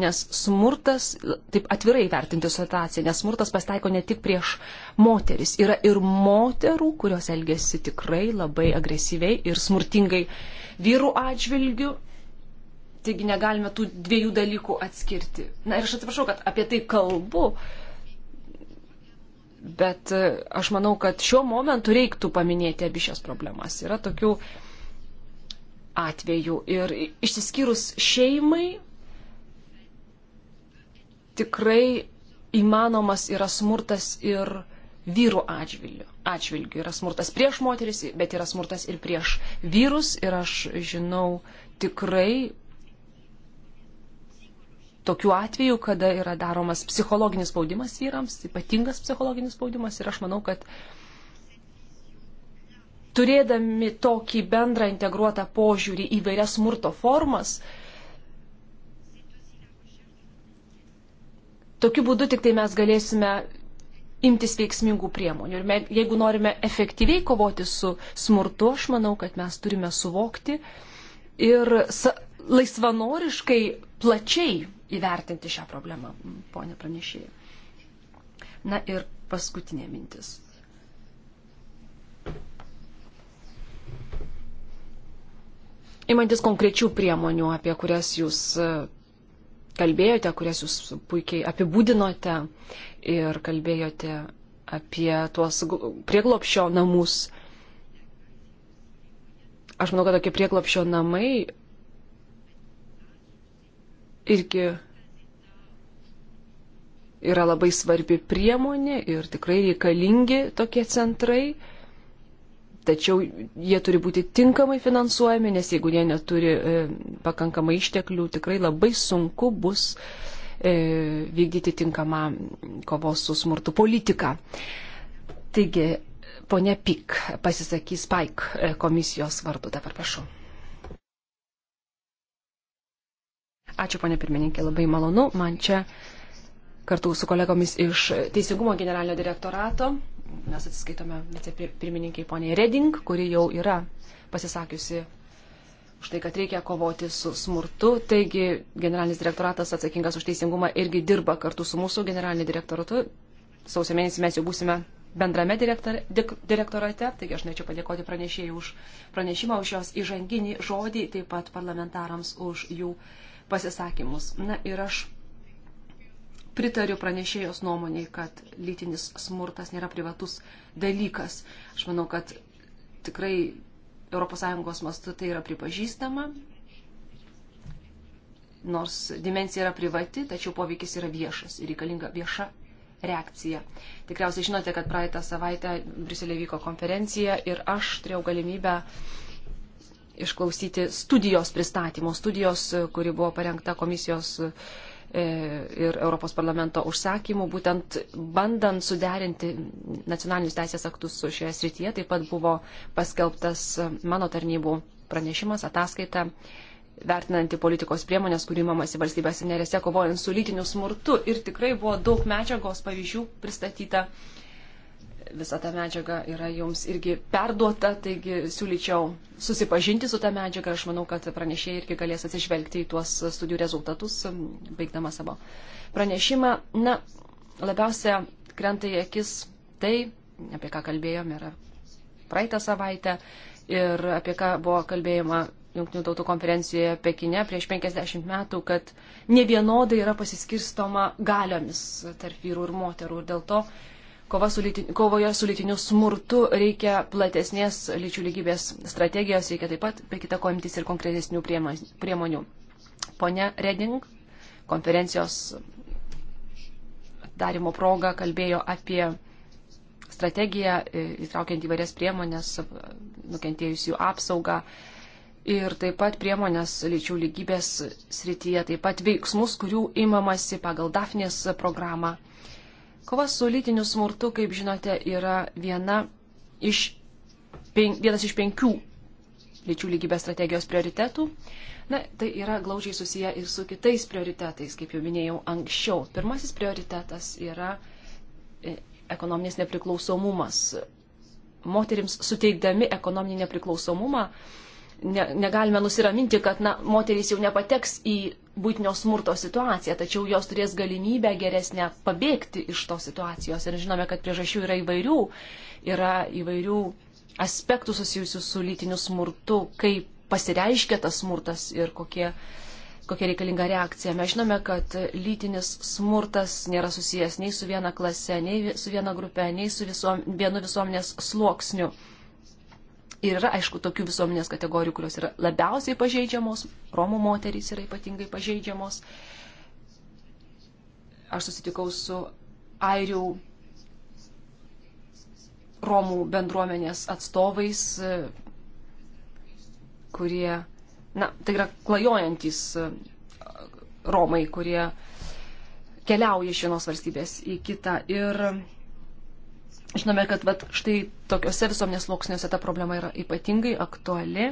nes smurtas, taip atvirai įvertinti situaciją, nes smurtas pastaiko ne tik prieš moteris. Yra ir moterų, kurios elgesi tikrai labai agresyviai ir smurtingai vyrų atžvilgių. Taigi negalime tų dviejų dalykų atskirti. Na ir aš atsiprašau, kad apie tai kalbu, uh, Bet e, aš manau, kad šiuo momentu reiktų paminėti abi šias problemas. Yra tokių atvejų ir išsiskyrus šeimai tikrai įmanomas yra smurtas ir vyrų atžvilgių. atžvilgių. Yra smurtas prieš moteris, bet yra smurtas ir prieš vyrus. Ir aš žinau tikrai tokių atvejų, kada yra daromas psichologinis spaudimas vyrams, ypatingas psichologinis spaudimas ir aš manau, kad turėdami tokį bendrą integruotą požiūrį į vairias smurto formas, tokiu būdu tik tai mes galėsime imtis veiksmingų priemonių. Ir jeigu norime efektyviai kovoti su smurtu, aš manau, kad mes turime suvokti ir laisvanoriškai plačiai įvertinti šią problemą, ponė pranešėjai. Na ir paskutinė mintis. Įmantis konkrečių priemonių, apie kurias jūs e, kalbėjote, kurias jūs puikiai apibūdinote ir kalbėjote apie tuos prieglopšio namus. Aš manau, kad tokie prieglopšio namai irgi yra labai svarbi priemonė ir tikrai reikalingi tokie centrai, tačiau jie turi būti tinkamai finansuojami, nes jeigu jie neturi e, pakankamai išteklių, tikrai labai sunku bus e, vykdyti tinkamą kovos su smurtu politiką. Taigi, ponia Pik pasisakys Paik e, komisijos vardu, dabar prašau. Ačiū, ponė pirmininkė, labai malonu. Man čia kartu su kolegomis iš Teisingumo generalinio direktorato mes atsiskaitome vicepirmininkiai poniai Reding, kuri jau yra pasisakiusi už tai, kad reikia kovoti su smurtu. Taigi generalinis direktoratas atsakingas už teisingumą irgi dirba kartu su mūsų generaliniu direktoratu. Sausio mėnesį mes jau būsime bendrame direktor, direktorate, taigi aš norėčiau padėkoti pranešėjai už pranešimą, už jos įžanginį žodį, taip pat parlamentarams už jų pasisakymus. Na ir aš pritariu pranešėjos nuomonėje, kad lytinis smurtas nėra privatus dalykas. Aš manau, kad tikrai ES mastu tai yra pripažįstama, nors dimensija yra privati, tačiau poveikis yra viešas ir reikalinga vieša reakcija. Tikriausiai žinote, kad praeitą savaitę Briuselė vyko konferencija ir aš turėjau galimybę uh, išklausyti studijos pristatymo, studijos, kuri buvo parengta komisijos e, ir Europos parlamento užsakymų, būtent bandant suderinti nacionalinius teisės aktus su šioje srityje, taip pat buvo paskelbtas mano tarnybų pranešimas, ataskaita, vertinanti politikos priemonės, kurį mamasi valstybės nerėse kovojant su lytiniu smurtu. Ir tikrai buvo daug medžiagos pavyzdžių pristatyta visa ta medžiaga yra jums irgi perduota, taigi siūlyčiau susipažinti su ta medžiaga. Aš manau, kad pranešėjai irgi galės atsižvelgti į tuos studijų rezultatus, baigdama savo pranešimą. Na, labiausia krenta į akis tai, apie ką kalbėjom, yra praeitą savaitę ir apie ką buvo kalbėjama Junktinių tautų konferencijoje Pekine prieš 50 metų, kad nevienodai yra pasiskirstoma galiomis tarp vyrų ir moterų. Ir dėl to Kova su lyti, kovoje su lytiniu smurtu reikia platesnės lyčių lygybės strategijos, reikia taip pat, be kita ko, imtis ir konkretesnių priemonių. Pone Reding konferencijos darimo proga kalbėjo apie strategiją, e, įtraukiant įvairias priemonės, nukentėjusių apsaugą ir taip pat priemonės lyčių lygybės srityje, taip pat veiksmus, kurių imamasi pagal Dafnės programą Kova su lytiniu smurtu, kaip žinote, yra viena iš pen, vienas iš penkių lyčių lygybės strategijos prioritetų. Na, tai yra glaučiai susiję ir su kitais prioritetais, kaip jau minėjau anksčiau. Pirmasis prioritetas yra e, ekonominis nepriklausomumas. Moterims suteikdami ekonominį nepriklausomumą, ne, negalime nusiraminti, kad na, moterys jau nepateks į būtinio smurto situaciją, tačiau jos turės galimybę geresnę pabėgti iš tos situacijos. Ir žinome, kad priežasčių yra įvairių, yra įvairių aspektų susijusių su lytiniu smurtu, kaip pasireiškia tas smurtas ir kokie, kokia reikalinga reakcija. Mes žinome, kad lytinis smurtas nėra susijęs nei su viena klase, nei su viena grupė, nei su visuom, vienu visuomenės sluoksniu Ir yra, aišku, tokių visuomenės kategorijų, kurios yra labiausiai pažeidžiamos, romų moterys yra ypatingai pažeidžiamos. Aš susitikau su airių romų bendruomenės atstovais, kurie, na, tai yra klajojantis e, romai, kurie keliauja iš vienos valstybės į kitą. Ir Žinome, kad vat, štai tokiuose visuomenės sluoksniuose ta problema yra ypatingai aktuali.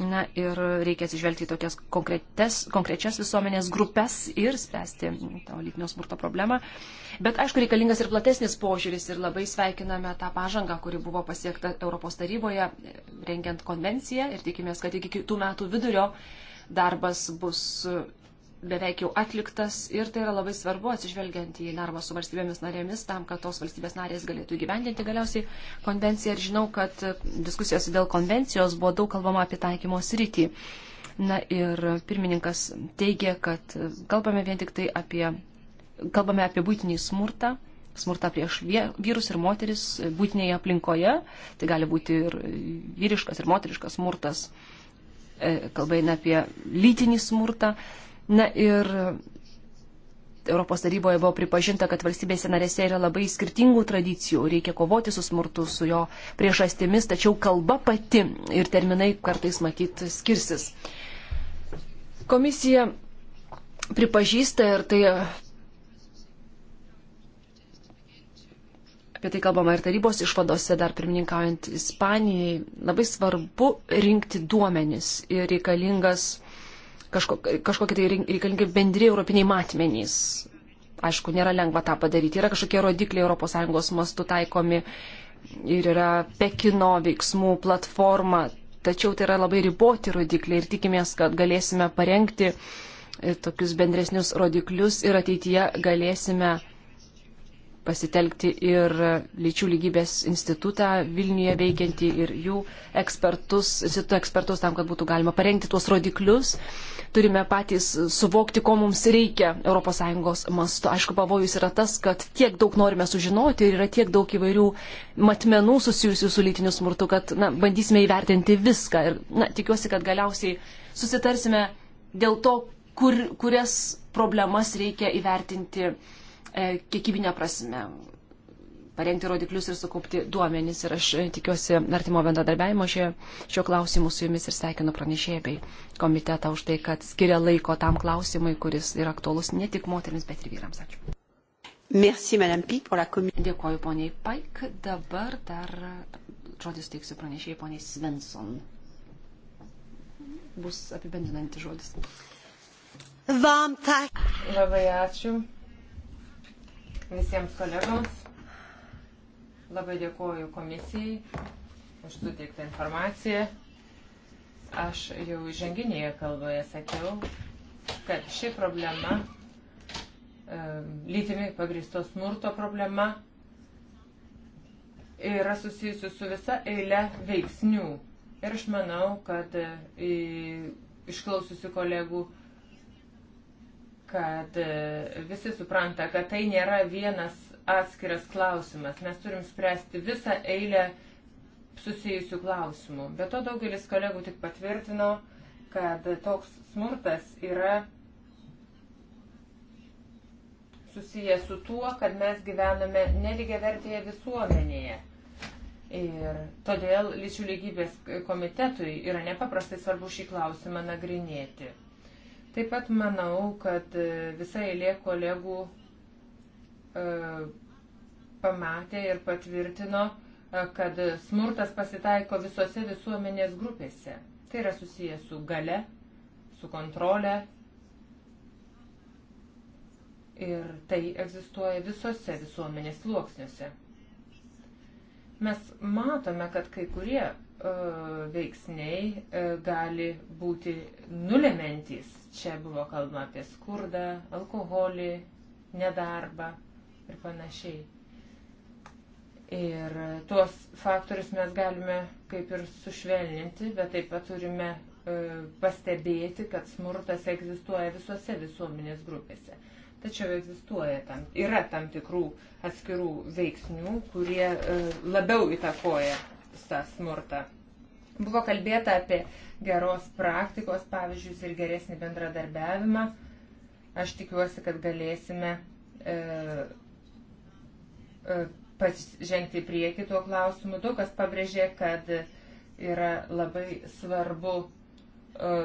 Na ir reikia atsižvelgti į tokias konkrečias visuomenės grupės ir spręsti to lytinio smurto problemą. Bet aišku, reikalingas ir platesnis požiūris ir labai sveikiname tą pažangą, kuri buvo pasiekta Europos taryboje rengiant konvenciją ir tikimės, kad iki kitų metų vidurio darbas bus beveik jau atliktas ir tai yra labai svarbu atsižvelgiant į darbą su valstybėmis narėmis tam, kad tos valstybės narės galėtų įgyvendinti galiausiai konvenciją ir žinau, kad diskusijose dėl konvencijos buvo daug kalbama apie taikymo sritį. Na ir pirmininkas teigia, kad kalbame vien tik tai apie, kalbame apie būtinį smurtą, smurtą prieš vyrus ir moteris būtinėje aplinkoje, tai gali būti ir vyriškas, ir moteriškas smurtas, e, kalba eina apie lytinį smurtą. Na ir Europos taryboje buvo pripažinta, kad valstybėse narėse yra labai skirtingų tradicijų, reikia kovoti su smurtu, su jo priežastimis, tačiau kalba pati ir terminai kartais matyt skirsis. Komisija pripažįsta ir tai. Apie tai kalbama ir tarybos išvadose, dar pirmininkaujant Ispanijai. Labai svarbu rinkti duomenis ir reikalingas kažko, kažkokie tai reikalingi bendri europiniai matmenys. Aišku, nėra lengva tą padaryti. Yra kažkokie rodikliai ES mastu taikomi ir yra Pekino veiksmų platforma, tačiau tai yra labai riboti rodikliai ir tikimės, kad galėsime parengti e, tokius bendresnius rodiklius ir ateityje galėsime pasitelkti ir lyčių lygybės institutą Vilniuje veikiantį ir jų ekspertus, instituto ekspertus tam, kad būtų galima parengti tuos rodiklius turime patys suvokti, ko mums reikia ES mastu. Aišku, pavojus yra tas, kad tiek daug norime sužinoti ir yra tiek daug įvairių matmenų susijusių su lytiniu smurtu, kad na, bandysime įvertinti viską. Ir na, tikiuosi, kad galiausiai susitarsime dėl to, kur, kurias problemas reikia įvertinti e, kiekybinę prasme parengti rodiklius ir sukaupti duomenys. Ir aš e, tikiuosi artimo bendradarbiavimo šio, šio klausimu su jumis ir sveikinu pranešėjai bei komitetą už tai, kad skiria laiko tam klausimui, kuris yra aktuolus ne tik moteriams, bet ir vyrams. Ačiū. Merci, Madame Pik, pour la commission. Dėkoju, poniai Paik. Dabar dar žodis teiksiu pranešėjai, poniai Svensson. Bus apibendinanti žodis. Vam tak. Labai ačiū visiems kolegoms Labai dėkuoju komisijai už suteiktą informaciją. Aš jau ženginėje kalboje sakiau, kad ši problema, lytimi pagristos smurto problema, yra susijusi su visa eile veiksnių. Ir aš manau, kad e, išklausiusi kolegų kad e, visi supranta, kad tai nėra vienas atskiras klausimas. Mes turim spręsti visą eilę susijusių klausimų. Be to daugelis kolegų tik patvirtino, kad toks smurtas yra susijęs su tuo, kad mes gyvename neligiavertėje visuomenėje. Ir todėl lyčių lygybės komitetui yra nepaprastai svarbu šį klausimą nagrinėti. Taip pat manau, kad visai eilė kolegų e, pamatė ir patvirtino, e, kad smurtas pasitaiko visose visuomenės grupėse. Tai yra susijęs su gale, su kontrole. Ir tai egzistuoja visose visuomenės sluoksniuose. Mes matome, kad kai kurie e, veiksniai e, gali būti nulementys. Čia buvo kalbama apie skurdą, alkoholį, nedarbą ir panašiai. Ir tuos faktorius mes galime kaip ir sušvelninti, bet taip pat turime e, pastebėti, kad smurtas egzistuoja visose visuomenės grupėse. Tačiau egzistuoja tam, yra tam tikrų atskirų veiksnių, kurie e, labiau įtakoja tą smurtą. Buvo kalbėta apie geros praktikos pavyzdžius ir geresnį bendradarbiavimą. Aš tikiuosi, kad galėsime e, e, žengti į priekį tuo klausimu. Daug kas pabrėžė, kad yra labai svarbu e,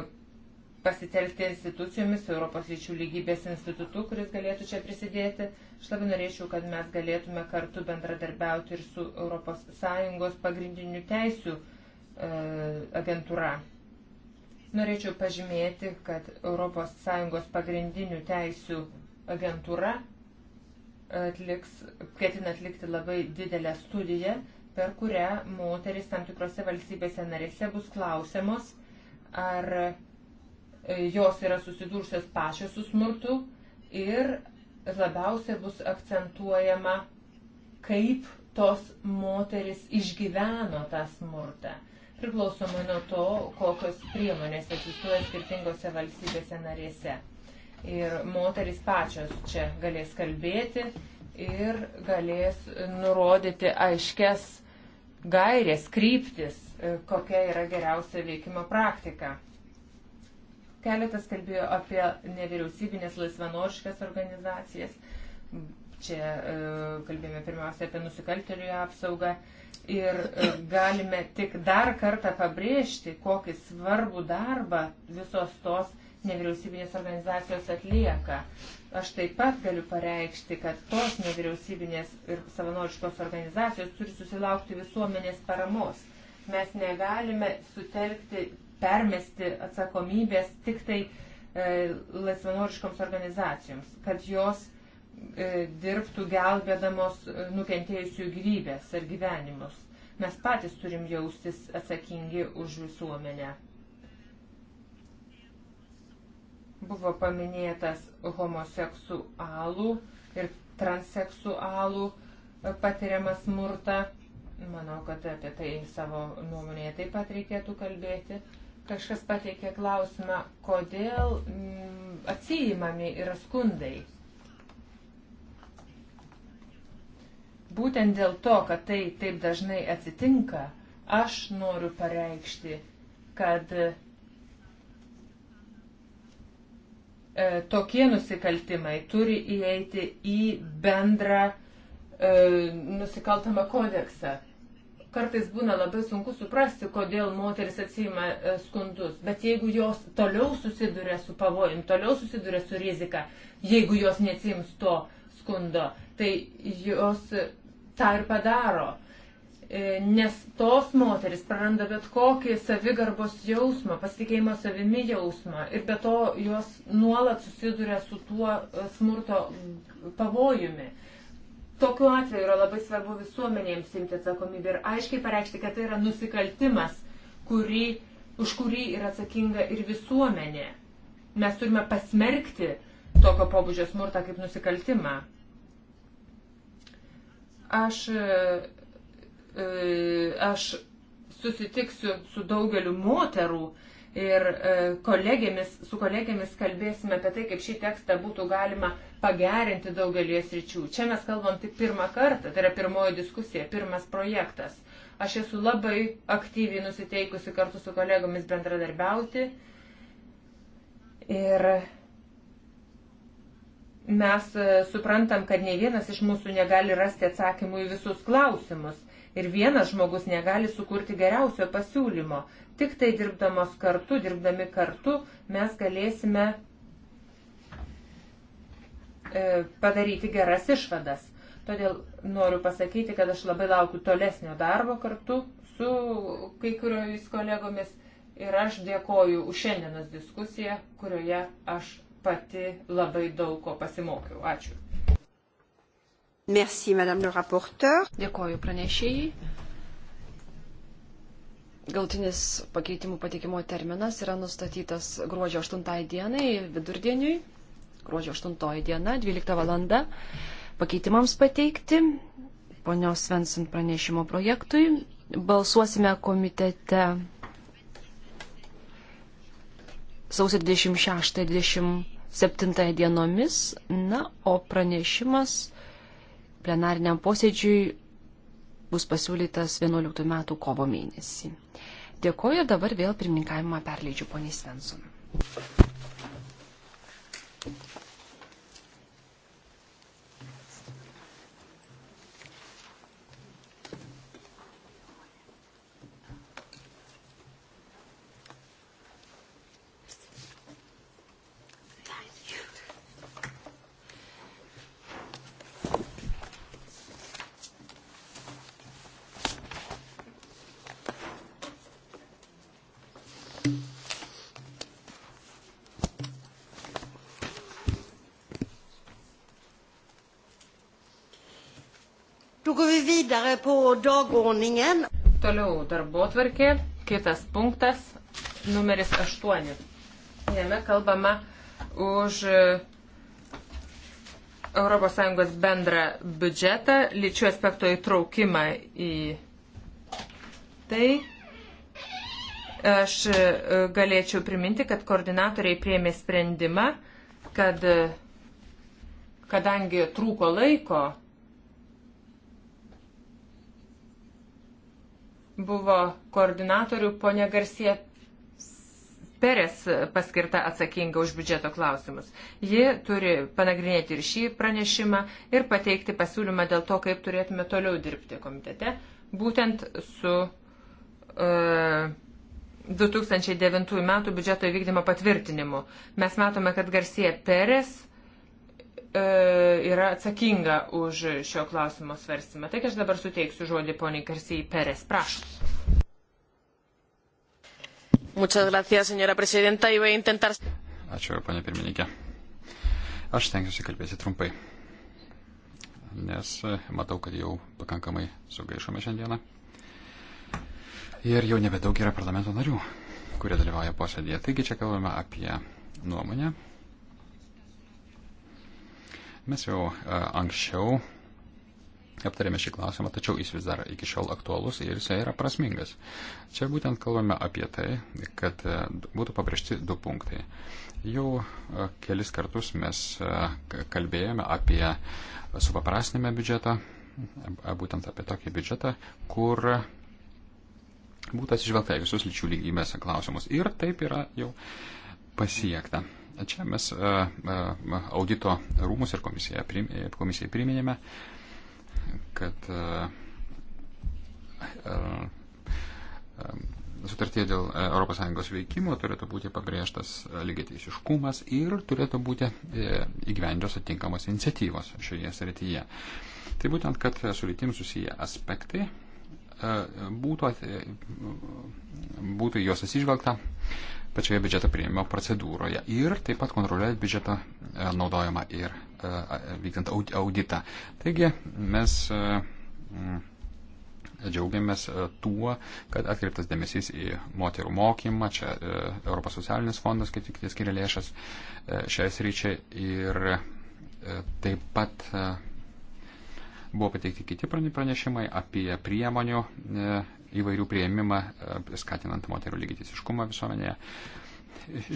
pasitelkti institucijomis, Europos lyčių lygybės institutu, kuris galėtų čia prisidėti. Aš labai norėčiau, kad mes galėtume kartu bendradarbiauti ir su ES pagrindinių teisių e, agentūra. Norėčiau pažymėti, kad ES pagrindinių teisių agentūra atliks, ketina atlikti labai didelę studiją, per kurią moteris tam tikrose valstybėse narėse bus klausiamos, ar e, jos yra susidūrusios pačios su smurtu ir labiausiai bus akcentuojama, kaip tos moteris išgyveno tą smurtą. Priklausomai nuo to, kokios priemonės egzistuoja skirtingose valstybėse narėse ir moteris pačios čia galės kalbėti ir galės nurodyti aiškes gairės, kryptis, e, kokia yra geriausia veikimo praktika. Keletas kalbėjo apie nevyriausybinės laisvanoriškas organizacijas. Čia e, kalbėjome pirmiausia apie nusikaltelių apsaugą ir e, galime tik dar kartą pabrėžti, kokį svarbų darbą visos tos nevyriausybinės organizacijos atlieka. Aš taip pat galiu pareikšti, kad tos nevyriausybinės ir savanoriškos organizacijos turi susilaukti visuomenės paramos. Mes negalime sutelkti, permesti atsakomybės tik tai e, laisvanoriškoms organizacijoms, kad jos e, dirbtų gelbėdamos e, nukentėjusių gyvybės ar gyvenimus. Mes patys turim jaustis atsakingi už visuomenę. Buvo paminėtas homoseksualų ir transseksualų e, patiriamą smurtą. Manau, kad apie tai savo nuomonėje taip pat reikėtų kalbėti. Kažkas pateikė klausimą, kodėl mm, atsijimami yra skundai. Būtent dėl to, kad tai taip dažnai atsitinka, aš noriu pareikšti, kad E, tokie nusikaltimai turi įeiti į bendrą e, nusikaltamą kodeksą. Kartais būna labai sunku suprasti, kodėl moteris atsima e, skundus, bet jeigu jos toliau susiduria su pavojim, toliau susiduria su rizika, jeigu jos neatsims to skundo, tai jos tą ir padaro. E, nes tos moteris praranda bet kokį savigarbos jausmą, pasitikėjimo savimi jausmą ir be to jos nuolat susiduria su tuo e, smurto pavojumi. Tokiu atveju yra labai svarbu visuomenėms imti atsakomybę ir aiškiai pareikšti, kad tai yra nusikaltimas, kurį, už kurį yra atsakinga ir visuomenė. Mes turime pasmerkti tokio pobūdžio smurtą kaip nusikaltimą. Aš e, E, aš susitiksiu su daugeliu moterų ir e, kolegėmis, su kolegėmis kalbėsime apie tai, kaip šį tekstą būtų galima pagerinti daugelie sričių. Čia mes kalbam tik pirmą kartą, tai yra pirmoji diskusija, pirmas projektas. Aš esu labai aktyviai nusiteikusi kartu su kolegomis bendradarbiauti ir mes suprantam, kad ne vienas iš mūsų negali rasti atsakymų į visus klausimus Ir vienas žmogus negali sukurti geriausio pasiūlymo. Tik tai dirbdamos kartu, dirbdami kartu, mes galėsime e, padaryti geras išvadas. Todėl noriu pasakyti, kad aš labai laukiu tolesnio darbo kartu su kai kuriomis kolegomis ir aš dėkoju už šiandienos diskusiją, kurioje aš pati labai daug ko pasimokiau. Ačiū. Merci, madame le rapporteur. Dėkoju pranešėjai. Galtinis pakeitimų pateikimo terminas yra nustatytas gruodžio 8 dienai, vidurdieniui, gruodžio 8 diena, 12 valanda, pakeitimams pateikti, ponios Svensin pranešimo projektui. Balsuosime komitete sausio 26-27 dienomis, na, o pranešimas plenariniam posėdžiui bus pasiūlytas 11 metų kovo mėnesį. Dėkoju ir dabar vėl pirmininkavimą perleidžiu poniai Svensonui. vidare på dagordningen. Toliau darbo tvarkė, kitas punktas, numeris 8. Jame kalbama už ES bendrą biudžetą, lyčių aspekto įtraukimą į tai. Aš e, galėčiau priminti, kad koordinatoriai priemė sprendimą, kad e, kadangi trūko laiko, buvo koordinatorių ponia Garsie Peres paskirta atsakinga už biudžeto klausimus. Ji turi panagrinėti ir šį pranešimą ir pateikti pasiūlymą dėl to, kaip turėtume toliau dirbti komitete, būtent su uh, 2009 m. biudžeto įvykdymo patvirtinimu. Mes matome, kad Garsie Peres uh, E, yra atsakinga už šio klausimo svarstymą. Taigi aš dabar suteiksiu žodį poniai Karsijai Perės. Prašom. Muchas gracias, señora presidenta, y voy a intentar. Ačiū, ponė pirmininkė. Aš tenksiuosi kalbėti trumpai, nes e, matau, kad jau pakankamai sugaišome šiandieną. Ir jau nebedaug yra parlamento narių, kurie dalyvauja posėdėje. Taigi čia kalbame apie nuomonę Mes jau e, anksčiau aptarėme šį klausimą, tačiau jis vis dar iki šiol aktualus ir jis yra prasmingas. Čia būtent kalbame apie tai, kad e, būtų pabrėžti du punktai. Jau e, kelis kartus mes kalbėjome apie supaprastinimą biudžetą, būtent apie tokį biudžetą, kur būtų atsižvelgta į visus lyčių lygybės klausimus. Ir taip yra jau pasiekta. Čia mes e, e, audito rūmus ir e, komisijai priminėme, kad sutartie dėl ES veikimo turėtų būti pabrėžtas lygiateisiškumas ir turėtų būti įgyvendžios atinkamos iniciatyvos šioje srityje. Tai būtent, kad su lytim susiję aspektai būtų, būtų jos atsižvelgta pačioje biudžeto prieimimo procedūroje ir taip pat kontroliuoja biudžetą e, naudojimą ir e, e, vykdant auditą. Taigi mes džiaugiamės tuo, kad atkreiptas dėmesys į moterų mokymą, čia Europos socialinis fondas kaip tik skiria lėšas šiai sryčiai ir taip pat buvo pateikti kiti pranešimai apie priemonių įvairių prieimimą, e, skatinant moterų lygitisiškumą visuomenėje.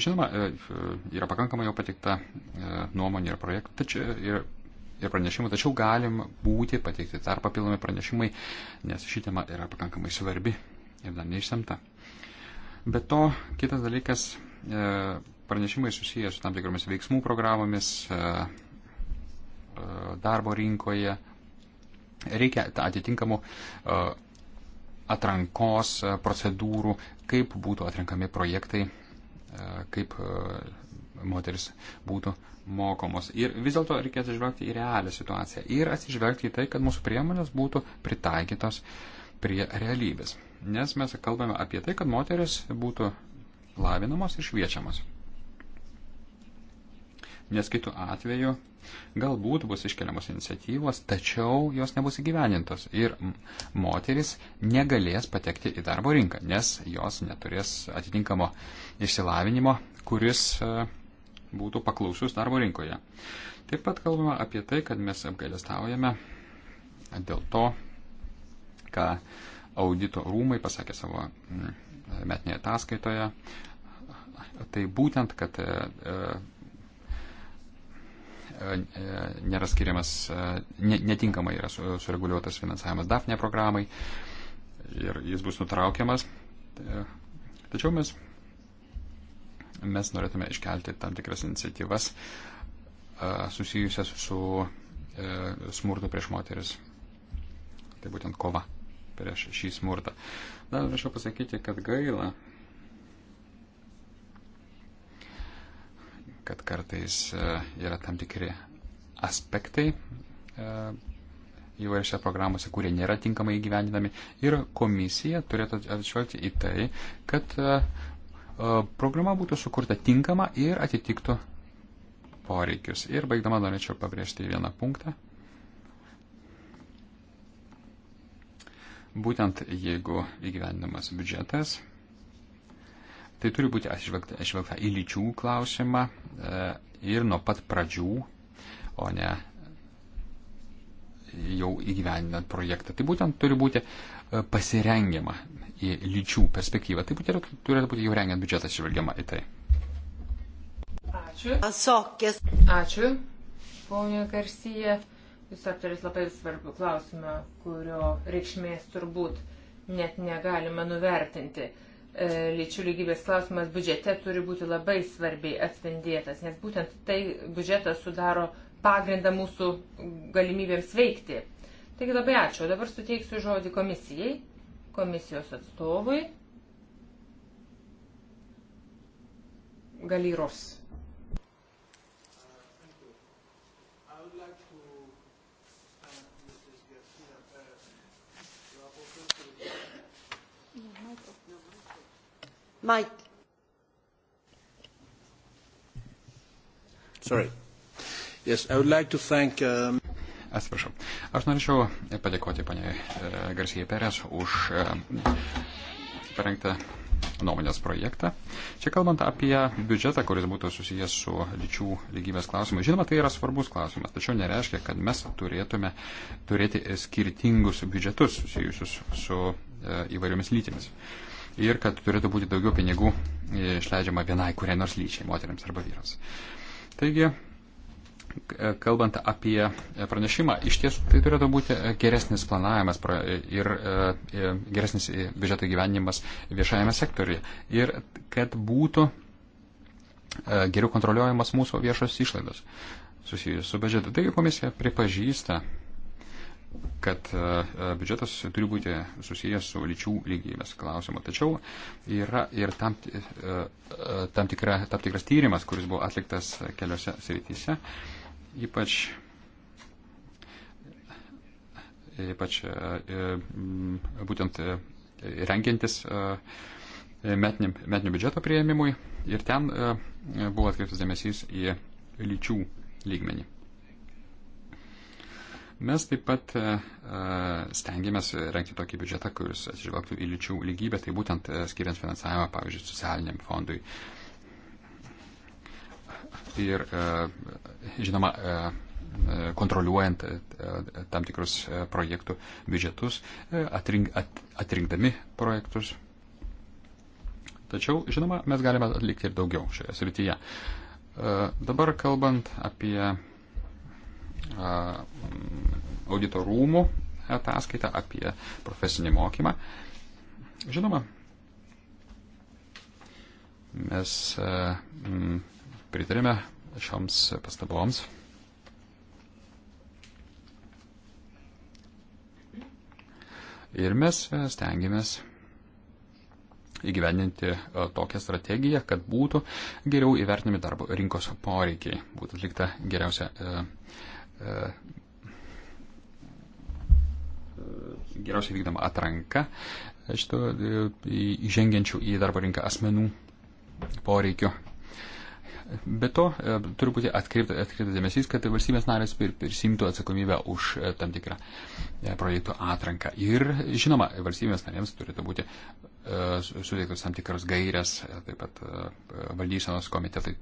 Žinoma, e, yra pakankamai jau patikta e, nuomonė ir projektų, tačiau ir, ir pranešimų, tačiau galim būti pateikti dar papildomi pranešimai, nes ši tema yra pakankamai svarbi ir dar neišsemta. Be to, kitas dalykas, pranešimai susijęs su tam tikromis veiksmų programomis darbo rinkoje. Reikia atitinkamų atrankos e, procedūrų, kaip būtų atrenkami projektai, e, kaip e, moteris būtų mokomos. Ir vis dėlto reikia atsižvelgti į realią situaciją ir atsižvelgti į tai, kad mūsų priemonės būtų pritaikytos prie realybės. Nes mes kalbame apie tai, kad moteris būtų lavinamos ir šviečiamos nes kitų atveju galbūt bus iškeliamos iniciatyvos, tačiau jos nebus įgyvenintos ir moteris negalės patekti į darbo rinką, nes jos neturės atitinkamo išsilavinimo, kuris e, būtų paklausus darbo rinkoje. Taip pat kalbama apie tai, kad mes apgailestaujame dėl to, ką audito rūmai pasakė savo metinėje ataskaitoje, tai būtent, kad e, nėra skiriamas, e, netinkamai yra sureguliuotas finansavimas DAFNE programai ir jis bus nutraukiamas. E, tačiau mes, mes norėtume iškelti tam tikras iniciatyvas e, susijusias su smurtu prieš moteris. Tai būtent kova prieš šį smurtą. Dar norėčiau pasakyti, kad gaila, kad kartais e, yra tam tikri aspektai įvairiose e, programuose, kurie nėra tinkamai įgyvendinami. Ir komisija turėtų atšvelgti į tai, kad e, programa būtų sukurta tinkama ir atitiktų poreikius. Ir baigdama norėčiau pabrėžti vieną punktą. Būtent jeigu įgyvendinamas biudžetas Tai turi būti atsižvelgta į lyčių klausimą e, ir nuo pat pradžių, o ne jau įgyvendinant projektą. Tai būtent turi būti e, pasirengiama į lyčių perspektyvą. Tai būtent turėtų būti jau rengiant biudžetą atsižvelgiama į tai. Ačiū. Asokės. Ačiū, ponė Karsija. Jūs aptarėt labai svarbių klausimą, kurio reikšmės turbūt net negalima nuvertinti. E, lyčių lygybės klausimas biudžete turi būti labai svarbiai atspindėtas, nes būtent tai biudžetas sudaro pagrindą mūsų galimybėms veikti. Taigi labai ačiū. O dabar suteiksiu žodį komisijai, komisijos atstovui Galyros. Mike. Sorry. Yes, I would like to thank. Um... Atsiprašau. Aš norėčiau padėkoti poniai e, Garsijai Perės už e, parengtą nuomonės projektą. Čia kalbant apie biudžetą, kuris būtų susijęs su lyčių lygybės klausimu. Žinoma, tai yra svarbus klausimas, tačiau nereiškia, kad mes turėtume turėti skirtingus biudžetus susijusius su e, įvairiomis lytimis. Uh, ir kad turėtų būti daugiau pinigų e, išleidžiama vienai kuriai nors lyčiai, moteriams arba vyrams. Taigi, e, kalbant apie e, pranešimą, iš tiesų tai turėtų būti geresnis planavimas ir geresnis biudžeto gyvenimas viešajame sektoriuje ir kad būtų geriau kontroliuojamas mūsų viešos išlaidos susijusios su biudžetu. Taigi komisija pripažįsta, kad e, e, biudžetas turi būti susijęs su lyčių lygybės klausimu. Tačiau yra ir tam, e, tam, tikra, tam tikras tyrimas, kuris buvo atliktas keliose srityse, ypač, ypač būtent renkiantis metinio biudžeto prieimimui ir ten buvo atkreiptas dėmesys į lyčių lygmenį. Mes taip pat e, e, stengiamės renkti tokį biudžetą, kuris atsižvelgtų į lyčių lygybę, tai būtent e, skiriant finansavimą, pavyzdžiui, socialiniam fondui. Ir, žinoma, kontroliuojant tam tikrus projektų biudžetus, atrink, at, atrinkdami projektus. Tačiau, žinoma, mes galime atlikti ir daugiau šioje srityje. Dabar kalbant apie Mm, audito rūmų ataskaitą apie profesinį mokymą. Žinoma, mes mm, pritarėme šioms pastaboms. Ir mes stengiamės įgyvendinti tokią strategiją, kad būtų geriau įvertinami darbo rinkos poreikiai, būtų atlikta geriausia E, geriausiai vykdama atranka šito e, įžengiančių į darbo rinką asmenų poreikio. Be to, e, turi būti atkreiptas atkreipta dėmesys, kad valstybės narės prisimtų atsakomybę už tam tikrą projektų atranką. Ir, žinoma, valstybės narėms turėtų būti suteiktos tam tikros gairės, taip pat valdysenos komitetai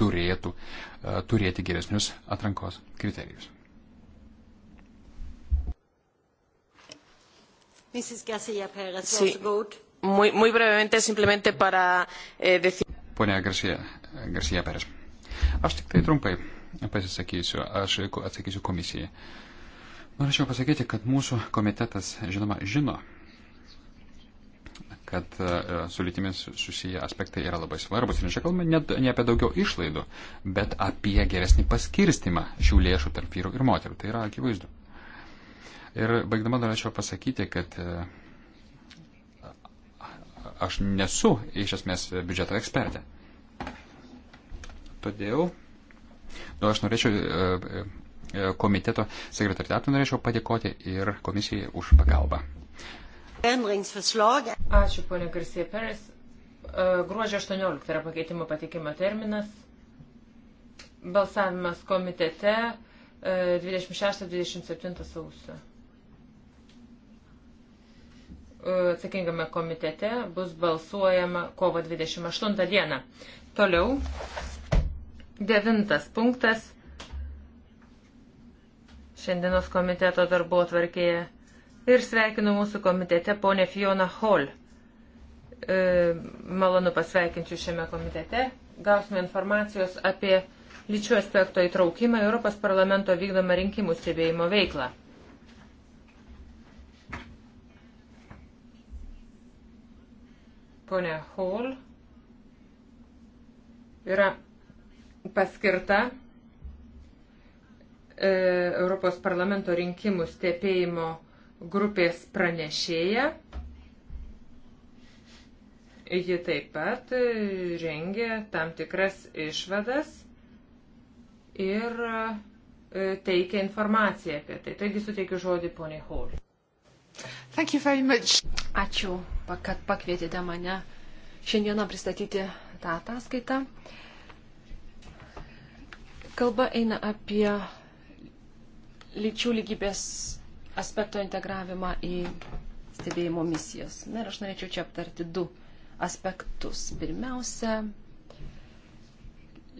turėtų e, turėti geresnius atrankos kriterijus. Eh, Pone Garcia Perez, aš tik tai trumpai pasisakysiu, aš atsakysiu komisijai. Norėčiau pasakyti, kad mūsų komitetas, žinoma, žino, kad e, su lytimis susiję aspektai yra labai svarbus. Ir čia kalbame net ne apie daugiau išlaidų, bet apie geresnį paskirstimą šių lėšų tarp vyrų ir moterų. Tai yra akivaizdu. Ir baigdama norėčiau pasakyti, kad e, aš nesu iš esmės biudžeto ekspertė. Todėl, nu, aš norėčiau e, komiteto sekretariatui norėčiau padėkoti ir komisijai už pagalbą. Ačiū, ponė Garsė Peres. E, gruodžio 18 yra pakeitimo patikimo terminas. Balsavimas komitete 26-27 e, sausio. E, atsakingame komitete bus balsuojama kovo 28 dieną. Toliau. Devintas punktas. Šiandienos komiteto darbo atvarkėje ir sveikinu mūsų komitete ponę Fioną Hall. E, malonu pasveikinti šiame komitete. Gausime informacijos apie lyčių aspekto įtraukimą į Europos parlamento vykdomą rinkimų stebėjimo veiklą. Pone Hall yra paskirta e, Europos parlamento rinkimų stebėjimo grupės pranešėja. Ji taip pat rengia tam tikras išvadas ir e, teikia informaciją apie tai. Taigi suteikiu žodį poniai Hall. Ačiū, kad pakvietėte mane šiandieną pristatyti tą ataskaitą. Kalba eina apie lyčių lygybės aspekto integravimą į stebėjimo misijas. Na ir aš norėčiau čia aptarti du aspektus. Pirmiausia,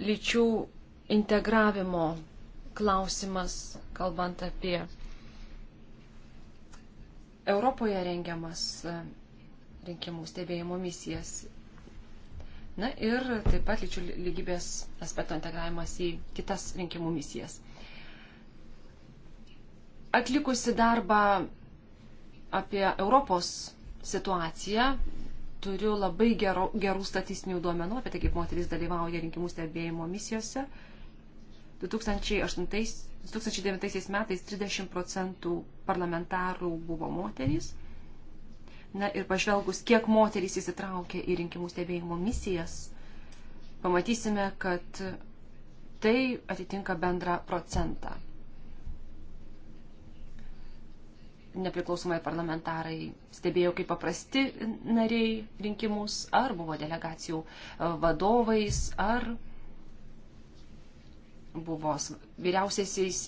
lyčių integravimo klausimas, kalbant apie Europoje rengiamas e, rinkimų stebėjimo misijas. Na ir taip pat lyčių lygybės aspekto integravimas į kitas rinkimų misijas. Atlikusi darbą apie Europos situaciją, turiu labai gero, gerų statistinių duomenų apie tai, kaip moteris dalyvauja rinkimų stebėjimo misijose. 2008, 2009 metais 30 procentų parlamentarų buvo moterys. Na ir pažvelgus, kiek moterys įsitraukia į rinkimų stebėjimo misijas, pamatysime, kad tai atitinka bendrą procentą. nepriklausomai parlamentarai stebėjo kaip paprasti nariai rinkimus, ar buvo delegacijų e, vadovais, ar buvo vyriausiaisiais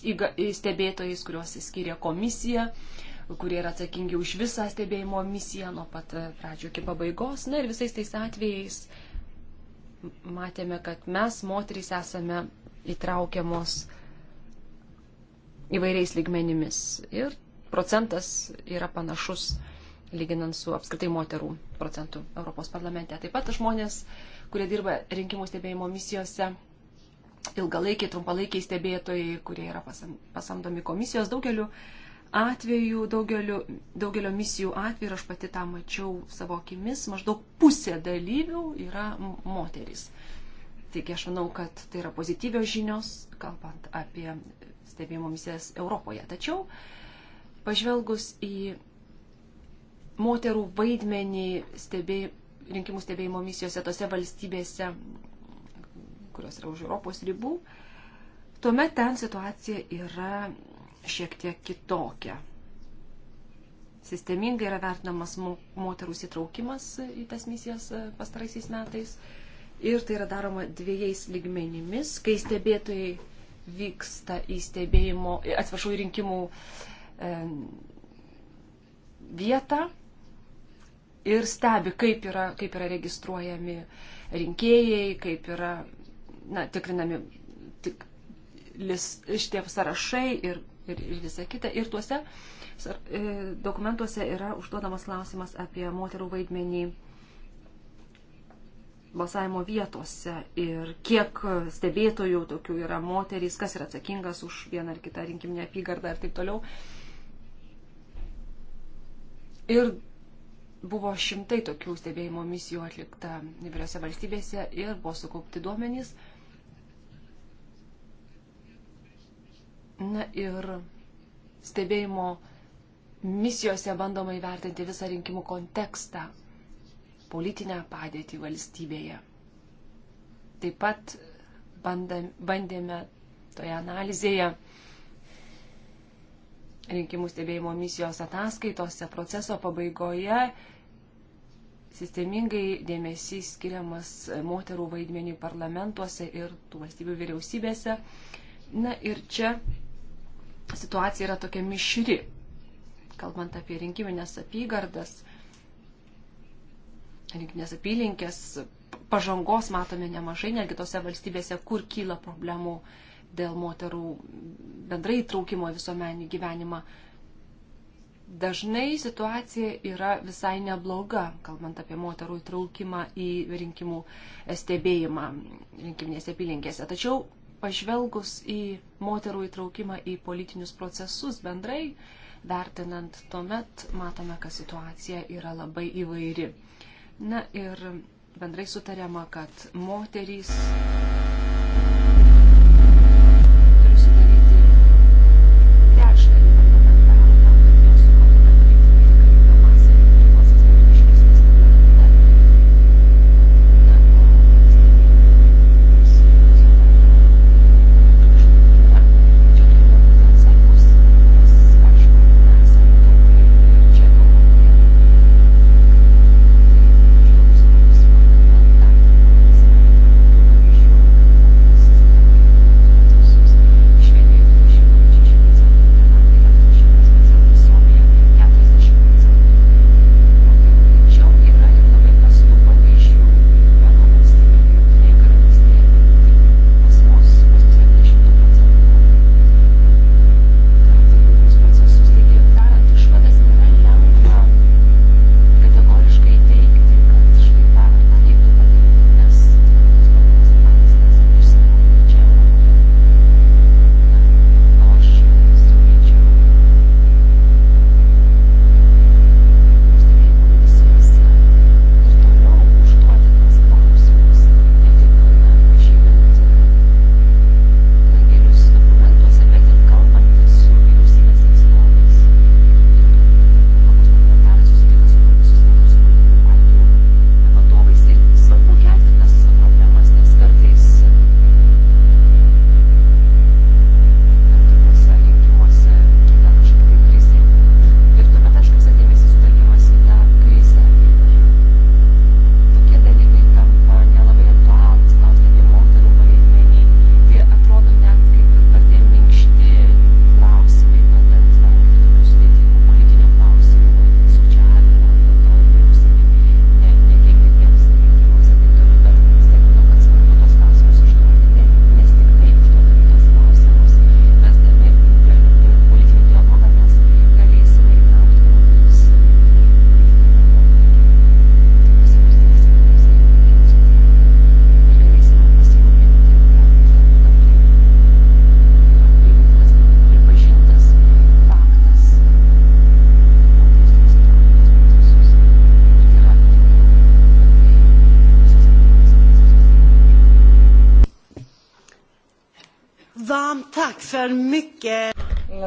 stebėtojais, kuriuos skiria komisija, kurie yra atsakingi už visą stebėjimo misiją nuo pat e, pradžio iki pabaigos. Na ir visais tais atvejais matėme, kad mes, moterys, esame įtraukiamos įvairiais ligmenimis. Ir procentas yra panašus lyginant su apskritai moterų procentu Europos parlamente. Taip pat žmonės, kurie dirba rinkimų stebėjimo misijose, ilgalaikiai, trumpalaikiai stebėtojai, kurie yra pasamdomi komisijos daugeliu atveju, daugeliu, daugelio misijų atveju, ir aš pati tą mačiau savo akimis, maždaug pusė dalyvių yra moteris. Taigi aš manau, kad tai yra pozityvios žinios, kalbant apie stebėjimo misijas Europoje. Tačiau uh, Pažvelgus į moterų vaidmenį stebėj, rinkimų stebėjimo misijose tose valstybėse, kurios yra už Europos ribų, tuomet ten situacija yra šiek tiek kitokia. Sistemingai yra vertinamas moterų įtraukimas į tas misijas e, pastaraisiais metais ir tai yra daroma dviejais lygmenimis, kai stebėtojai vyksta į stebėjimo, atsiprašau, į rinkimų uh, vietą ir stebi, kaip yra, kaip yra registruojami rinkėjai, kaip yra na, tikrinami tik, lis, šitie sąrašai ir, ir, ir visa kita. Ir tuose e, dokumentuose yra užduodamas klausimas apie moterų vaidmenį balsavimo vietose ir kiek stebėtojų tokių yra moterys, kas yra atsakingas už vieną ar kitą rinkiminę apygardą ir taip toliau. Uh, Ir buvo šimtai tokių stebėjimo misijų atlikta įvairiose valstybėse ir buvo sukaupti duomenys. Na ir stebėjimo misijose bandoma įvertinti visą rinkimų kontekstą, politinę padėtį valstybėje. Taip pat bandam, bandėme toje analizėje rinkimų stebėjimo misijos ataskaitose proceso pabaigoje sistemingai dėmesys skiriamas moterų vaidmeniui parlamentuose ir tų valstybių vyriausybėse. Na ir čia situacija yra tokia mišri, kalbant apie rinkiminės apygardas, rinkiminės apylinkės, pažangos matome nemažai, netgi tose valstybėse, kur kyla problemų uh, dėl moterų bendrai traukimo visuomenį gyvenimą. Dažnai situacija yra visai nebloga, kalbant apie moterų traukimą į rinkimų stebėjimą rinkiminėse apylinkėse. Tačiau pažvelgus į moterų įtraukimą į politinius procesus bendrai, vertinant tuomet, matome, kad situacija yra labai įvairi. Na ir bendrai sutariama, kad moterys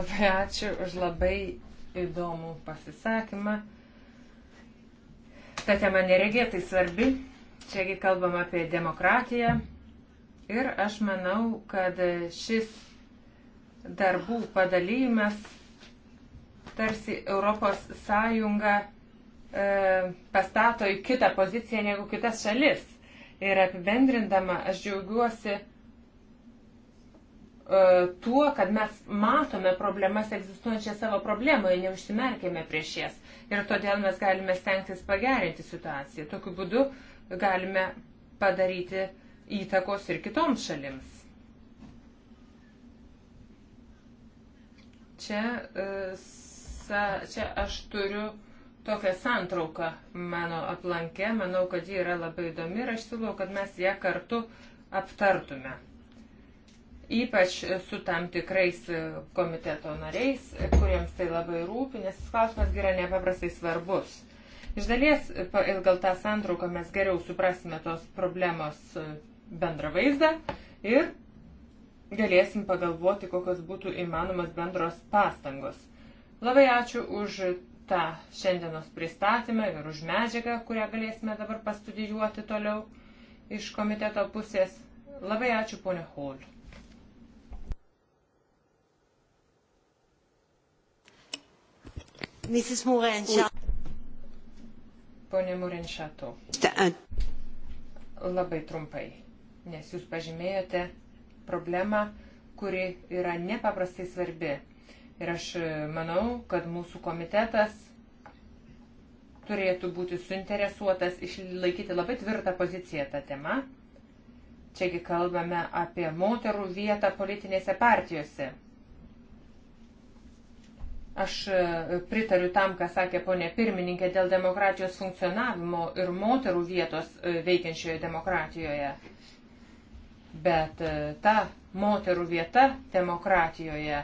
Labai ačiū už labai įdomų pasisakymą. Ta tema neregėtai svarbi. Čiagi kalbam apie demokratiją. Ir aš manau, kad šis darbų padalymas tarsi Europos Sąjunga e, pastato į kitą poziciją negu kitas šalis. Ir apibendrindama, aš džiaugiuosi, E, tuo, kad mes matome problemas egzistuojančią savo problemoje, neužsimerkėme prieš jas. Ir todėl mes galime stengtis pagerinti situaciją. Tokiu būdu galime padaryti įtakos ir kitoms šalims. Čia, e, čia aš turiu tokią santrauką mano aplankę, manau, kad ji yra labai įdomi ir aš siūlau, kad mes ją kartu aptartume ypač su tam tikrais komiteto nariais, kuriems tai labai rūpi, nes klausimas yra nepaprastai svarbus. Iš dalies, pagal tą santrauką mes geriau suprasime tos problemos bendrą vaizdą ir galėsim pagalvoti, kokios būtų įmanomas bendros pastangos. Labai ačiū už tą šiandienos pristatymą ir už medžiagą, kurią galėsime dabar pastudijuoti toliau iš komiteto pusės. Labai ačiū, ponė Hol. Mrs. Morenčia. Pone Morenčiato. Labai trumpai, nes jūs pažymėjote problemą, kuri yra nepaprastai svarbi. Ir aš e, manau, kad mūsų komitetas turėtų būti suinteresuotas išlaikyti labai tvirtą poziciją tą temą. Čiagi kalbame apie moterų vietą politinėse partijose. Aš e, pritariu tam, ką sakė ponė pirmininkė dėl demokratijos funkcionavimo ir moterų vietos e, veikiančioje demokratijoje. Bet e, ta moterų vieta demokratijoje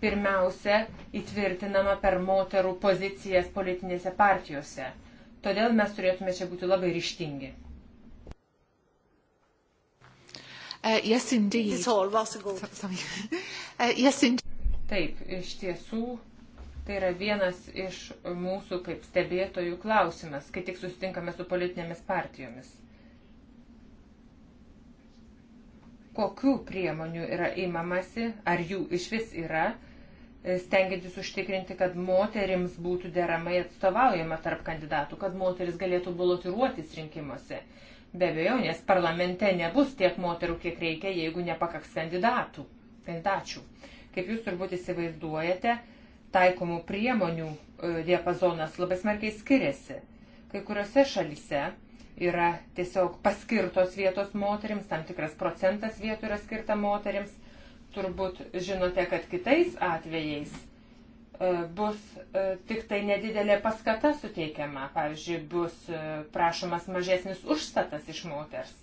pirmiausia įtvirtinama per moterų pozicijas politinėse partijose. Todėl mes turėtume čia būti labai ryštingi. Uh, yes, indeed. It's all. Well, so, sorry. Uh, yes, indeed. Taip, iš tiesų tai yra vienas iš mūsų kaip stebėtojų klausimas, kai tik susitinkame su politinėmis partijomis. Kokių priemonių yra įmamasi, ar jų iš vis yra, stengiantis užtikrinti, kad moterims būtų deramai atstovaujama tarp kandidatų, kad moteris galėtų balotiruotis rinkimuose. Be abejo, nes parlamente nebus tiek moterų, kiek reikia, jeigu nepakaks kandidatų, kandidačių. kandidačių. Kaip jūs turbūt įsivaizduojate, taikomų priemonių e, diapazonas labai smarkiai skiriasi. Kai kuriuose šalise yra tiesiog paskirtos vietos moteriams, tam tikras procentas vietų yra skirta moteriams. Turbūt žinote, kad kitais atvejais e, bus e, tik tai nedidelė paskata suteikiama, pavyzdžiui, bus prašomas mažesnis užstatas iš moters.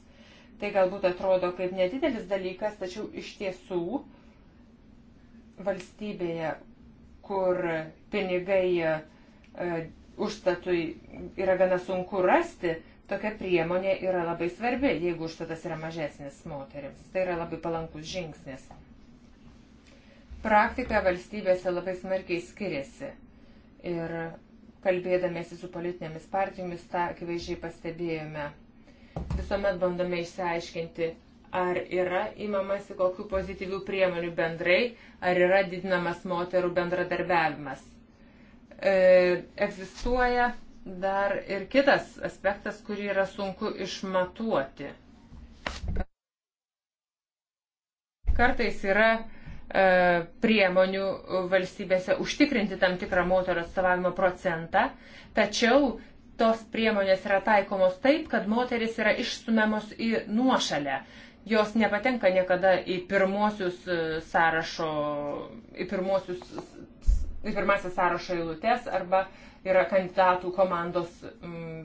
Tai galbūt atrodo kaip nedidelis dalykas, tačiau iš tiesų valstybėje, kur pinigai e, užstatui yra gana sunku rasti, tokia priemonė yra labai svarbi, jeigu užstatas yra mažesnis moteriams. Tai yra labai palankus žingsnis. Praktika valstybėse labai smarkiai skiriasi. Ir kalbėdamėsi su politinėmis partijomis tą akivaizdžiai pastebėjome. Visuomet bandome išsiaiškinti, ar yra imamasi kokių pozityvių priemonių bendrai, ar yra didinamas moterų bendradarbiavimas. E, egzistuoja dar ir kitas aspektas, kurį yra sunku išmatuoti. Kartais yra e, priemonių valstybėse užtikrinti tam tikrą moterų atstovavimo procentą, tačiau tos priemonės yra taikomos taip, kad moteris yra išstumiamos į nuošalę jos nepatenka niekada į pirmosius e, sąrašo, į pirmosius, į pirmasias sąrašo eilutes arba yra kandidatų komandos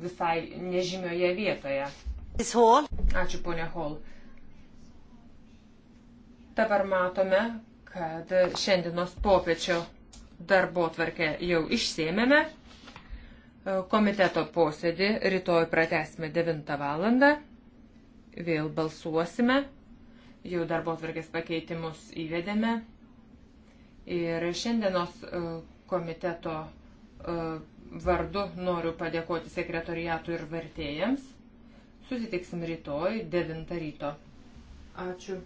visai nežymioje vietoje. Ačiū, ponė Hall. Dabar matome, kad šiandienos popiečio darbo tvarkę jau išsėmėme. E, komiteto posėdį rytoj pratesime 9 valandą vėl balsuosime. Jau darbo atvarkės pakeitimus įvedėme. Ir šiandienos e, komiteto e, vardu noriu padėkoti sekretoriatui ir vertėjams. Susitiksim rytoj 9 ryto. Ačiū.